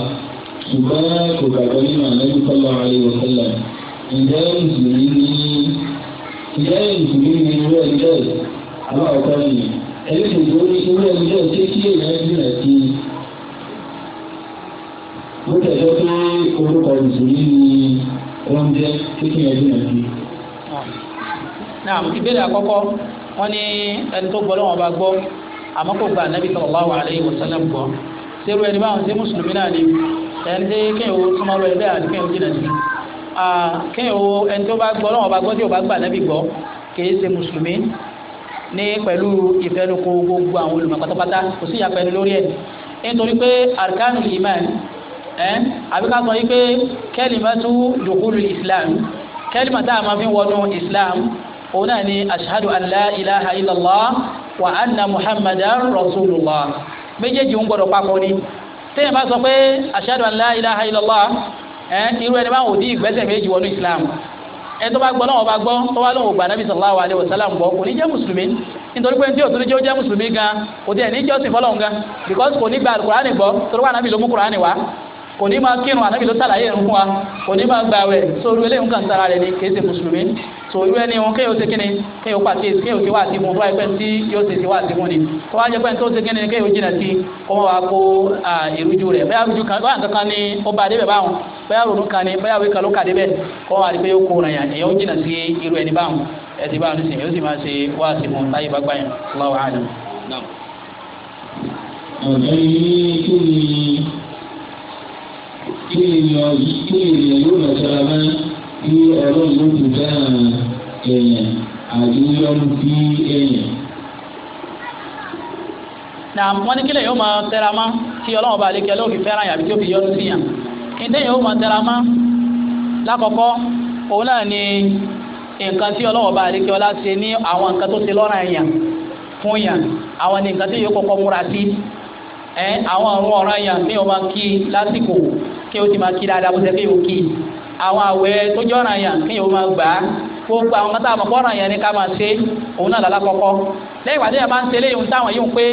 ṣùgbọ́n kò gbàgbọ́ nínú ànábì sọ́lá ààrẹ ìwọ̀sẹ̀lẹ̀ ǹjẹ́ mùsùlùmí ní ǹjẹ́ mùsùlùmí ní irú ẹni bẹ́ẹ̀ aláwọ̀kọ́ ni ẹni tó tó ní irú ẹni bẹ́ẹ̀ ṣé kí èèyàn gbìyànjú sí i. mo tẹ̀sọ́ pé orúkọ mùsùlùmí ni wọ́n jẹ́ ṣé kí èèyàn gbìyànjú sí i. náà ìbéèrè àkọ́kọ́ wọ́n ní ẹni tó gbọ́ lọ́wọ́ bá gbọ́ àmọ́ kò gba ànábì sallallahu alaihi wasallam gbọ́ sẹ́rù ẹni báwọn ṣe mùsùlùmí náà ni ẹni tí kéèyàn owó súnmọ́ ọ̀rọ̀ ẹgbẹ́ àti kéèyàn jìnnà sí kéèyàn owó ẹni tó bá gbọ́ lọ́wọ́ bá gbọ́ tí ò bá gbà nẹ́bí gbọ́ kìí ṣe mùsùlùmí ní pẹ̀lú ìfẹ́nukò gbogbo àwọn olùmọ̀ pátápátá kò sí ìyàpẹ́ lórí ẹ̀ nítorí pé arkanu iman ẹ̀ àbí ká sọ yí pé kalimatu dùkúlù islam kẹ́lìmà tá a máa fi wọnú islam òun náà ni ashhadu an ilaha illallah wa anna muhammadan rasulullah méjèèjì ń gbọdọ̀ papọ̀ ni téèyàn bá sọ pé ashhadu an la ilaha illallah ẹ irú ẹni báwọn ò dí ìgbésẹ̀ méjì wọnú islam ẹ tó bá gbọ́ náà wọ́n bá gbọ́ tó wá lóun ògbà nàbì sallallahu alaihi wasallam gbọ́ kò ní jẹ́ mùsùlùmí nítorí pé ní tí o tó jẹ́ o jẹ́ mùsùlùmí gan kò tí ẹ̀ ní jọ́sìn fọlọ́hún gan because kò ní gba alukurani gbọ́ torí wà kò ní máa kírun ànábì ló sàlàyé ẹ̀rù fún wa kò ní máa gba àwẹ̀ so irú eléyìí nǹkan sára rẹ̀ ni kì í ṣe mùsùlùmí so irú ẹni wọn kéèyàn ṣe kíni kéèyàn pàkíyèsí kéèyàn ṣe wá àti mu tó wáyé pẹ́ tí yóò ṣe ṣe wá àti mu ni tó wáyé pẹ́ tó ṣe kíni kéèyàn jìnà sí kó wọ́n wá kó ìrújú rẹ̀ bẹ́ẹ̀ àrùjú kan báyà kankan ni ó ba débẹ̀ báwọn bẹ́ẹ̀ àrùnú kan ni bẹ́ẹ̀ àwé kan ló kà débẹ̀ kó wọ́n wá rí pé yóò kó ràn yàn èèyàn jìnà sí irú ẹni báwọn ẹtì báwọn nísìnyí yóò sì máa ṣe wá àti mu láyé bá gbáyàn lọ́wọ́ àdùn. ọ̀gá yìí kí ni kí èèyàn kí èèyàn yóò lọ sára mọ́ kí ọlọ́run ló kù dáhùn èèyàn àti yọrù bí èèyàn. nà wọ́n ní kílẹ̀ yóò máa tẹ́ra mọ́ kí ọlọ́run bá lè kí ọlọ́run fi fẹ́ràn yàrá tí ó fi yọrù sí yàn. ìdí yóò máa tẹ́ra mọ́ lákọ̀ọ́kọ́ òun náà ni nǹkan tí ọlọ́run bá lè kí ọlá ṣe ní àwọn nǹkan tó ṣe lọ́ràn yàn fún yàn àwọn nǹkan tí yóò kọ́kọ́ múra sí ẹ àwọn ọ̀run ọ̀ràn yàn mí ò máa kí lásìkò kí o ti máa kí dáadáa bó ṣe kí o kí àwọn àwẹ̀ tó jẹ́ ọ̀ràn yàn mí ò máa gbà á gbogbo àwọn kan tá a mọ̀ ni ká máa ṣe òun náà lálá kọ́kọ́ lẹ́yìn ìgbà tí yẹn bá ń ṣe eléyìí ohun táwọn yìí ń pé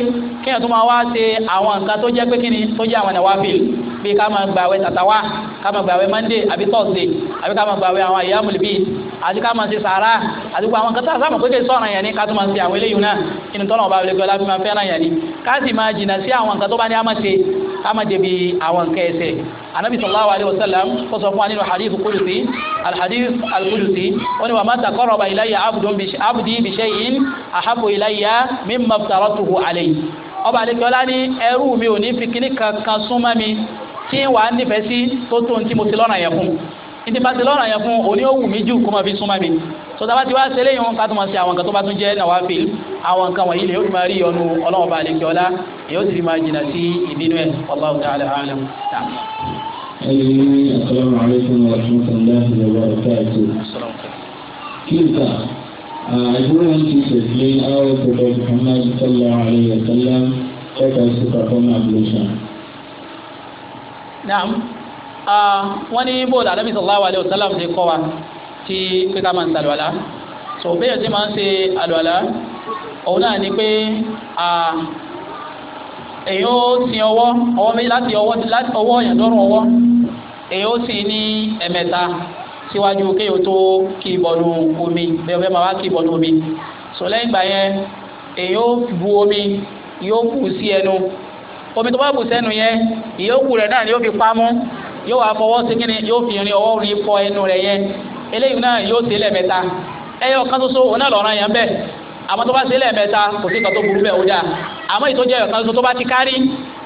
kéèyàn tó máa wá ṣe àwọn nǹkan tó jẹ́ pé kíni tó jẹ́ àwọn ẹ̀wà bíi bíi ká máa gbàwẹ̀ tàtàwà ká máa gbàwẹ̀ Monday àbí Thursday àbí ká máa gbàwẹ̀ àwọn àyè amúlẹ̀ àti ká máa ṣe sàárà àti gbogbo àwọn kan tá a sábà pété sọ̀ràn yẹn ni ká tó máa ṣe àwọn eléyìí náà inú tọ́lọ̀ ọba abẹ́lẹ́gbẹ́ láti máa fẹ́ràn yẹn ni ká sì máa jìnnà sí àwọn kan tó bá ní àmà ṣe ká máa jẹ̀bi àwọn nǹkan ẹsẹ̀ anabi sallallahu alayhi wa sallam ó sọ fún wa nínú hadith kudusi alhadith alkudusi ó ní wa ma taqarraba ilayya abdi bi shay'in ahabbu ilayya mimma aftaratuhu alayhi ọba àlejò ọlá ní ẹrú mi ò ní fi kíní kankan súnmọ́ mi kí wàá nífẹ̀ẹ́ sí tó tó ní tí mo ti lọ́nà yẹn fún ní bá ti lọ́ràn yẹn fún òní òwú mi jù kó máa fi súnmọ́ mi sọta bá ti wá ṣẹlẹ̀ yìí wọn ká tó máa ṣe àwọn nǹkan tó bá tún jẹ́ náà wá fi àwọn nǹkan wọ̀nyí lè yóò fi máa rí ìyọnu ọlọ́wọ́ bá lè kí ọlá èyí ó sì fi máa jìnnà sí ìbínú ẹ̀ wallahu ta'ala a'lam. Assalamu alaikum warahmatullahi wabarakatuh. kíkà àdúrà ti tẹ̀lé àwọn ọ̀pọ̀lọpọ̀ Muhammad sallallahu alaihi wa sallam ọ̀pọ̀ sí perform ablution. Naam. Ah, wọ́n ní bóòlù Ànábì sallallahu alaihi wasallam ti kọ́ wa tí pé ká máa ń ṣàlùwàlá so bẹ́ẹ̀ tí máa ń ṣe àlùwàlá òun náà ni pé èyí ó sin ọwọ́ ọwọ́ méjì láti ọwọ́ láti ọwọ́ yẹn dọ́rùn ọwọ́ èyí ó sin ní ẹ̀mẹ́ta síwájú kéèyàn tó kí ìbọ̀nù omi bẹ́ẹ̀ bẹ́ẹ̀ máa wá kí ìbọ̀nù omi so lẹ́yìn ìgbà yẹn èyí ó bu omi yóò kù sí ẹnu omi tó bá bù sẹ́nu yẹn ìyókù rẹ̀ náà ni ó fi pamọ́ yóò wá fọwọ́ sí kíni yóò fi irin ọwọ́ rin fọ ẹnu rẹ̀ yẹn eléyìí náà yóò ṣe lẹ́ẹ̀mẹ́ta ẹyọ kan ṣoṣo òun náà lọ́ọ̀ràn yẹn bẹ́ẹ̀ àmọ́ tó bá ṣe lẹ́ẹ̀mẹ́ta kò sí kan tó burú bẹ́ẹ̀ ó dáa àmọ́ ìtọ́jú ẹyọ kan ṣoṣo tó bá ti kárí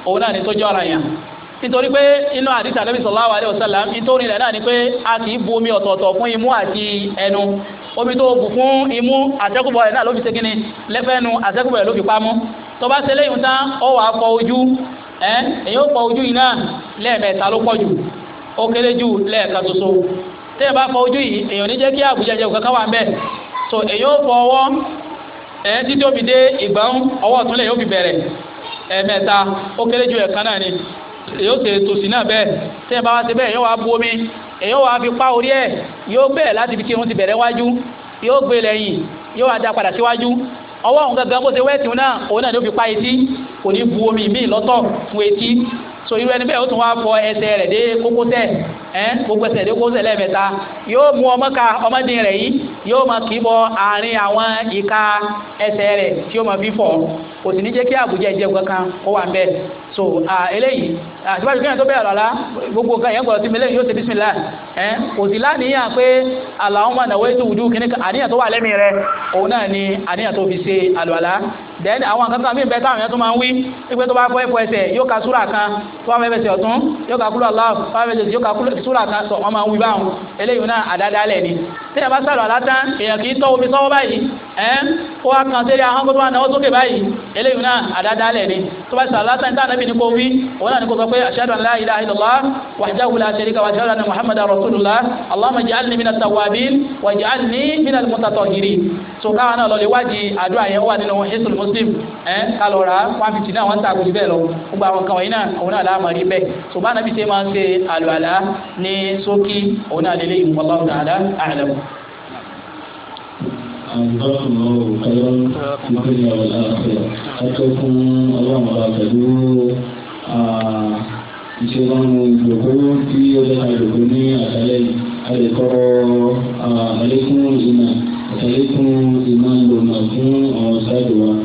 òun náà ní tó jọ́ra yẹn nítorí pé inú àdìsá lẹ́bí sallallahu alaihi wasallam nítorí rẹ̀ náà ni pé a kì í bu omi ọ̀tọ̀ọ̀tọ̀ fún imú àti ẹnu omi tó bù fún imú àtẹ́kùbọ̀ rẹ̀ náà ló fi ṣe kínni lẹ́fẹ̀ẹ́nu àtẹ́kùbọ̀ rẹ̀ ló fi pamọ́ tó bá tán ó wàá ojú ẹ èyí ó fọ ojú yìí náà lẹ́ẹ̀mẹ́ta ló pọ̀ jù ó kéré jù lẹ́ẹ̀kan ṣoṣo tẹ́ ẹ bá fọ ojú yìí èyàn ní jẹ́ kí àbújá jẹ́ kankan wà mẹ́ so èyàn ó fọ ọwọ́ ẹ̀ títí ó fi dé ìgbọ́n ọwọ́ ọ̀túnlẹ̀ yóò fi bẹ̀rẹ̀ ẹ̀ẹ̀mẹ́ta ó kéré jù náà ni èyàn ó ṣe tòsí náà bẹ́ẹ̀ tẹ́ ẹ bá wá sí bẹ́ẹ̀ bu omi èyàn wá fi pa orí ẹ̀ yóò bẹ̀ẹ̀ láti fi ti bẹ̀rẹ̀ wájú yóò gbé lẹ́yìn yóò wá dá padà síwájú ọwọ́ òun gangan kò ní bu omi míì lọ́tọ̀ fún etí so irú ẹni bẹ́ẹ̀ ó tún wá fọ ẹsẹ̀ rẹ̀ dé kókósẹ̀ ẹ̀ gbogbo ẹsẹ̀ dé kókósẹ̀ lẹ́ẹ̀mẹ́ta yóò mú ọmọ ka ọmọdé rẹ̀ yìí yóò máa kì í bọ àárín àwọn ìka ẹsẹ̀ rẹ̀ tí yóò máa fi fọ̀ kò sì ní jẹ́ kí àbújá ẹ̀jẹ̀ kankan ó wà ń so eléyìí àtibájú kí ẹ̀yàn tó bẹ̀rẹ̀ lọ́la gbogbo nǹkan yẹn gbọ́dọ̀ sí mi lẹ́yìn yóò ṣe bísímìlá ẹ̀ kò sí láníyàn pé Allahumma nawaitu wudu kìnnìkan àníyàn tó wà lẹ́mìí rẹ̀ òun náà ni àníyàn tó fi ṣe àlùwàlá then àwọn nǹkan kan bíi bẹ́ẹ̀ táwọn èèyàn tó máa ń wí wípé tó bá fọ́ ẹ̀fọ́ ẹsẹ̀ yóò ka súrà kan tó bá fẹ́ fẹsẹ̀ ọ̀tún yóò ka kúlù aláwọ̀ tó bá fẹ́ fẹsẹ̀ yóò ka súrà kan tó ọmọ wí báwọn eléyìí náà àdádálẹ̀ ni tí a bá sàrọ̀ alátán èèyàn kì í tọ́ omi sọ́wọ́ báyìí ẹ́ ó wá kan sẹ́rí ahọ́n tó wá náwó sókè báyìí eléyìí náà àdádálẹ̀ ni wa ashhadu anna muhammadan rasulullah allahumma ij'alni minat tawwabin waj'alni minal mutatahhirin so káwọn náà lọ lè wájì àdúrà yẹn wà muslim ẹ eh, kálọ̀ rà one fifty náà wọ́n ń ta àgùdì bẹ́ẹ̀ lọ gbogbo àwọn kan wọ̀nyí náà òun náà láàmú rí bẹ́ẹ̀ tó bá nàbí ṣe máa ń ṣe àlùalá ní sókí òun náà lélẹ́ yìí wallahu ta'ala a'lam. ìṣèlú ìgbòkúrú tí ó lè ka ìgbòkú ní àtàlẹ́ yìí a lè kọ́ àlékún ìmọ̀ àlékún ìmọ̀ ìgbòmọ̀ fún àwọn